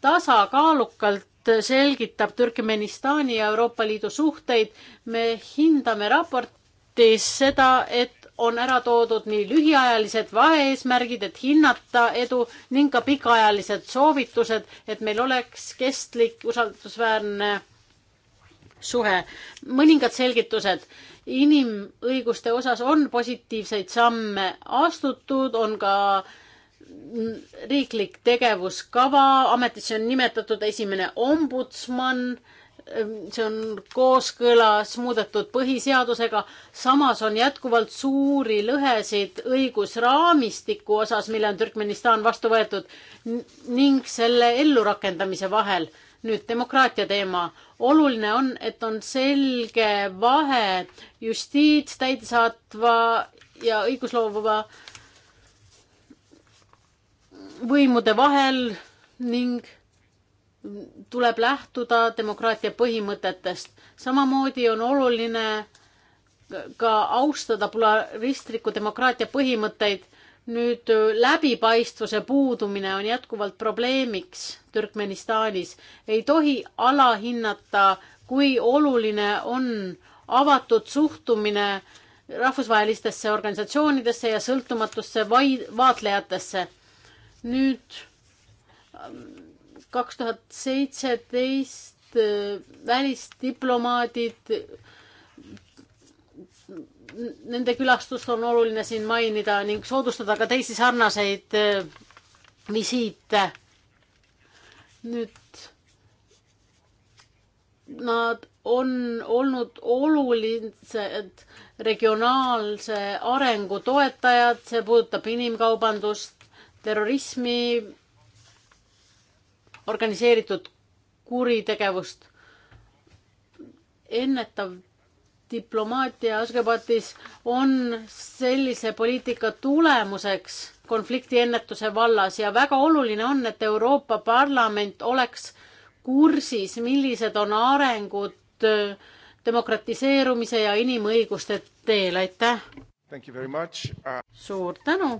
tasakaalukalt selgitab Türkmenistani ja Euroopa Liidu suhteid. me hindame raportis seda, et on ära toodud nii lühiajalised vaheeesmärgid, et hinnata edu ning ka pikaajalised soovitused, et meil oleks kestlik usaldusväärne suhe. mõningad selgitused. inimõiguste osas on positiivseid samme astutud, on ka riiklik tegevuskava, ametisse on nimetatud esimene ombudsman Ehm, see on kooskõlas muudetud põhiseadusega, samas on jätkuvalt suuri lõhesid õigusraamistiku osas, mille on Türkmenistan vastu võetud ning selle ellurakendamise vahel. nüüd demokraatia teema. oluline on, et on selge vahe justiits, täidesaatva ja õigusloova võimude vahel ning tuleb lähtuda demokraatia põhimõtetest. samamoodi on oluline ka austada pluralistliku demokraatia põhimõtteid. nüüd läbipaistvuse puudumine on jätkuvalt probleemiks Türkmenistanis. ei tohi alahinnata, kui oluline on avatud suhtumine rahvusvahelistesse organisatsioonidesse ja sõltumatusse vai-, vaatlejatesse. nüüd kaks tuhat seitseteist äh, välisdiplomaadid. Nende külastust on oluline siin mainida ning soodustada ka teisi sarnaseid äh, visiite. nüüd nad on olnud olulised regionaalse arengu toetajad, see puudutab inimkaubandust, terrorismi organiseeritud kuritegevust. ennetav diplomaatia Asgabatis on sellise poliitika tulemuseks konfliktiennetuse vallas ja väga oluline on, et Euroopa Parlament oleks kursis, millised on arengud äh, demokratiseerumise ja inimõiguste teel, aitäh! Uh... suur tänu!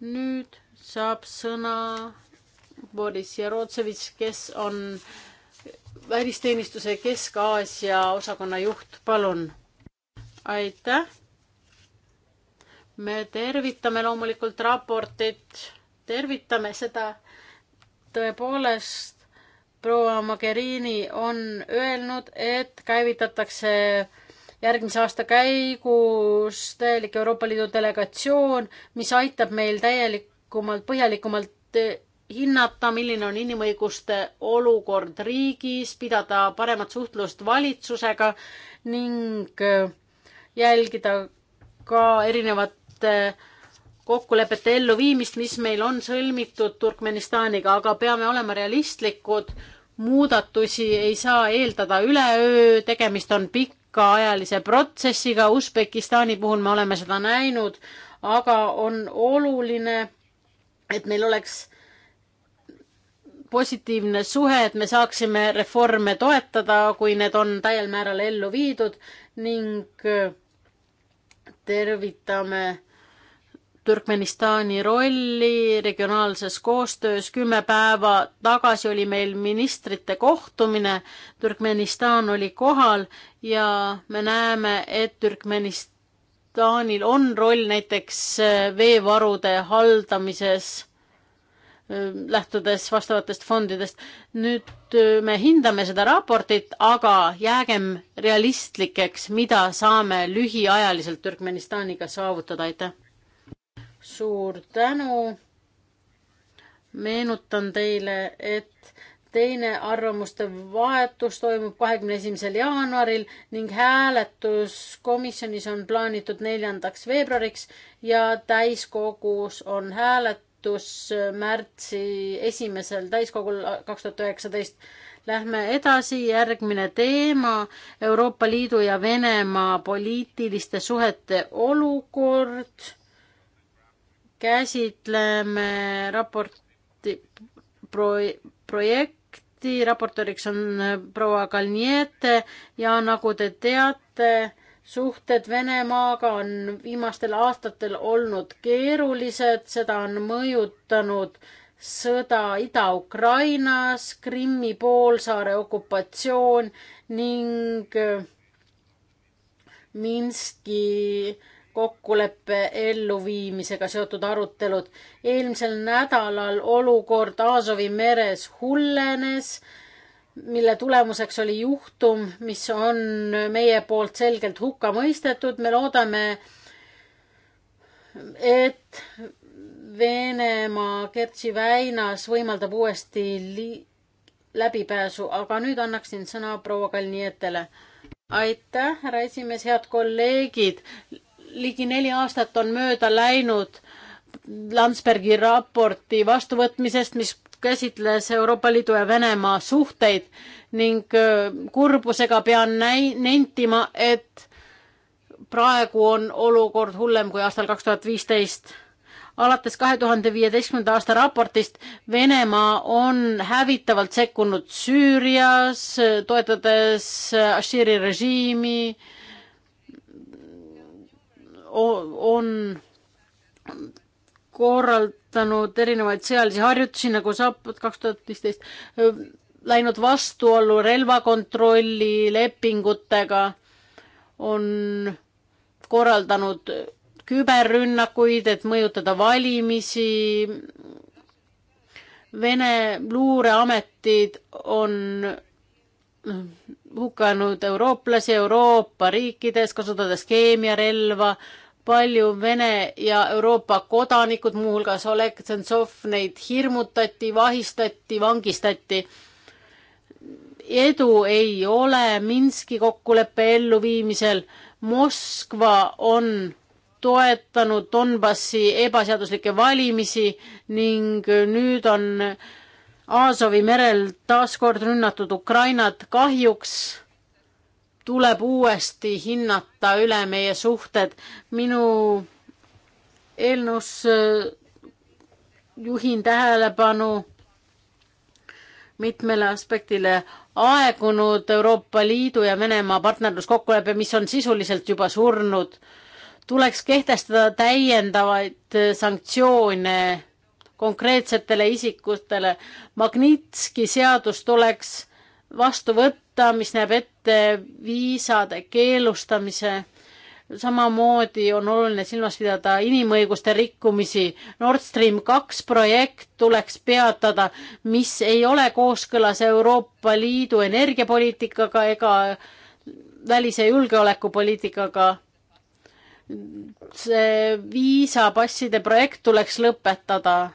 nüüd saab sõna Boris Jarotsevitš, kes on välisteenistuse Kesk-Aasia osakonna juht, palun. aitäh. me tervitame loomulikult raportit, tervitame seda. tõepoolest, proua Mogherini on öelnud, et käivitatakse järgmise aasta käigus täielik Euroopa Liidu delegatsioon, mis aitab meil täielikumalt, põhjalikumalt hinnata, milline on inimõiguste olukord riigis, pidada paremat suhtlust valitsusega ning äh, jälgida ka erinevate kokkulepete elluviimist, mis meil on sõlmitud Turkmenistaniga, aga peame olema realistlikud. muudatusi ei saa eeldada üleöö, tegemist on pikaajalise protsessiga, Usbekistani puhul me oleme seda näinud, aga on oluline, et meil oleks positiivne suhe, et me saaksime reforme toetada, kui need on täiel määral ellu viidud ning äh, tervitame Türkmenistani rolli regionaalses koostöös. kümme päeva tagasi oli meil ministrite kohtumine, Türkmenistan oli kohal ja me näeme, et Türkmenistanil on roll näiteks äh, veevarude haldamises lähtudes vastavatest fondidest. nüüd me hindame seda raportit, aga jäägem realistlikeks, mida saame lühiajaliselt Türkmenistaniga saavutada, aitäh! suur tänu! meenutan teile, et teine arvamuste vahetus toimub kahekümne esimesel jaanuaril ning hääletus komisjonis on plaanitud neljandaks veebruariks ja täiskogus on hääletus hääletus märtsi esimesel täiskogul kaks tuhat üheksateist. Lähme edasi, järgmine teema Euroopa Liidu ja Venemaa poliitiliste suhete olukord. käsitleme raporti pro, projekti, raportööriks on proua Kalniete ja nagu te teate, suhted Venemaaga on viimastel aastatel olnud keerulised, seda on mõjutanud sõda Ida-Ukrainas, Krimmi poolsaare okupatsioon ning äh, Minski kokkuleppe elluviimisega seotud arutelud. eelmisel nädalal olukord Aasovi meres hullenes mille tulemuseks oli juhtum, mis on meie poolt selgelt hukka mõistetud. me loodame, et Venemaa Kertši väinas võimaldab uuesti läbipääsu, aga nüüd annaksin sõna proua Kalnietele. aitäh, härra esimees, head kolleegid. ligi neli aastat on mööda läinud Landsbergi raporti vastuvõtmisest, mis käsitles Euroopa Liidu ja Venemaa suhteid ning kurbusega pean näi-, nentima, et praegu on olukord hullem kui aastal kaks tuhat viisteist. alates kahe tuhande viieteistkümnenda aasta raportist Venemaa on hävitavalt sekkunud Süürias, toetades Ashiri režiimi, on korrald-, korraldanud erinevaid sõjalisi harjutusi nagu saab kaks tuhat viisteist, läinud vastuollu relvakontrolli lepingutega, on korraldanud küberrünnakuid, et mõjutada valimisi. Vene luureametid on hukanud eurooplasi Euroopa riikides, kasutades keemiarelva palju Vene ja Euroopa kodanikud, muuhulgas Oleg Sentsov, neid hirmutati, vahistati, vangistati. edu ei ole Minski kokkuleppe elluviimisel. Moskva on toetanud Donbassi ebaseaduslikke valimisi ning nüüd on Aasovi merel taas kord rünnatud Ukrainat. kahjuks tuleb uuesti hinnata üle meie suhted. minu eelnõus äh, juhin tähelepanu mitmele aspektile aegunud Euroopa Liidu ja Venemaa partnerluskokkulepe, mis on sisuliselt juba surnud, tuleks kehtestada täiendavaid äh, sanktsioone konkreetsetele isikutele. Magnitski seadus tuleks vastu võtta kohta, mis näeb ette viisade keelustamise. samamoodi on oluline silmas pidada inimõiguste rikkumisi. Nord Stream kaks projekt tuleks peatada, mis ei ole kooskõlas Euroopa Liidu energiapoliitikaga ega välise julgeolekupoliitikaga see viisapasside projekt tuleks lõpetada.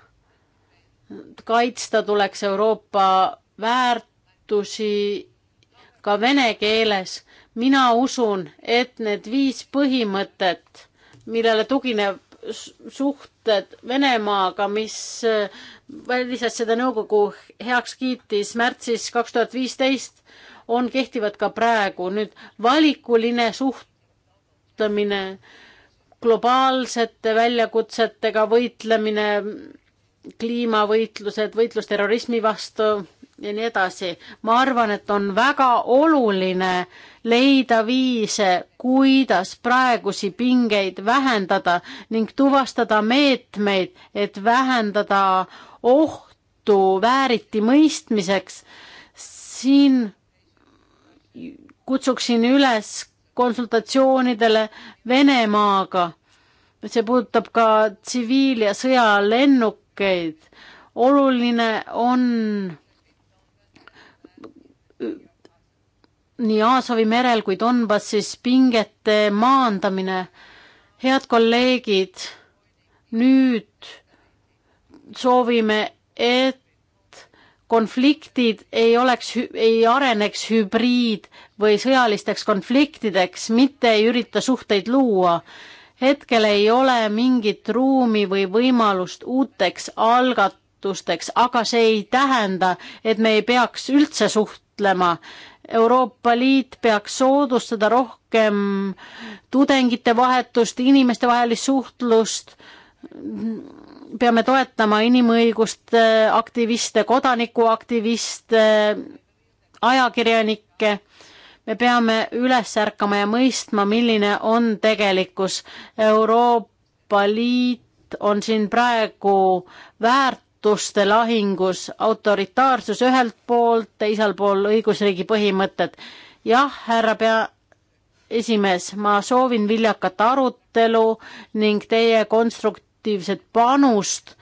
kaitsta tuleks Euroopa väärtusi ka vene keeles. mina usun, et need viis põhimõtet, millele tugineb suhted Venemaaga, mis äh, välisasjade nõukogu heaks kiitis märtsis kaks tuhat viisteist, on, kehtivad ka praegu. nüüd valikuline suhtlemine, globaalsete väljakutsetega võitlemine, kliimavõitlused, võitlus terrorismi vastu ja nii edasi. ma arvan, et on väga oluline leida viise, kuidas praegusi pingeid vähendada ning tuvastada meetmeid, et vähendada ohtu vääriti mõistmiseks. siin kutsuksin üles konsultatsioonidele Venemaaga. see puudutab ka tsiviil- ja sõjalennukeid. oluline on nii Aasovi merel kui Donbassis pingete maandamine. head kolleegid, nüüd soovime, et konfliktid ei oleks, ei areneks hübriid või sõjalisteks konfliktideks, mitte ei ürita suhteid luua. hetkel ei ole mingit ruumi või võimalust uuteks algatusteks, aga see ei tähenda, et me ei peaks üldse suht-, mõtlema. Euroopa Liit peaks soodustada rohkem tudengite vahetust, inimestevahelist suhtlust. peame toetama inimõiguste aktiviste, kodanikuaktiviste, ajakirjanikke. me peame üles ärkama ja mõistma, milline on tegelikkus. Euroopa Liit on siin praegu väärt väärtuste lahingus autoritaarsus ühelt poolt, teisel pool õigusriigi põhimõtted. jah, härra pea, esimees, ma soovin viljakat arutelu ning teie konstruktiivset panust.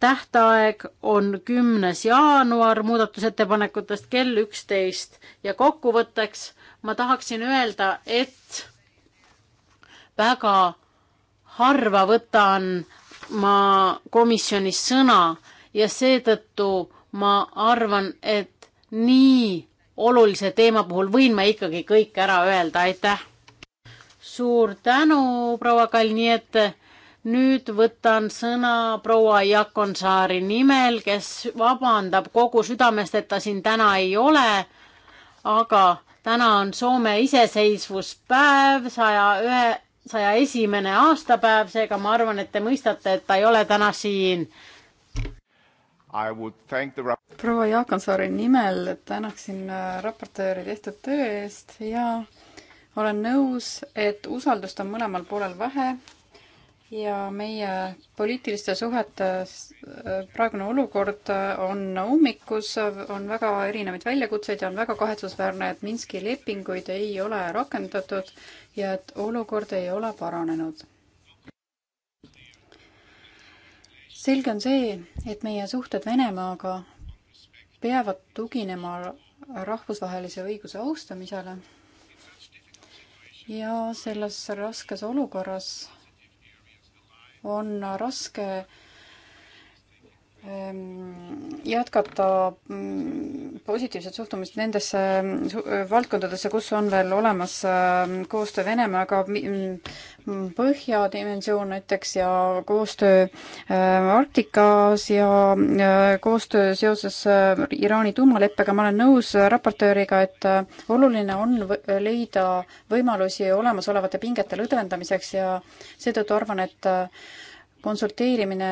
tähtaeg on kümnes jaanuar muudatusettepanekutest kell üksteist ja kokkuvõtteks ma tahaksin öelda, et väga harva võtan ma komisjonis sõna ja seetõttu ma arvan, et nii olulise teema puhul võin ma ikkagi kõik ära öelda, aitäh. suur tänu, proua Kall, nii et nüüd võtan sõna proua Jakonsaari nimel, kes vabandab kogu südamest, et ta siin täna ei ole. aga täna on Soome iseseisvuspäev, saja ühe saja esimene aastapäev, seega ma arvan, et te mõistate, et ta ei ole täna siin the.... proua Jaakonsaari nimel tänaksin äh, raportööri tehtud töö eest ja olen nõus, et usaldust on mõlemal poolel vähe ja meie poliitiliste suhete äh, praegune olukord äh, on ummikus, on väga erinevaid väljakutseid ja on väga kahetsusväärne, et Minski lepinguid ei ole rakendatud ja et olukord ei ole paranenud. selge on see, et meie suhted Venemaaga peavad tuginema rahvusvahelise õiguse austamisele ja selles raskes olukorras on raske Ehm, jätkata mm, positiivset suhtumist nendesse valdkondadesse, kus on veel olemas ehm, koostöö Venemaaga, mm, Põhjadimensioon näiteks ja koostöö ehm, Arktikas ja koostöö seoses Iraani tuumaleppega, ma olen nõus raportööriga, et oluline on leida võimalusi olemasolevate pingete lõdvendamiseks ja seetõttu arvan, et konsulteerimine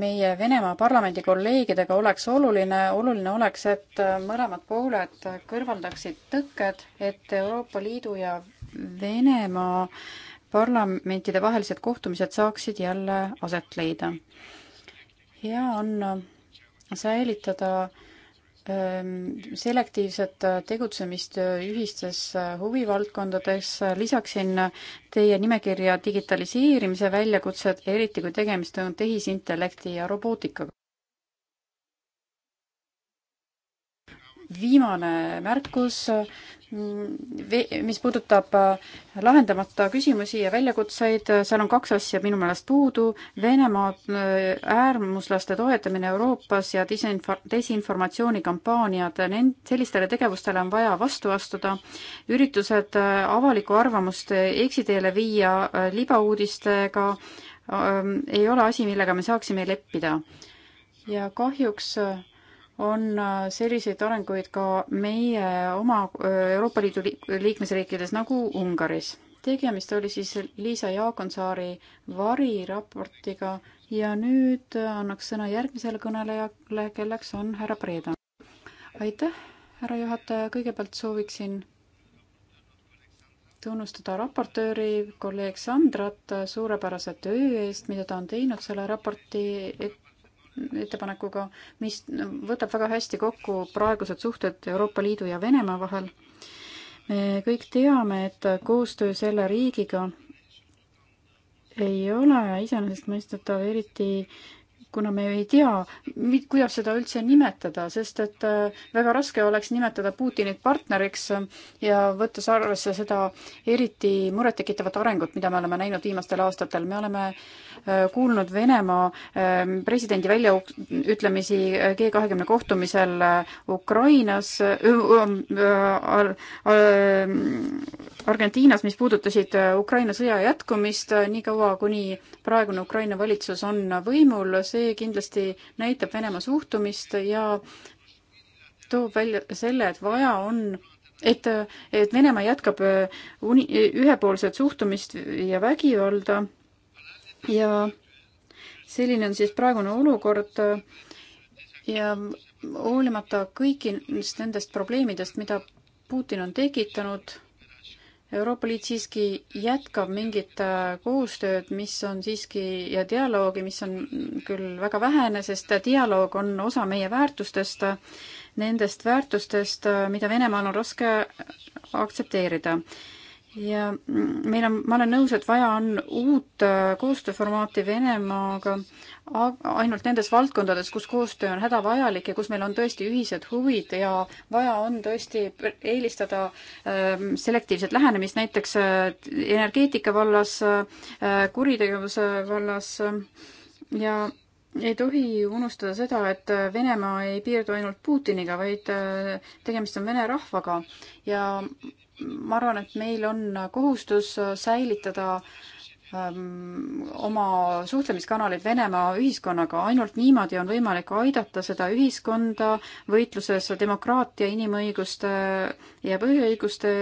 meie Venemaa parlamendi kolleegidega oleks oluline, oluline oleks, et mõlemad pooled kõrvaldaksid tõkked, et Euroopa Liidu ja Venemaa parlamentide vahelised kohtumised saaksid jälle aset leida. hea on säilitada äh, Ehm, selektiivset äh, tegutsemist äh, ühistes äh, huvivaldkondades, lisaksin teie nimekirja digitaliseerimise väljakutsed, eriti kui tegemist on tehisintellekti ja robootikaga. viimane märkus, mis puudutab äh, lahendamata küsimusi ja väljakutseid, äh, seal on kaks asja minu meelest puudu, Venemaa äh, äärmuslaste toetamine Euroopas ja disinfor-, desinformatsioonikampaaniad, nend-, sellistele tegevustele on vaja vastu astuda, üritused avalikku arvamust eksiteele viia libauudistega ei ole asi, millega me saaksime leppida. ja kahjuks on äh, selliseid arenguid ka meie oma äh, Euroopa Liidu liikmesriikides nagu Ungaris. tegemist oli siis Liisa Jaakonsaari variraportiga ja nüüd äh, annaks sõna järgmisele kõnelejale, kelleks on härra Preeda. aitäh, härra juhataja, kõigepealt sooviksin tunnustada raportööri kolleeg Sandrat suurepärase töö eest, mida ta on teinud selle raporti et ettepanekuga, mis võtab väga hästi kokku praegused suhted Euroopa Liidu ja Venemaa vahel. me kõik teame, et koostöö selle riigiga ei ole iseenesestmõistetav, eriti kuna me ei tea, kuidas seda üldse nimetada, sest et äh, väga raske oleks nimetada Putinit partneriks äh, ja võttes arvesse seda eriti murettekitavat arengut, mida me oleme näinud viimastel aastatel, me oleme äh, kuulnud Venemaa presidendi väljaütlemisi G kahekümne kohtumisel Ukrainas Argentiinas, mis puudutasid äh, Ukraina sõja jätkumist, äh, niikaua kuni praegune Ukraina valitsus on võimul, see kindlasti näitab Venemaa suhtumist ja toob välja selle, et vaja on et, et Venemaa jätkab äh, uni-, ühepoolset suhtumist ja vägivalda ja selline on siis praegune olukord ja hoolimata kõigist nendest probleemidest, mida Putin on tekitanud, Euroopa Liit siiski jätkab mingit äh, koostööd, mis on siiski, ja dialoogi, mis on küll väga vähene, sest äh, dialoog on osa meie väärtustest, äh, nendest väärtustest, mida Venemaal on raske aktsepteerida ja meil on, ma olen nõus, et vaja on uut äh, koostööformaati Venemaaga ainult nendes valdkondades, kus koostöö on hädavajalik ja kus meil on tõesti ühised huvid ja vaja on tõesti eelistada ähm, selektiivset lähenemist näiteks äh, energeetika vallas, äh, kuritegevuse vallas ja ei tohi unustada seda, et Venemaa ei piirdu ainult Putiniga, vaid tegemist on vene rahvaga ja ma arvan, et meil on kohustus säilitada ähm, oma suhtlemiskanaleid Venemaa ühiskonnaga, ainult niimoodi on võimalik aidata seda ühiskonda võitluses demokraatia, inimõiguste ja põhiõiguste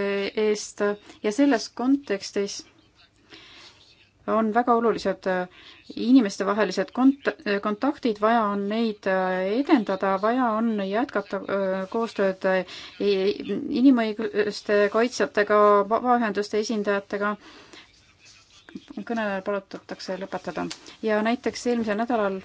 eest ja selles kontekstis on väga olulised äh, inimestevahelised kont-, kontaktid, vaja on neid äh, edendada, vaja on jätkata äh, koostööd äh, inimõiguste kaitsjatega, vabaühenduste esindajatega, kõnelejal palutakse lõpetada. ja näiteks eelmisel nädalal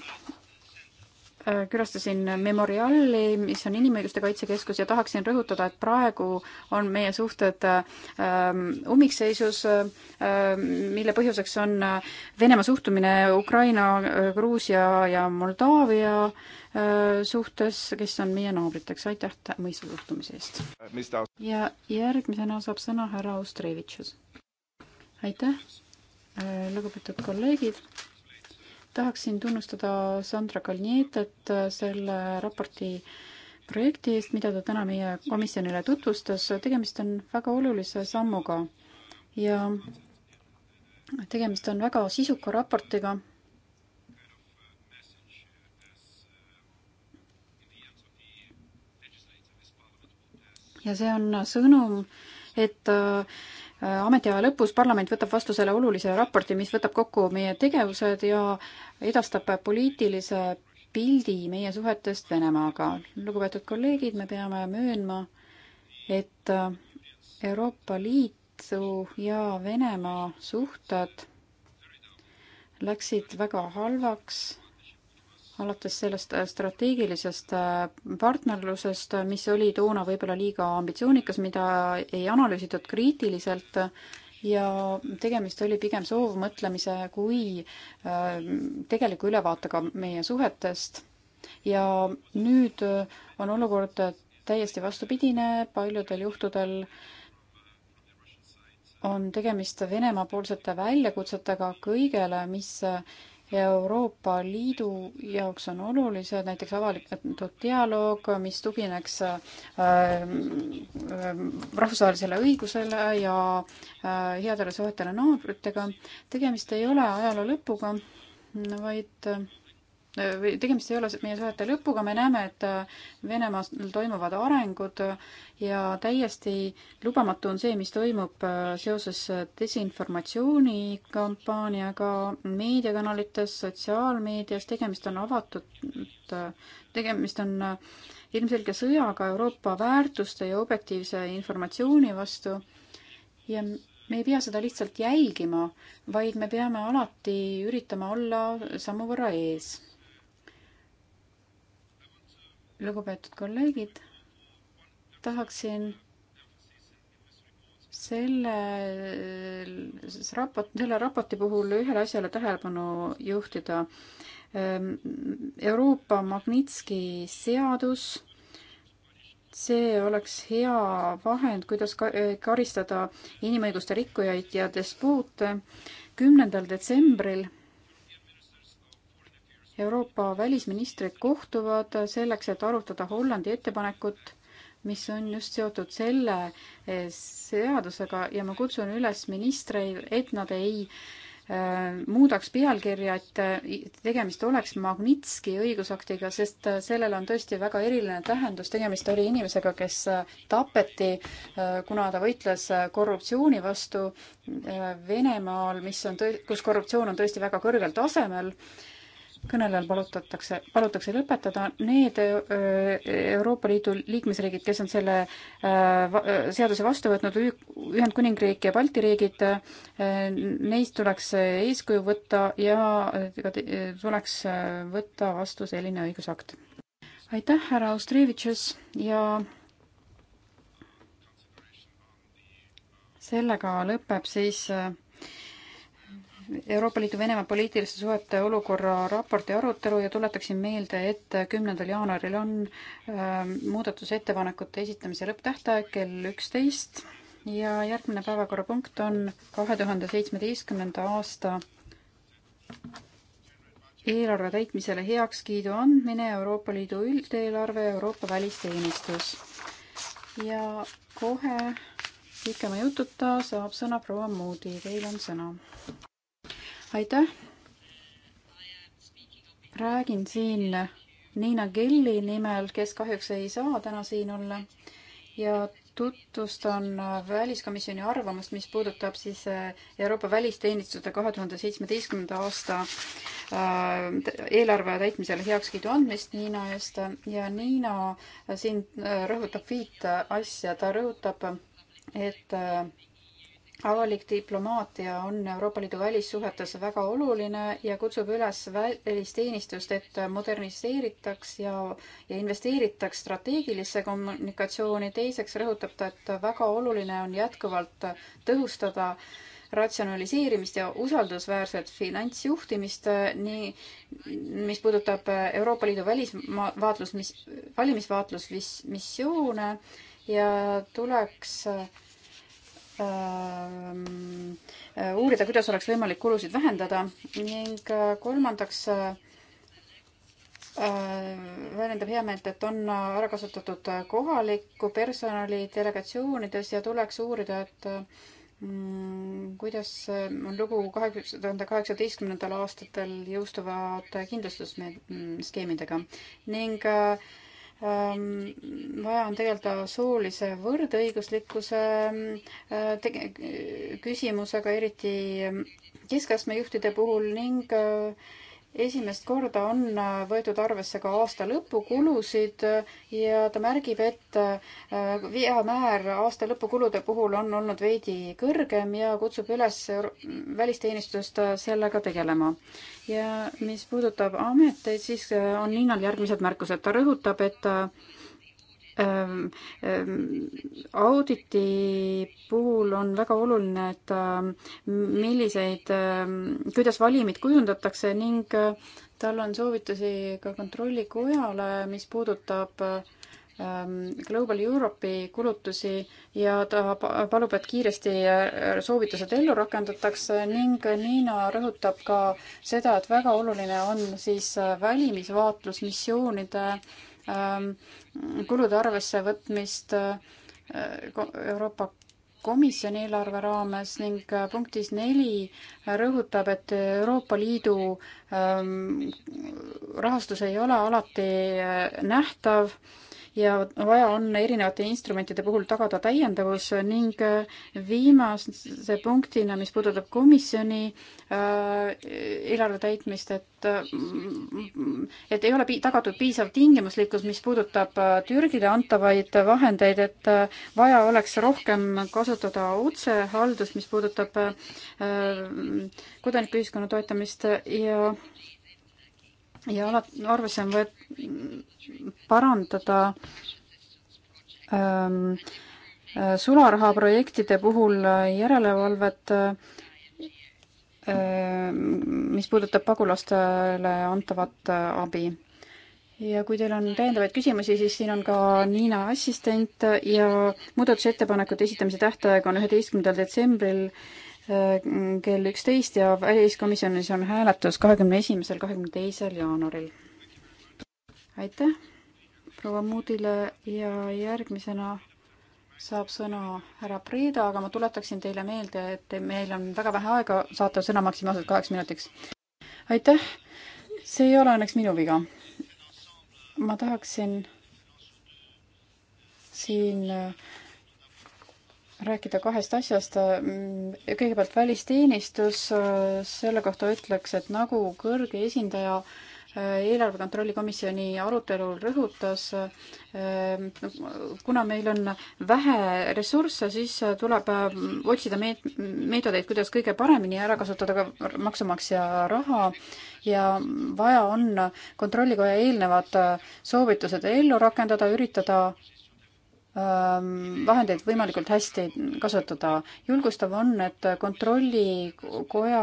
Äh, külastasin Memoriali, mis on Inimõiguste Kaitsekeskus ja tahaksin rõhutada, et praegu on meie suhted ähm, ummikseisus, ähm, mille põhjuseks on äh, Venemaa suhtumine Ukraina, äh, Gruusia ja Moldaavia suhtes, kes on meie naabriteks. aitäh mõistva suhtumise eest. ja järgmisena saab sõna härra Ostrevitšus. aitäh, lugupeetud kolleegid tahaksin tunnustada Sandra Kalnietet äh, selle raporti projekti eest, mida ta täna meie komisjonile tutvustas. tegemist on väga olulise sammuga ja tegemist on väga sisuka raportiga. ja see on sõnum, et äh, Äh, ametiaja lõpus parlament võtab vastu selle olulise raporti, mis võtab kokku meie tegevused ja edastab poliitilise pildi meie suhetest Venemaaga. lugupeetud kolleegid, me peame möönma, et äh, Euroopa Liitu ja Venemaa suhted läksid väga halvaks alates sellest äh, strateegilisest äh, partnerlusest, äh, mis oli toona võib-olla liiga ambitsioonikas, mida ei analüüsitud kriitiliselt ja tegemist oli pigem soovmõtlemise kui tegeliku ülevaatega meie suhetest. ja nüüd on olukord täiesti vastupidine, paljudel juhtudel on tegemist Venemaa-poolsete väljakutsetega kõigele, mis Euroopa Liidu jaoks on olulised, näiteks avalikud dialoog, mis tugineks äh, rahvusvahelisele õigusele ja äh, headele suhetele naabritega. tegemist ei ole ajaloo lõpuga, vaid äh, või tegemist ei ole meie suhete lõpuga, me näeme, et äh, Venemaal toimuvad arengud äh, ja täiesti lubamatu on see, mis toimub äh, seoses desinformatsioonikampaaniaga meediakanalites, sotsiaalmeedias, tegemist on avatud, tegemist on ilmselge sõjaga Euroopa väärtuste ja objektiivse informatsiooni vastu ja me ei pea seda lihtsalt jälgima, vaid me peame alati üritama olla sammu võrra ees lugupeetud kolleegid, tahaksin selles raport, selle raporti puhul ühele asjale tähelepanu juhtida. Ehm, Euroopa Magnitski seadus, see oleks hea vahend, kuidas karistada inimõiguste rikkujaid ja despoote. kümnendal detsembril Euroopa välisministrid kohtuvad selleks, et arutada Hollandi ettepanekut, mis on just seotud selle eh, seadusega ja ma kutsun üles ministreid, et nad ei eh, muudaks pealkirja, et eh, tegemist oleks Magnitski õigusaktiga, sest sellel on tõesti väga eriline tähendus, tegemist oli inimesega, kes tapeti, kuna ta võitles korruptsiooni vastu Venemaal, mis on tõ-, kus korruptsioon on tõesti väga kõrgel tasemel kõnelejal palutatakse, palutakse lõpetada, need äh, Euroopa Liidu liikmesriigid, kes on selle äh, seaduse vastu võtnud, Ühendkuningriik ja Balti riigid, äh, neist tuleks eeskuju võtta ja tuleks võtta vastu selline õigusakt. aitäh, härra Austrevitšus ja sellega lõpeb siis Euroopa Liidu Venemaa poliitiliste suhete olukorra raporti arutelu ja tuletaksin meelde, et kümnendal jaanuaril on ähm, muudatusettepanekute esitamise lõpptähtaeg kell üksteist ja järgmine päevakorrapunkt on kahe tuhande seitsmeteistkümnenda aasta eelarve täitmisele heakskiidu andmine Euroopa Liidu üldeelarve Euroopa välisteenistus. ja kohe pikema jututa saab sõna proua Moodi, teil on sõna aitäh. räägin siin Niina Kelly nimel, kes kahjuks ei saa täna siin olla ja tutvustan väliskomisjoni arvamust, mis puudutab siis äh, Euroopa välisteenistuse kahe tuhande seitsmeteistkümnenda aasta äh, eelarve täitmisele heakskiidu andmist Niina eest ja Niina äh, siin rõhutab viit asja, ta rõhutab, et avalik diplomaatia on Euroopa Liidu välissuhetes väga oluline ja kutsub üles välisteenistust, et moderniseeritaks ja, ja investeeritaks strateegilisse kommunikatsiooni. teiseks rõhutab ta, et väga oluline on jätkuvalt tõhustada ratsionaliseerimist ja usaldusväärset finantsjuhtimist, nii, mis puudutab Euroopa Liidu välisvaatlus, mis, valimisvaatlusmissioone ja tuleks äh, Ehm, eh, uurida, kuidas oleks võimalik kulusid vähendada ning eh, kolmandaks eh, väljendab heameelt, et on ära kasutatud kohalikku personali delegatsioonides ja tuleks uurida, et mm, kuidas on lugu kahekümne, tuhande kaheksateistkümnendal aastatel jõustuvate kindlustusskeemidega ning äh, Ehm, vaja on tegeleda soolise võrdõiguslikkuse ehm, tege-, küsimusega, eriti ehm, keskastme juhtide puhul ning esimest korda on äh, võetud arvesse ka aasta lõpukulusid äh, ja ta märgib, et äh, veamäär aasta lõpukulude puhul on olnud veidi kõrgem ja kutsub üles välisteenistust sellega tegelema. ja mis puudutab ameteid, siis on Liinal järgmised märkused. ta rõhutab, et auditi puhul on väga oluline, et ähm, milliseid, ähm, kuidas valimid kujundatakse ning äh, tal on soovitusi ka Kontrollikojale, mis puudutab ähm, Global Europe'i kulutusi ja ta palub, et kiiresti äh, soovitused ellu rakendatakse ning Niina rõhutab ka seda, et väga oluline on siis äh, välimisvaatlusmissioonide äh, Ähm, kulude arvesse võtmist äh, Euroopa Komisjoni eelarve raames ning äh, punktis neli äh, rõhutab, et Euroopa Liidu ähm, rahastus ei ole alati nähtav ja vaja on erinevate instrumentide puhul tagada täiendavus ning äh, viimase punktina, mis puudutab komisjoni äh, eelarve täitmist, et äh, et ei ole pi-, tagatud piisav tingimuslikkus, mis puudutab Türgile antavaid vahendeid, et vaja oleks rohkem kasutada otsehaldust, mis puudutab kodanikuühiskonna toetamist ja ja alati arvesse on võet-, parandada ähm, äh, sularahaprojektide puhul äh, järelevalvet äh, äh, mis puudutab pagulastele antavat abi. ja kui teil on täiendavaid küsimusi, siis siin on ka Niina assistent ja muudatusettepanekute esitamise tähtaeg on üheteistkümnendal detsembril Äh, kell üksteist ja väliskomisjonis on hääletus kahekümne esimesel, kahekümne teisel jaanuaril. aitäh proua Moodile ja järgmisena saab sõna härra Priida, aga ma tuletaksin teile meelde, et meil on väga vähe aega saata sõna maksimaalselt kaheks minutiks. aitäh, see ei ole õnneks minu viga. ma tahaksin siin äh, rääkida kahest asjast. kõigepealt välisteenistus, selle kohta ütleks, et nagu kõrge esindaja eh, eelarve kontrolli komisjoni arutelul rõhutas, eh, kuna meil on vähe ressursse, siis tuleb eh, otsida meet-, meetodeid, kuidas kõige paremini ära kasutada ka maksumaksja raha ja vaja on kontrollikoja eelnevad soovitused ellu rakendada, üritada Ähm, vahendeid võimalikult hästi kasutada. julgustav on, et Kontrollikoja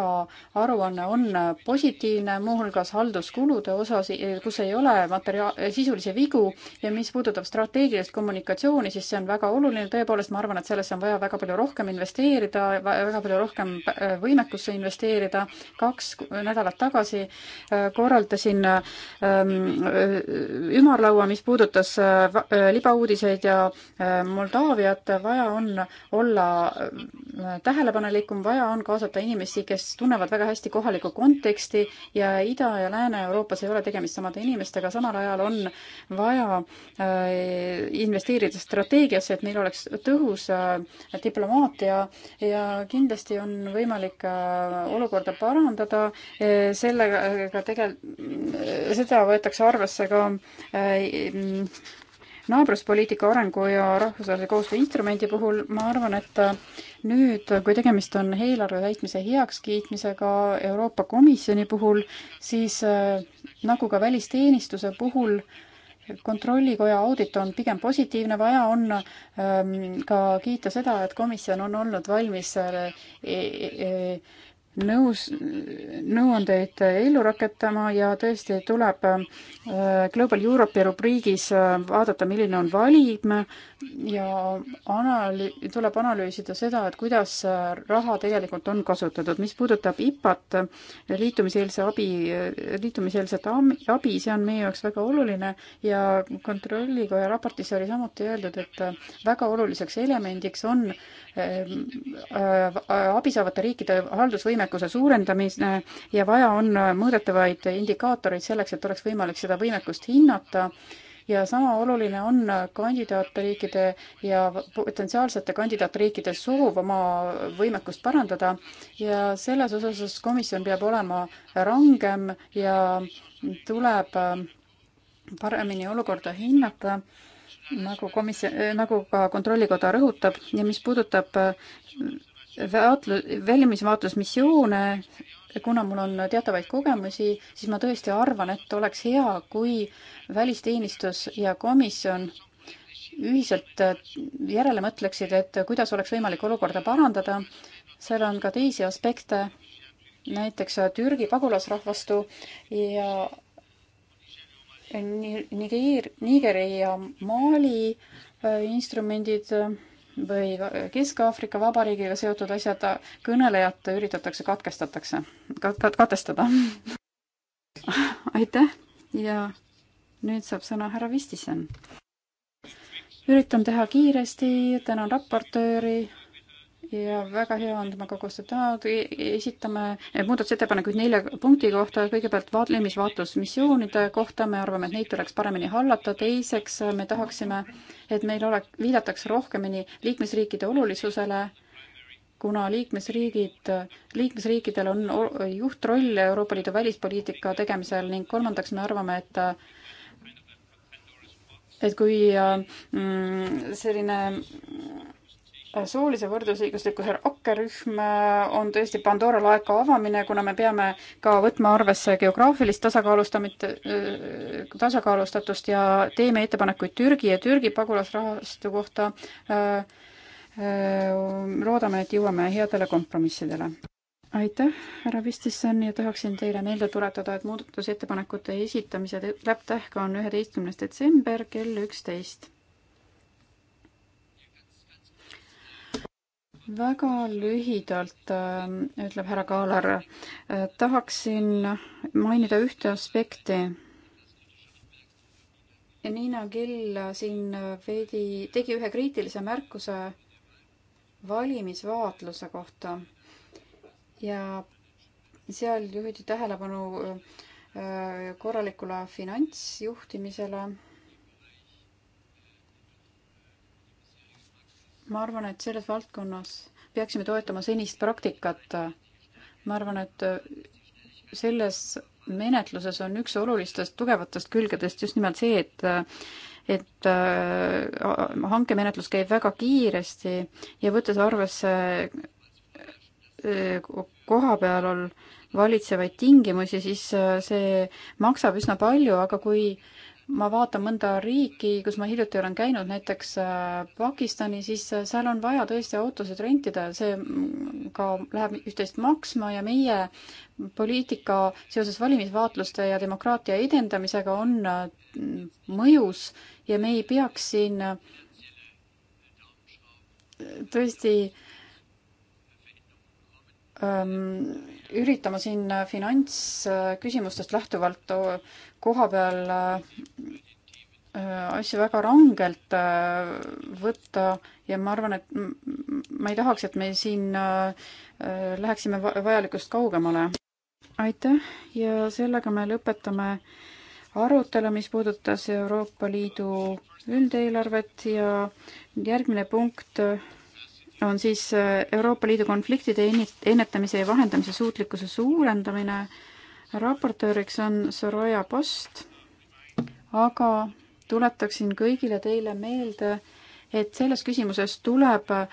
aruanne on positiivne, muuhulgas halduskulude osas, kus ei ole materia-, sisulisi vigu ja mis puudutab strateegilist kommunikatsiooni, siis see on väga oluline, tõepoolest ma arvan, et sellesse on vaja väga palju rohkem investeerida, väga palju rohkem äh, võimekusse investeerida. kaks nädalat tagasi äh, korraldasin ähm, äh, ümarlaua, mis puudutas libauudiseid ja Moldaaviat, vaja on olla äh, tähelepanelikum, vaja on kaasata inimesi, kes tunnevad väga hästi kohalikku konteksti ja Ida- ja Lääne-Euroopas ei ole tegemist samade inimestega, samal ajal on vaja äh, investeerida strateegiasse, et meil oleks tõhus äh, diplomaatia ja kindlasti on võimalik olukorda parandada, sellega tegel-, seda võetakse arvesse ka naabruspoliitika arengu ja rahvusvahelise koostöö instrumendi puhul ma arvan, et äh, nüüd, kui tegemist on eelarve täitmise heakskiitmisega Euroopa Komisjoni puhul, siis äh, nagu ka välisteenistuse puhul, kontrollikoja audit on pigem positiivne, vaja on ähm, ka kiita seda, et komisjon on olnud valmis äh, äh, nõus, nõuandeid ellu rakendama ja tõesti tuleb äh, Global Europe'i rubriigis äh, vaadata, milline on valim ja analüü-, tuleb analüüsida seda, et kuidas äh, raha tegelikult on kasutatud. mis puudutab IPA-t, liitumiseelse abi, liitumiseelset abi, see on meie jaoks väga oluline ja kontrollikoja raportis oli samuti öeldud, et väga oluliseks elemendiks on äh, Ehm, äh, abi saavate riikide haldusvõimekuse suurendamine ja vaja on mõõdetavaid indikaatoreid selleks, et oleks võimalik seda võimekust hinnata ja sama oluline on kandidaatriikide ja potentsiaalsete kandidaatriikide soov oma võimekust parandada ja selles osas komisjon peab olema rangem ja tuleb äh, paremini olukorda hinnata nagu komisjon, eh, nagu ka Kontrollikoda rõhutab ja mis puudutab eh, vaatlu-, välimisvaatlusmissioone, kuna mul on teatavaid kogemusi, siis ma tõesti arvan, et oleks hea, kui välisteenistus ja komisjon ühiselt eh, järele mõtleksid, et kuidas oleks võimalik olukorda parandada. seal on ka teisi aspekte, näiteks Türgi pagulasrahvastu ja Nigeer, Nigeri ja Mali äh, instrumendid äh, või Kesk-Aafrika Vabariigiga seotud asjad, kõnelejat üritatakse katkestatakse, kat-, katestada. aitäh ja nüüd saab sõna härra Vistisen. üritan teha kiiresti, tänan raportööri ja väga hea on temaga koostööd teha, esitame eh, muudatusettepanekuid nelja punkti kohta, kõigepealt valimisvaatlusmissioonide kohta, me arvame, et neid tuleks paremini hallata, teiseks eh, me tahaksime, et meil oleks, viidataks rohkemini liikmesriikide olulisusele, kuna liikmesriigid, liikmesriikidel on juhtroll Euroopa Liidu välispoliitika tegemisel ning kolmandaks me arvame, et et kui eh, mm, selline Äh, soolise võrdlusõiguslikkuse rakkerühm äh, on tõesti Pandora laeka avamine, kuna me peame ka võtma arvesse geograafilist tasakaalustamit, äh, tasakaalustatust ja teeme ettepanekuid Türgi ja Türgi pagulasrahastu kohta. loodame, et jõuame headele kompromissidele aitäh, härra Pistisson ja tahaksin teile meelde tuletada, et muudatusettepanekute esitamise tähtaeg on üheteistkümnes detsember kell üksteist väga lühidalt, äh, ütleb härra Kaalar, äh, tahaksin mainida ühte aspekti. Niina Kill siin veidi tegi ühe kriitilise märkuse valimisvaatluse kohta ja seal juhiti tähelepanu äh, korralikule finantsjuhtimisele ma arvan, et selles valdkonnas peaksime toetama senist praktikat. ma arvan, et selles menetluses on üks olulistest tugevatest külgedest just nimelt see, et et äh, hankemenetlus käib väga kiiresti ja võttes arvesse äh, kohapeal valitsevaid tingimusi, siis äh, see maksab üsna palju, aga kui äh, ma vaatan mõnda riiki, kus ma hiljuti olen käinud, näiteks äh, Pakistani, siis äh, seal on vaja tõesti autosid rentida, see mm, ka läheb üht-teist maksma ja meie poliitika seoses valimisvaatluste ja demokraatia edendamisega on äh, mõjus ja me ei peaks siin tõesti äh, üritama siin äh, finantsküsimustest lähtuvalt koha peal äh, äh, asju väga rangelt võtta ja ma arvan, et ma ei tahaks, et me siin läheksime vajalikust kaugemale. aitäh ja sellega me lõpetame arutelu, mis puudutas Euroopa Liidu üldeelarvet ja järgmine punkt on siis äh, Euroopa Liidu konfliktide ennetamise ja vahendamise suutlikkuse suurendamine. raportööriks on Soraya Post, aga tuletaksin kõigile teile meelde, et selles küsimuses tuleb äh,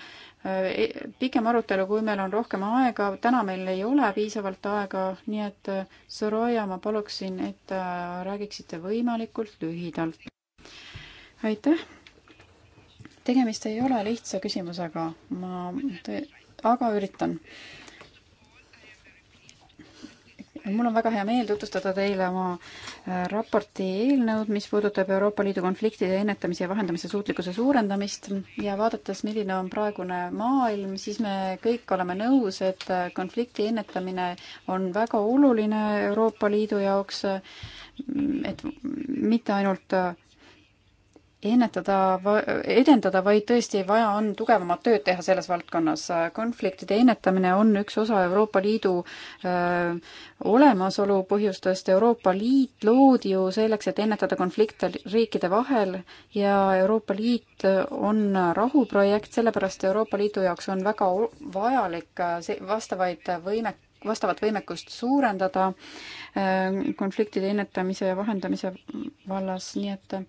e-, pikem arutelu, kui meil on rohkem aega, täna meil ei ole piisavalt aega, nii et äh, Soraya, ma paluksin, et räägiksite võimalikult lühidalt. aitäh, tegemist ei ole lihtsa küsimusega, ma, aga üritan. mul on väga hea meel tutvustada teile oma äh, raporti eelnõud, mis puudutab Euroopa Liidu konfliktide ennetamise ja vahendamise suutlikkuse suurendamist ja vaadates, milline on praegune maailm, siis me kõik oleme nõus, et äh, konflikti ennetamine on väga oluline Euroopa Liidu jaoks, äh, et mitte ainult ennetada, edendada, vaid tõesti vaja on tugevamat tööd teha selles valdkonnas. konfliktide ennetamine on üks osa Euroopa Liidu öö, äh, olemasolu põhjustest. Euroopa Liit loodi ju selleks, et ennetada konflikte riikide vahel ja Euroopa Liit on rahuprojekt, sellepärast Euroopa Liidu jaoks on väga vajalik äh, vastavaid võimek-, vastavat võimekust suurendada äh, konfliktide ennetamise ja vahendamise vallas, nii et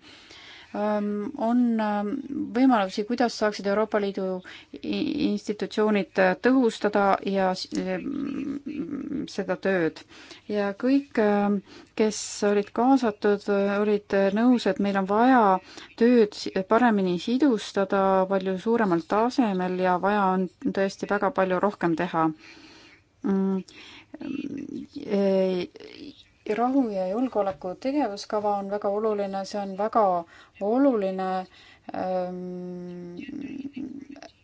Ähm, on ähm, võimalusi, kuidas saaksid Euroopa Liidu institutsioonid äh, tõhustada ja äh, seda tööd. ja kõik, ähm, kes olid kaasatud, äh, olid nõus, et meil on vaja tööd paremini sidustada palju suuremal tasemel ja vaja on tõesti väga palju rohkem teha mm, rahu ja julgeoleku tegevuskava on väga oluline, see on väga oluline ähm,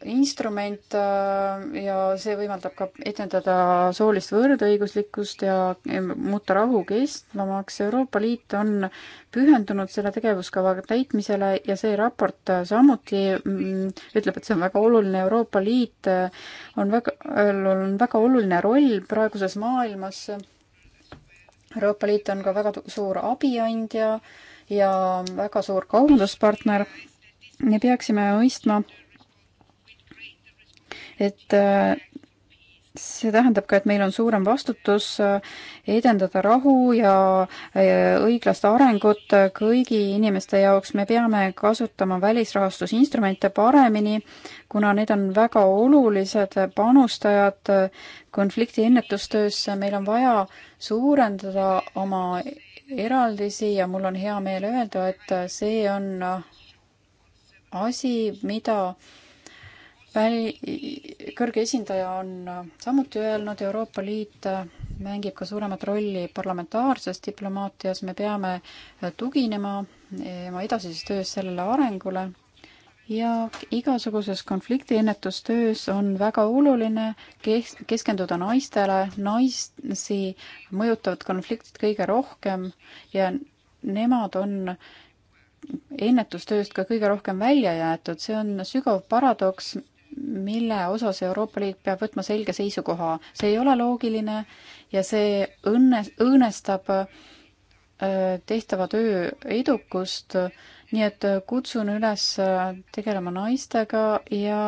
instrument äh, ja see võimaldab ka etendada soolist võrdõiguslikkust ja muuta rahu kestvamaks. Euroopa Liit on pühendunud selle tegevuskava täitmisele ja see raport samuti mm, ütleb, et see on väga oluline. Euroopa Liit äh, on väga, äh, on väga oluline roll praeguses maailmas Euroopa Liit on ka väga suur abiandja ja väga suur kaubanduspartner. me peaksime mõistma, et äh, see tähendab ka, et meil on suurem vastutus äh, edendada rahu ja äh, õiglast arengut äh, kõigi inimeste jaoks. me peame kasutama välisrahastusinstrumente paremini, kuna need on väga olulised panustajad konflikti ennetustöösse. meil on vaja suurendada oma eraldisi ja mul on hea meel öelda, et see on asi, mida väli, kõrge esindaja on äh, samuti öelnud, Euroopa Liit äh, mängib ka suuremat rolli parlamentaarses diplomaatias, me peame äh, tuginema oma edasises töös sellele arengule ja igasuguses konfliktiennetustöös on väga oluline kes-, keskenduda naistele, naisi mõjutavad konfliktid kõige rohkem ja nemad on ennetustööst ka kõige rohkem välja jäetud, see on sügav paradoks, mille osas Euroopa Liit peab võtma selge seisukoha. see ei ole loogiline ja see õnne, õõnestab äh, tehtava töö edukust, nii et kutsun üles tegelema naistega ja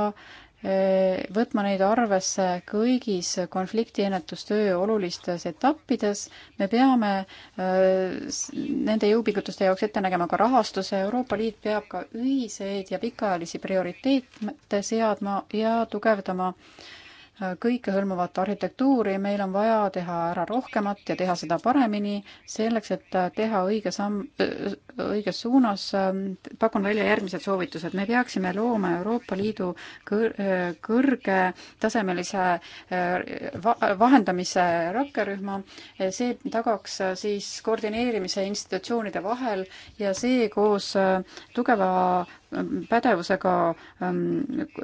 Eh, võtma neid arvesse kõigis konfliktiennetustöö olulistes etappides. me peame eh, nende jõupingutuste jaoks ette nägema ka rahastuse, Euroopa Liit peab ka ühiseid ja pikaajalisi prioriteete seadma ja tugevdama äh, kõikehõlmavat arhitektuuri, meil on vaja teha ära rohkemat ja teha seda paremini, selleks, et teha õige samm, õiges suunas, pakun välja järgmised soovitused. me peaksime looma Euroopa Liidu kõr-, kõrgetasemelise eh, vahendamise rakkerühma, see tagaks siis koordineerimise institutsioonide vahel ja see koos tugeva pädevusega ähm,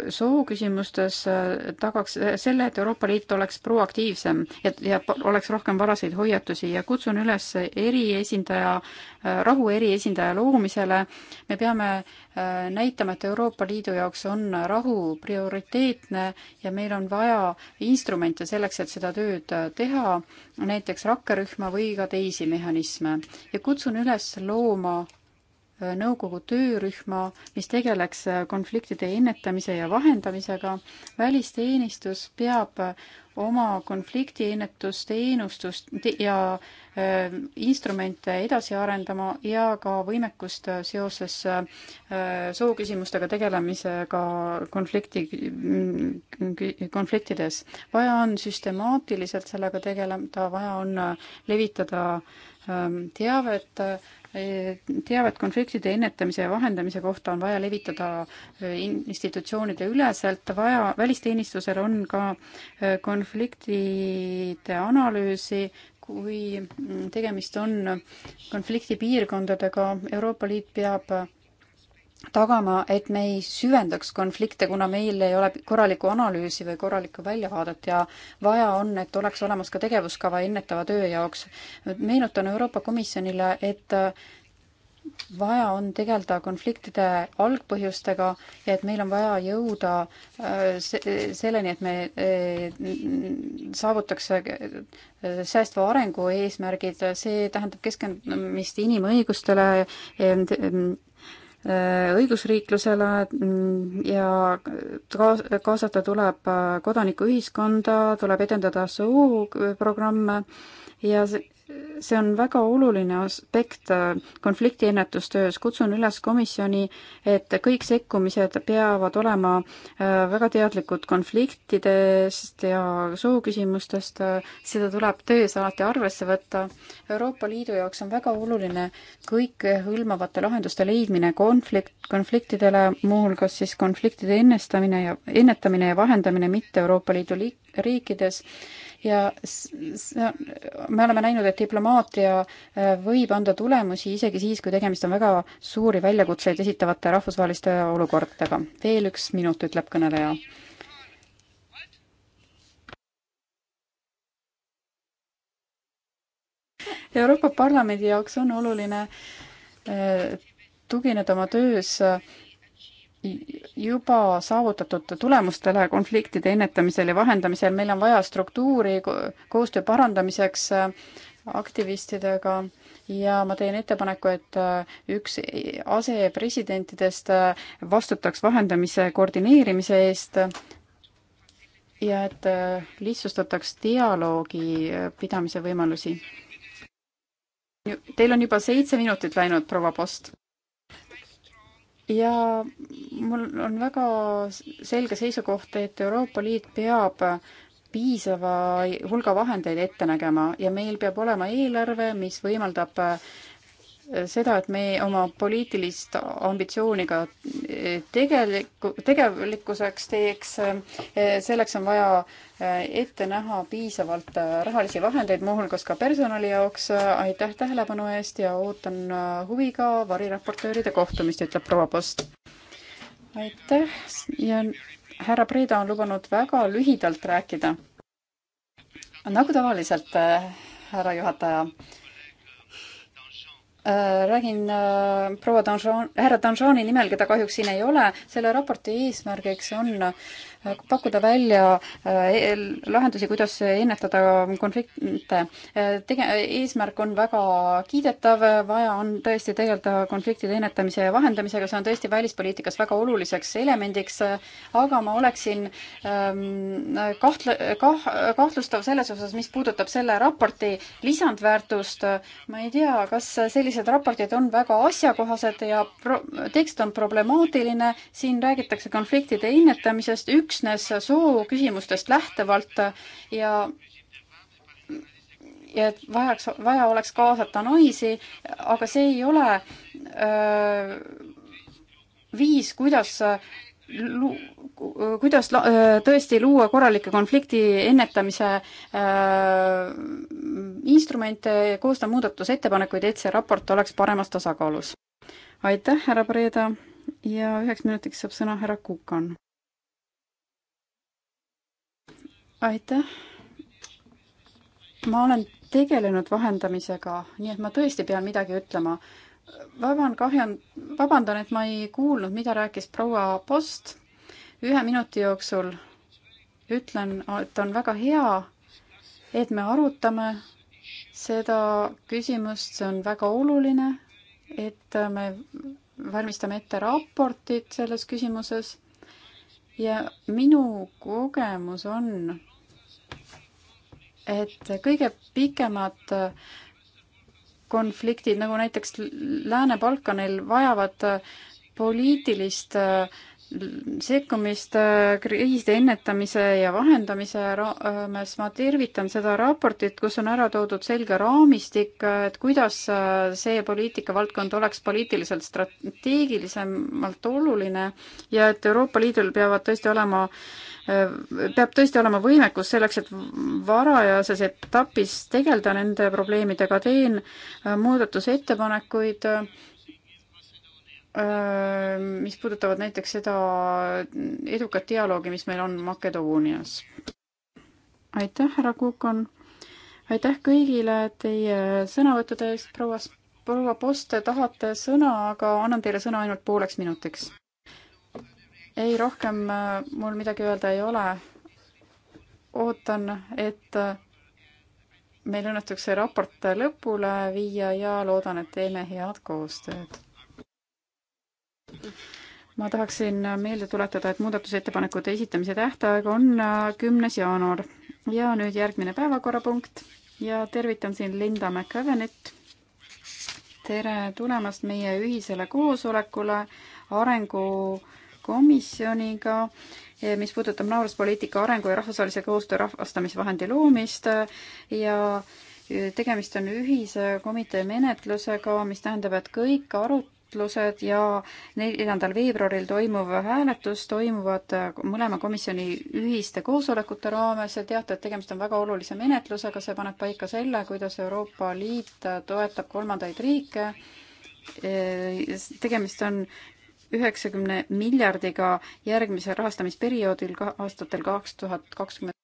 sooküsimustes äh, tagaks selle, et Euroopa Liit oleks proaktiivsem ja, ja oleks rohkem varaseid hoiatusi ja kutsun üles eriesindaja, äh, rahu eriesindaja loomisele. me peame äh, näitama, et Euroopa Liidu jaoks on rahu prioriteetne ja meil on vaja instrumente selleks, et seda tööd teha, näiteks rakkerühma või ka teisi mehhanisme ja kutsun üles looma nõukogu töörühma, mis tegeleks äh, konfliktide ennetamise ja vahendamisega. välisteenistus peab äh, oma konfliktiennetusteenustust ja äh, instrumente edasi arendama ja ka võimekust äh, seoses äh, sooküsimustega tegelemisega konflikti, mm, konfliktides. vaja on süstemaatiliselt sellega tegeleda, vaja on levitada äh, Ähm, teavet, äh, teavet konfliktide ennetamise ja vahendamise kohta on vaja levitada äh, institutsioonide üleselt, vaja, välisteenistusel on ka äh, konfliktide analüüsi, kui mm, tegemist on konfliktipiirkondadega, Euroopa Liit peab tagama, et me ei süvendaks konflikte, kuna meil ei ole korralikku analüüsi või korralikku väljavaadet ja vaja on, et oleks olemas ka tegevuskava ennetava töö jaoks. meenutan Euroopa Komisjonile, et vaja on tegeleda konfliktide algpõhjustega ja et meil on vaja jõuda äh, selleni, et me äh, saavutaks äh, säästva arengu eesmärgid, see tähendab keskendumist inimõigustele, ähm, Äh, õigusriiklusele mm, ja kaas-, kaasata tuleb äh, kodanikuühiskonda, tuleb edendada sooprogramme ja see on väga oluline aspekt äh, konfliktiennetustöös, kutsun üles komisjoni, et kõik sekkumised peavad olema äh, väga teadlikud konfliktidest ja sooküsimustest, seda tuleb töös alati arvesse võtta. Euroopa Liidu jaoks on väga oluline kõikehõlmavate lahenduste leidmine konflikt, konfliktidele, muuhulgas siis konfliktide ennestamine ja, ennetamine ja vahendamine mitte Euroopa Liidu liik-, riikides ja me oleme näinud, et diplomaatia äh, võib anda tulemusi isegi siis, kui tegemist on väga suuri väljakutseid esitavate rahvusvaheliste olukordadega. veel üks minut, ütleb kõneleja. Euroopa Parlamendi jaoks on oluline äh, tugineda oma töös äh, juba saavutatud tulemustele konfliktide ennetamisel ja vahendamisel, meil on vaja struktuuri koostöö parandamiseks äh, aktivistidega ja ma teen ettepaneku, et äh, üks asepresidentidest äh, vastutaks vahendamise koordineerimise eest ja et lihtsustataks dialoogi pidamise võimalusi. Teil on juba seitse minutit läinud, proua Post ja mul on väga selge seisukoht, et Euroopa Liit peab piisava hulga vahendeid ette nägema ja meil peab olema eelarve, mis võimaldab äh, seda, et me oma poliitilist ambitsiooni ka eh, tegelikku, tegelikkuseks teeks, eh, selleks on vaja eh, ette näha piisavalt rahalisi vahendeid, muuhulgas ka personali jaoks. aitäh tähelepanu eest ja ootan huviga variraportööride kohtumist, ütleb proua Post. aitäh ja härra Preeda on lubanud väga lühidalt rääkida. nagu tavaliselt, härra juhataja Äh, räägin äh, proua Danjean, härra Danjeani nimel, keda kahjuks siin ei ole, selle raporti eesmärgiks on pakkuda välja äh, lahendusi, kuidas ennetada konflikte. Äh, tege-, eesmärk on väga kiidetav, vaja on tõesti tegeleda konfliktide ennetamise ja vahendamisega, see on tõesti välispoliitikas väga oluliseks elemendiks, aga ma oleksin ähm, kahtle-, kah-, kahtlustav selles osas, mis puudutab selle raporti lisandväärtust. ma ei tea, kas sellised raportid on väga asjakohased ja pro-, tekst on problemaatiline, siin räägitakse konfliktide ennetamisest, üks üksnes soo küsimustest lähtuvalt ja ja et vajaks, vaja oleks kaasata naisi, aga see ei ole öö, viis, kuidas lu-, kuidas la-, tõesti luua korralikke konflikti ennetamise äh, instrumente, koostada muudatusettepanekuid, et see raport oleks paremas tasakaalus. aitäh, härra Preeda ja üheks minutiks saab sõna härra Kukan. aitäh. ma olen tegelenud vahendamisega, nii et ma tõesti pean midagi ütlema. vaban, kahjan, vabandan, et ma ei kuulnud, mida rääkis proua Post. ühe minuti jooksul ütlen, et on väga hea, et me arutame seda küsimust, see on väga oluline, et me valmistame ette raportit selles küsimuses. ja minu kogemus on et kõige pikemad konfliktid, nagu näiteks Lääne-Balkanil, vajavad poliitilist äh, sekkumist kriiside ennetamise ja vahendamise raames. ma tervitan seda raportit, kus on ära toodud selge raamistik, et kuidas äh, see poliitikavaldkond oleks poliitiliselt strateegilisemalt oluline ja et Euroopa Liidul peavad tõesti olema äh, peab tõesti olema võimekus selleks, et varajases etapis tegeleda nende probleemidega. teen äh, muudatusettepanekuid mis puudutavad näiteks seda edukat dialoogi, mis meil on Makedoonias. aitäh, härra Kukon. aitäh kõigile teie sõnavõttude eest, proua, proua Post, tahate sõna, aga annan teile sõna ainult pooleks minutiks. ei, rohkem äh, mul midagi öelda ei ole. ootan, et äh, meil õnnestuks see raport lõpule viia ja loodan, et teeme head koostööd ma tahaksin meelde tuletada, et muudatusettepanekute esitamise tähtaeg on äh, kümnes jaanuar ja nüüd järgmine päevakorrapunkt ja tervitan siin Linda McEvenit. tere tulemast meie ühisele koosolekule arengukomisjoniga, eh, mis puudutab naabruspoliitika arengu ja rahvusvahelise koostöö rahvastamisvahendi loomist ja eh, tegemist on ühise komitee menetlusega, mis tähendab, et kõik arut-, arutlused ja neljandal veebruaril toimuv hääletus toimuvad mõlema komisjoni ühiste koosolekute raames ja teate, et tegemist on väga olulise menetlusega, see paneb paika selle, kuidas Euroopa Liit toetab kolmandaid riike. tegemist on üheksakümne miljardiga järgmisel rahastamisperioodil aastatel kaks tuhat kakskümmend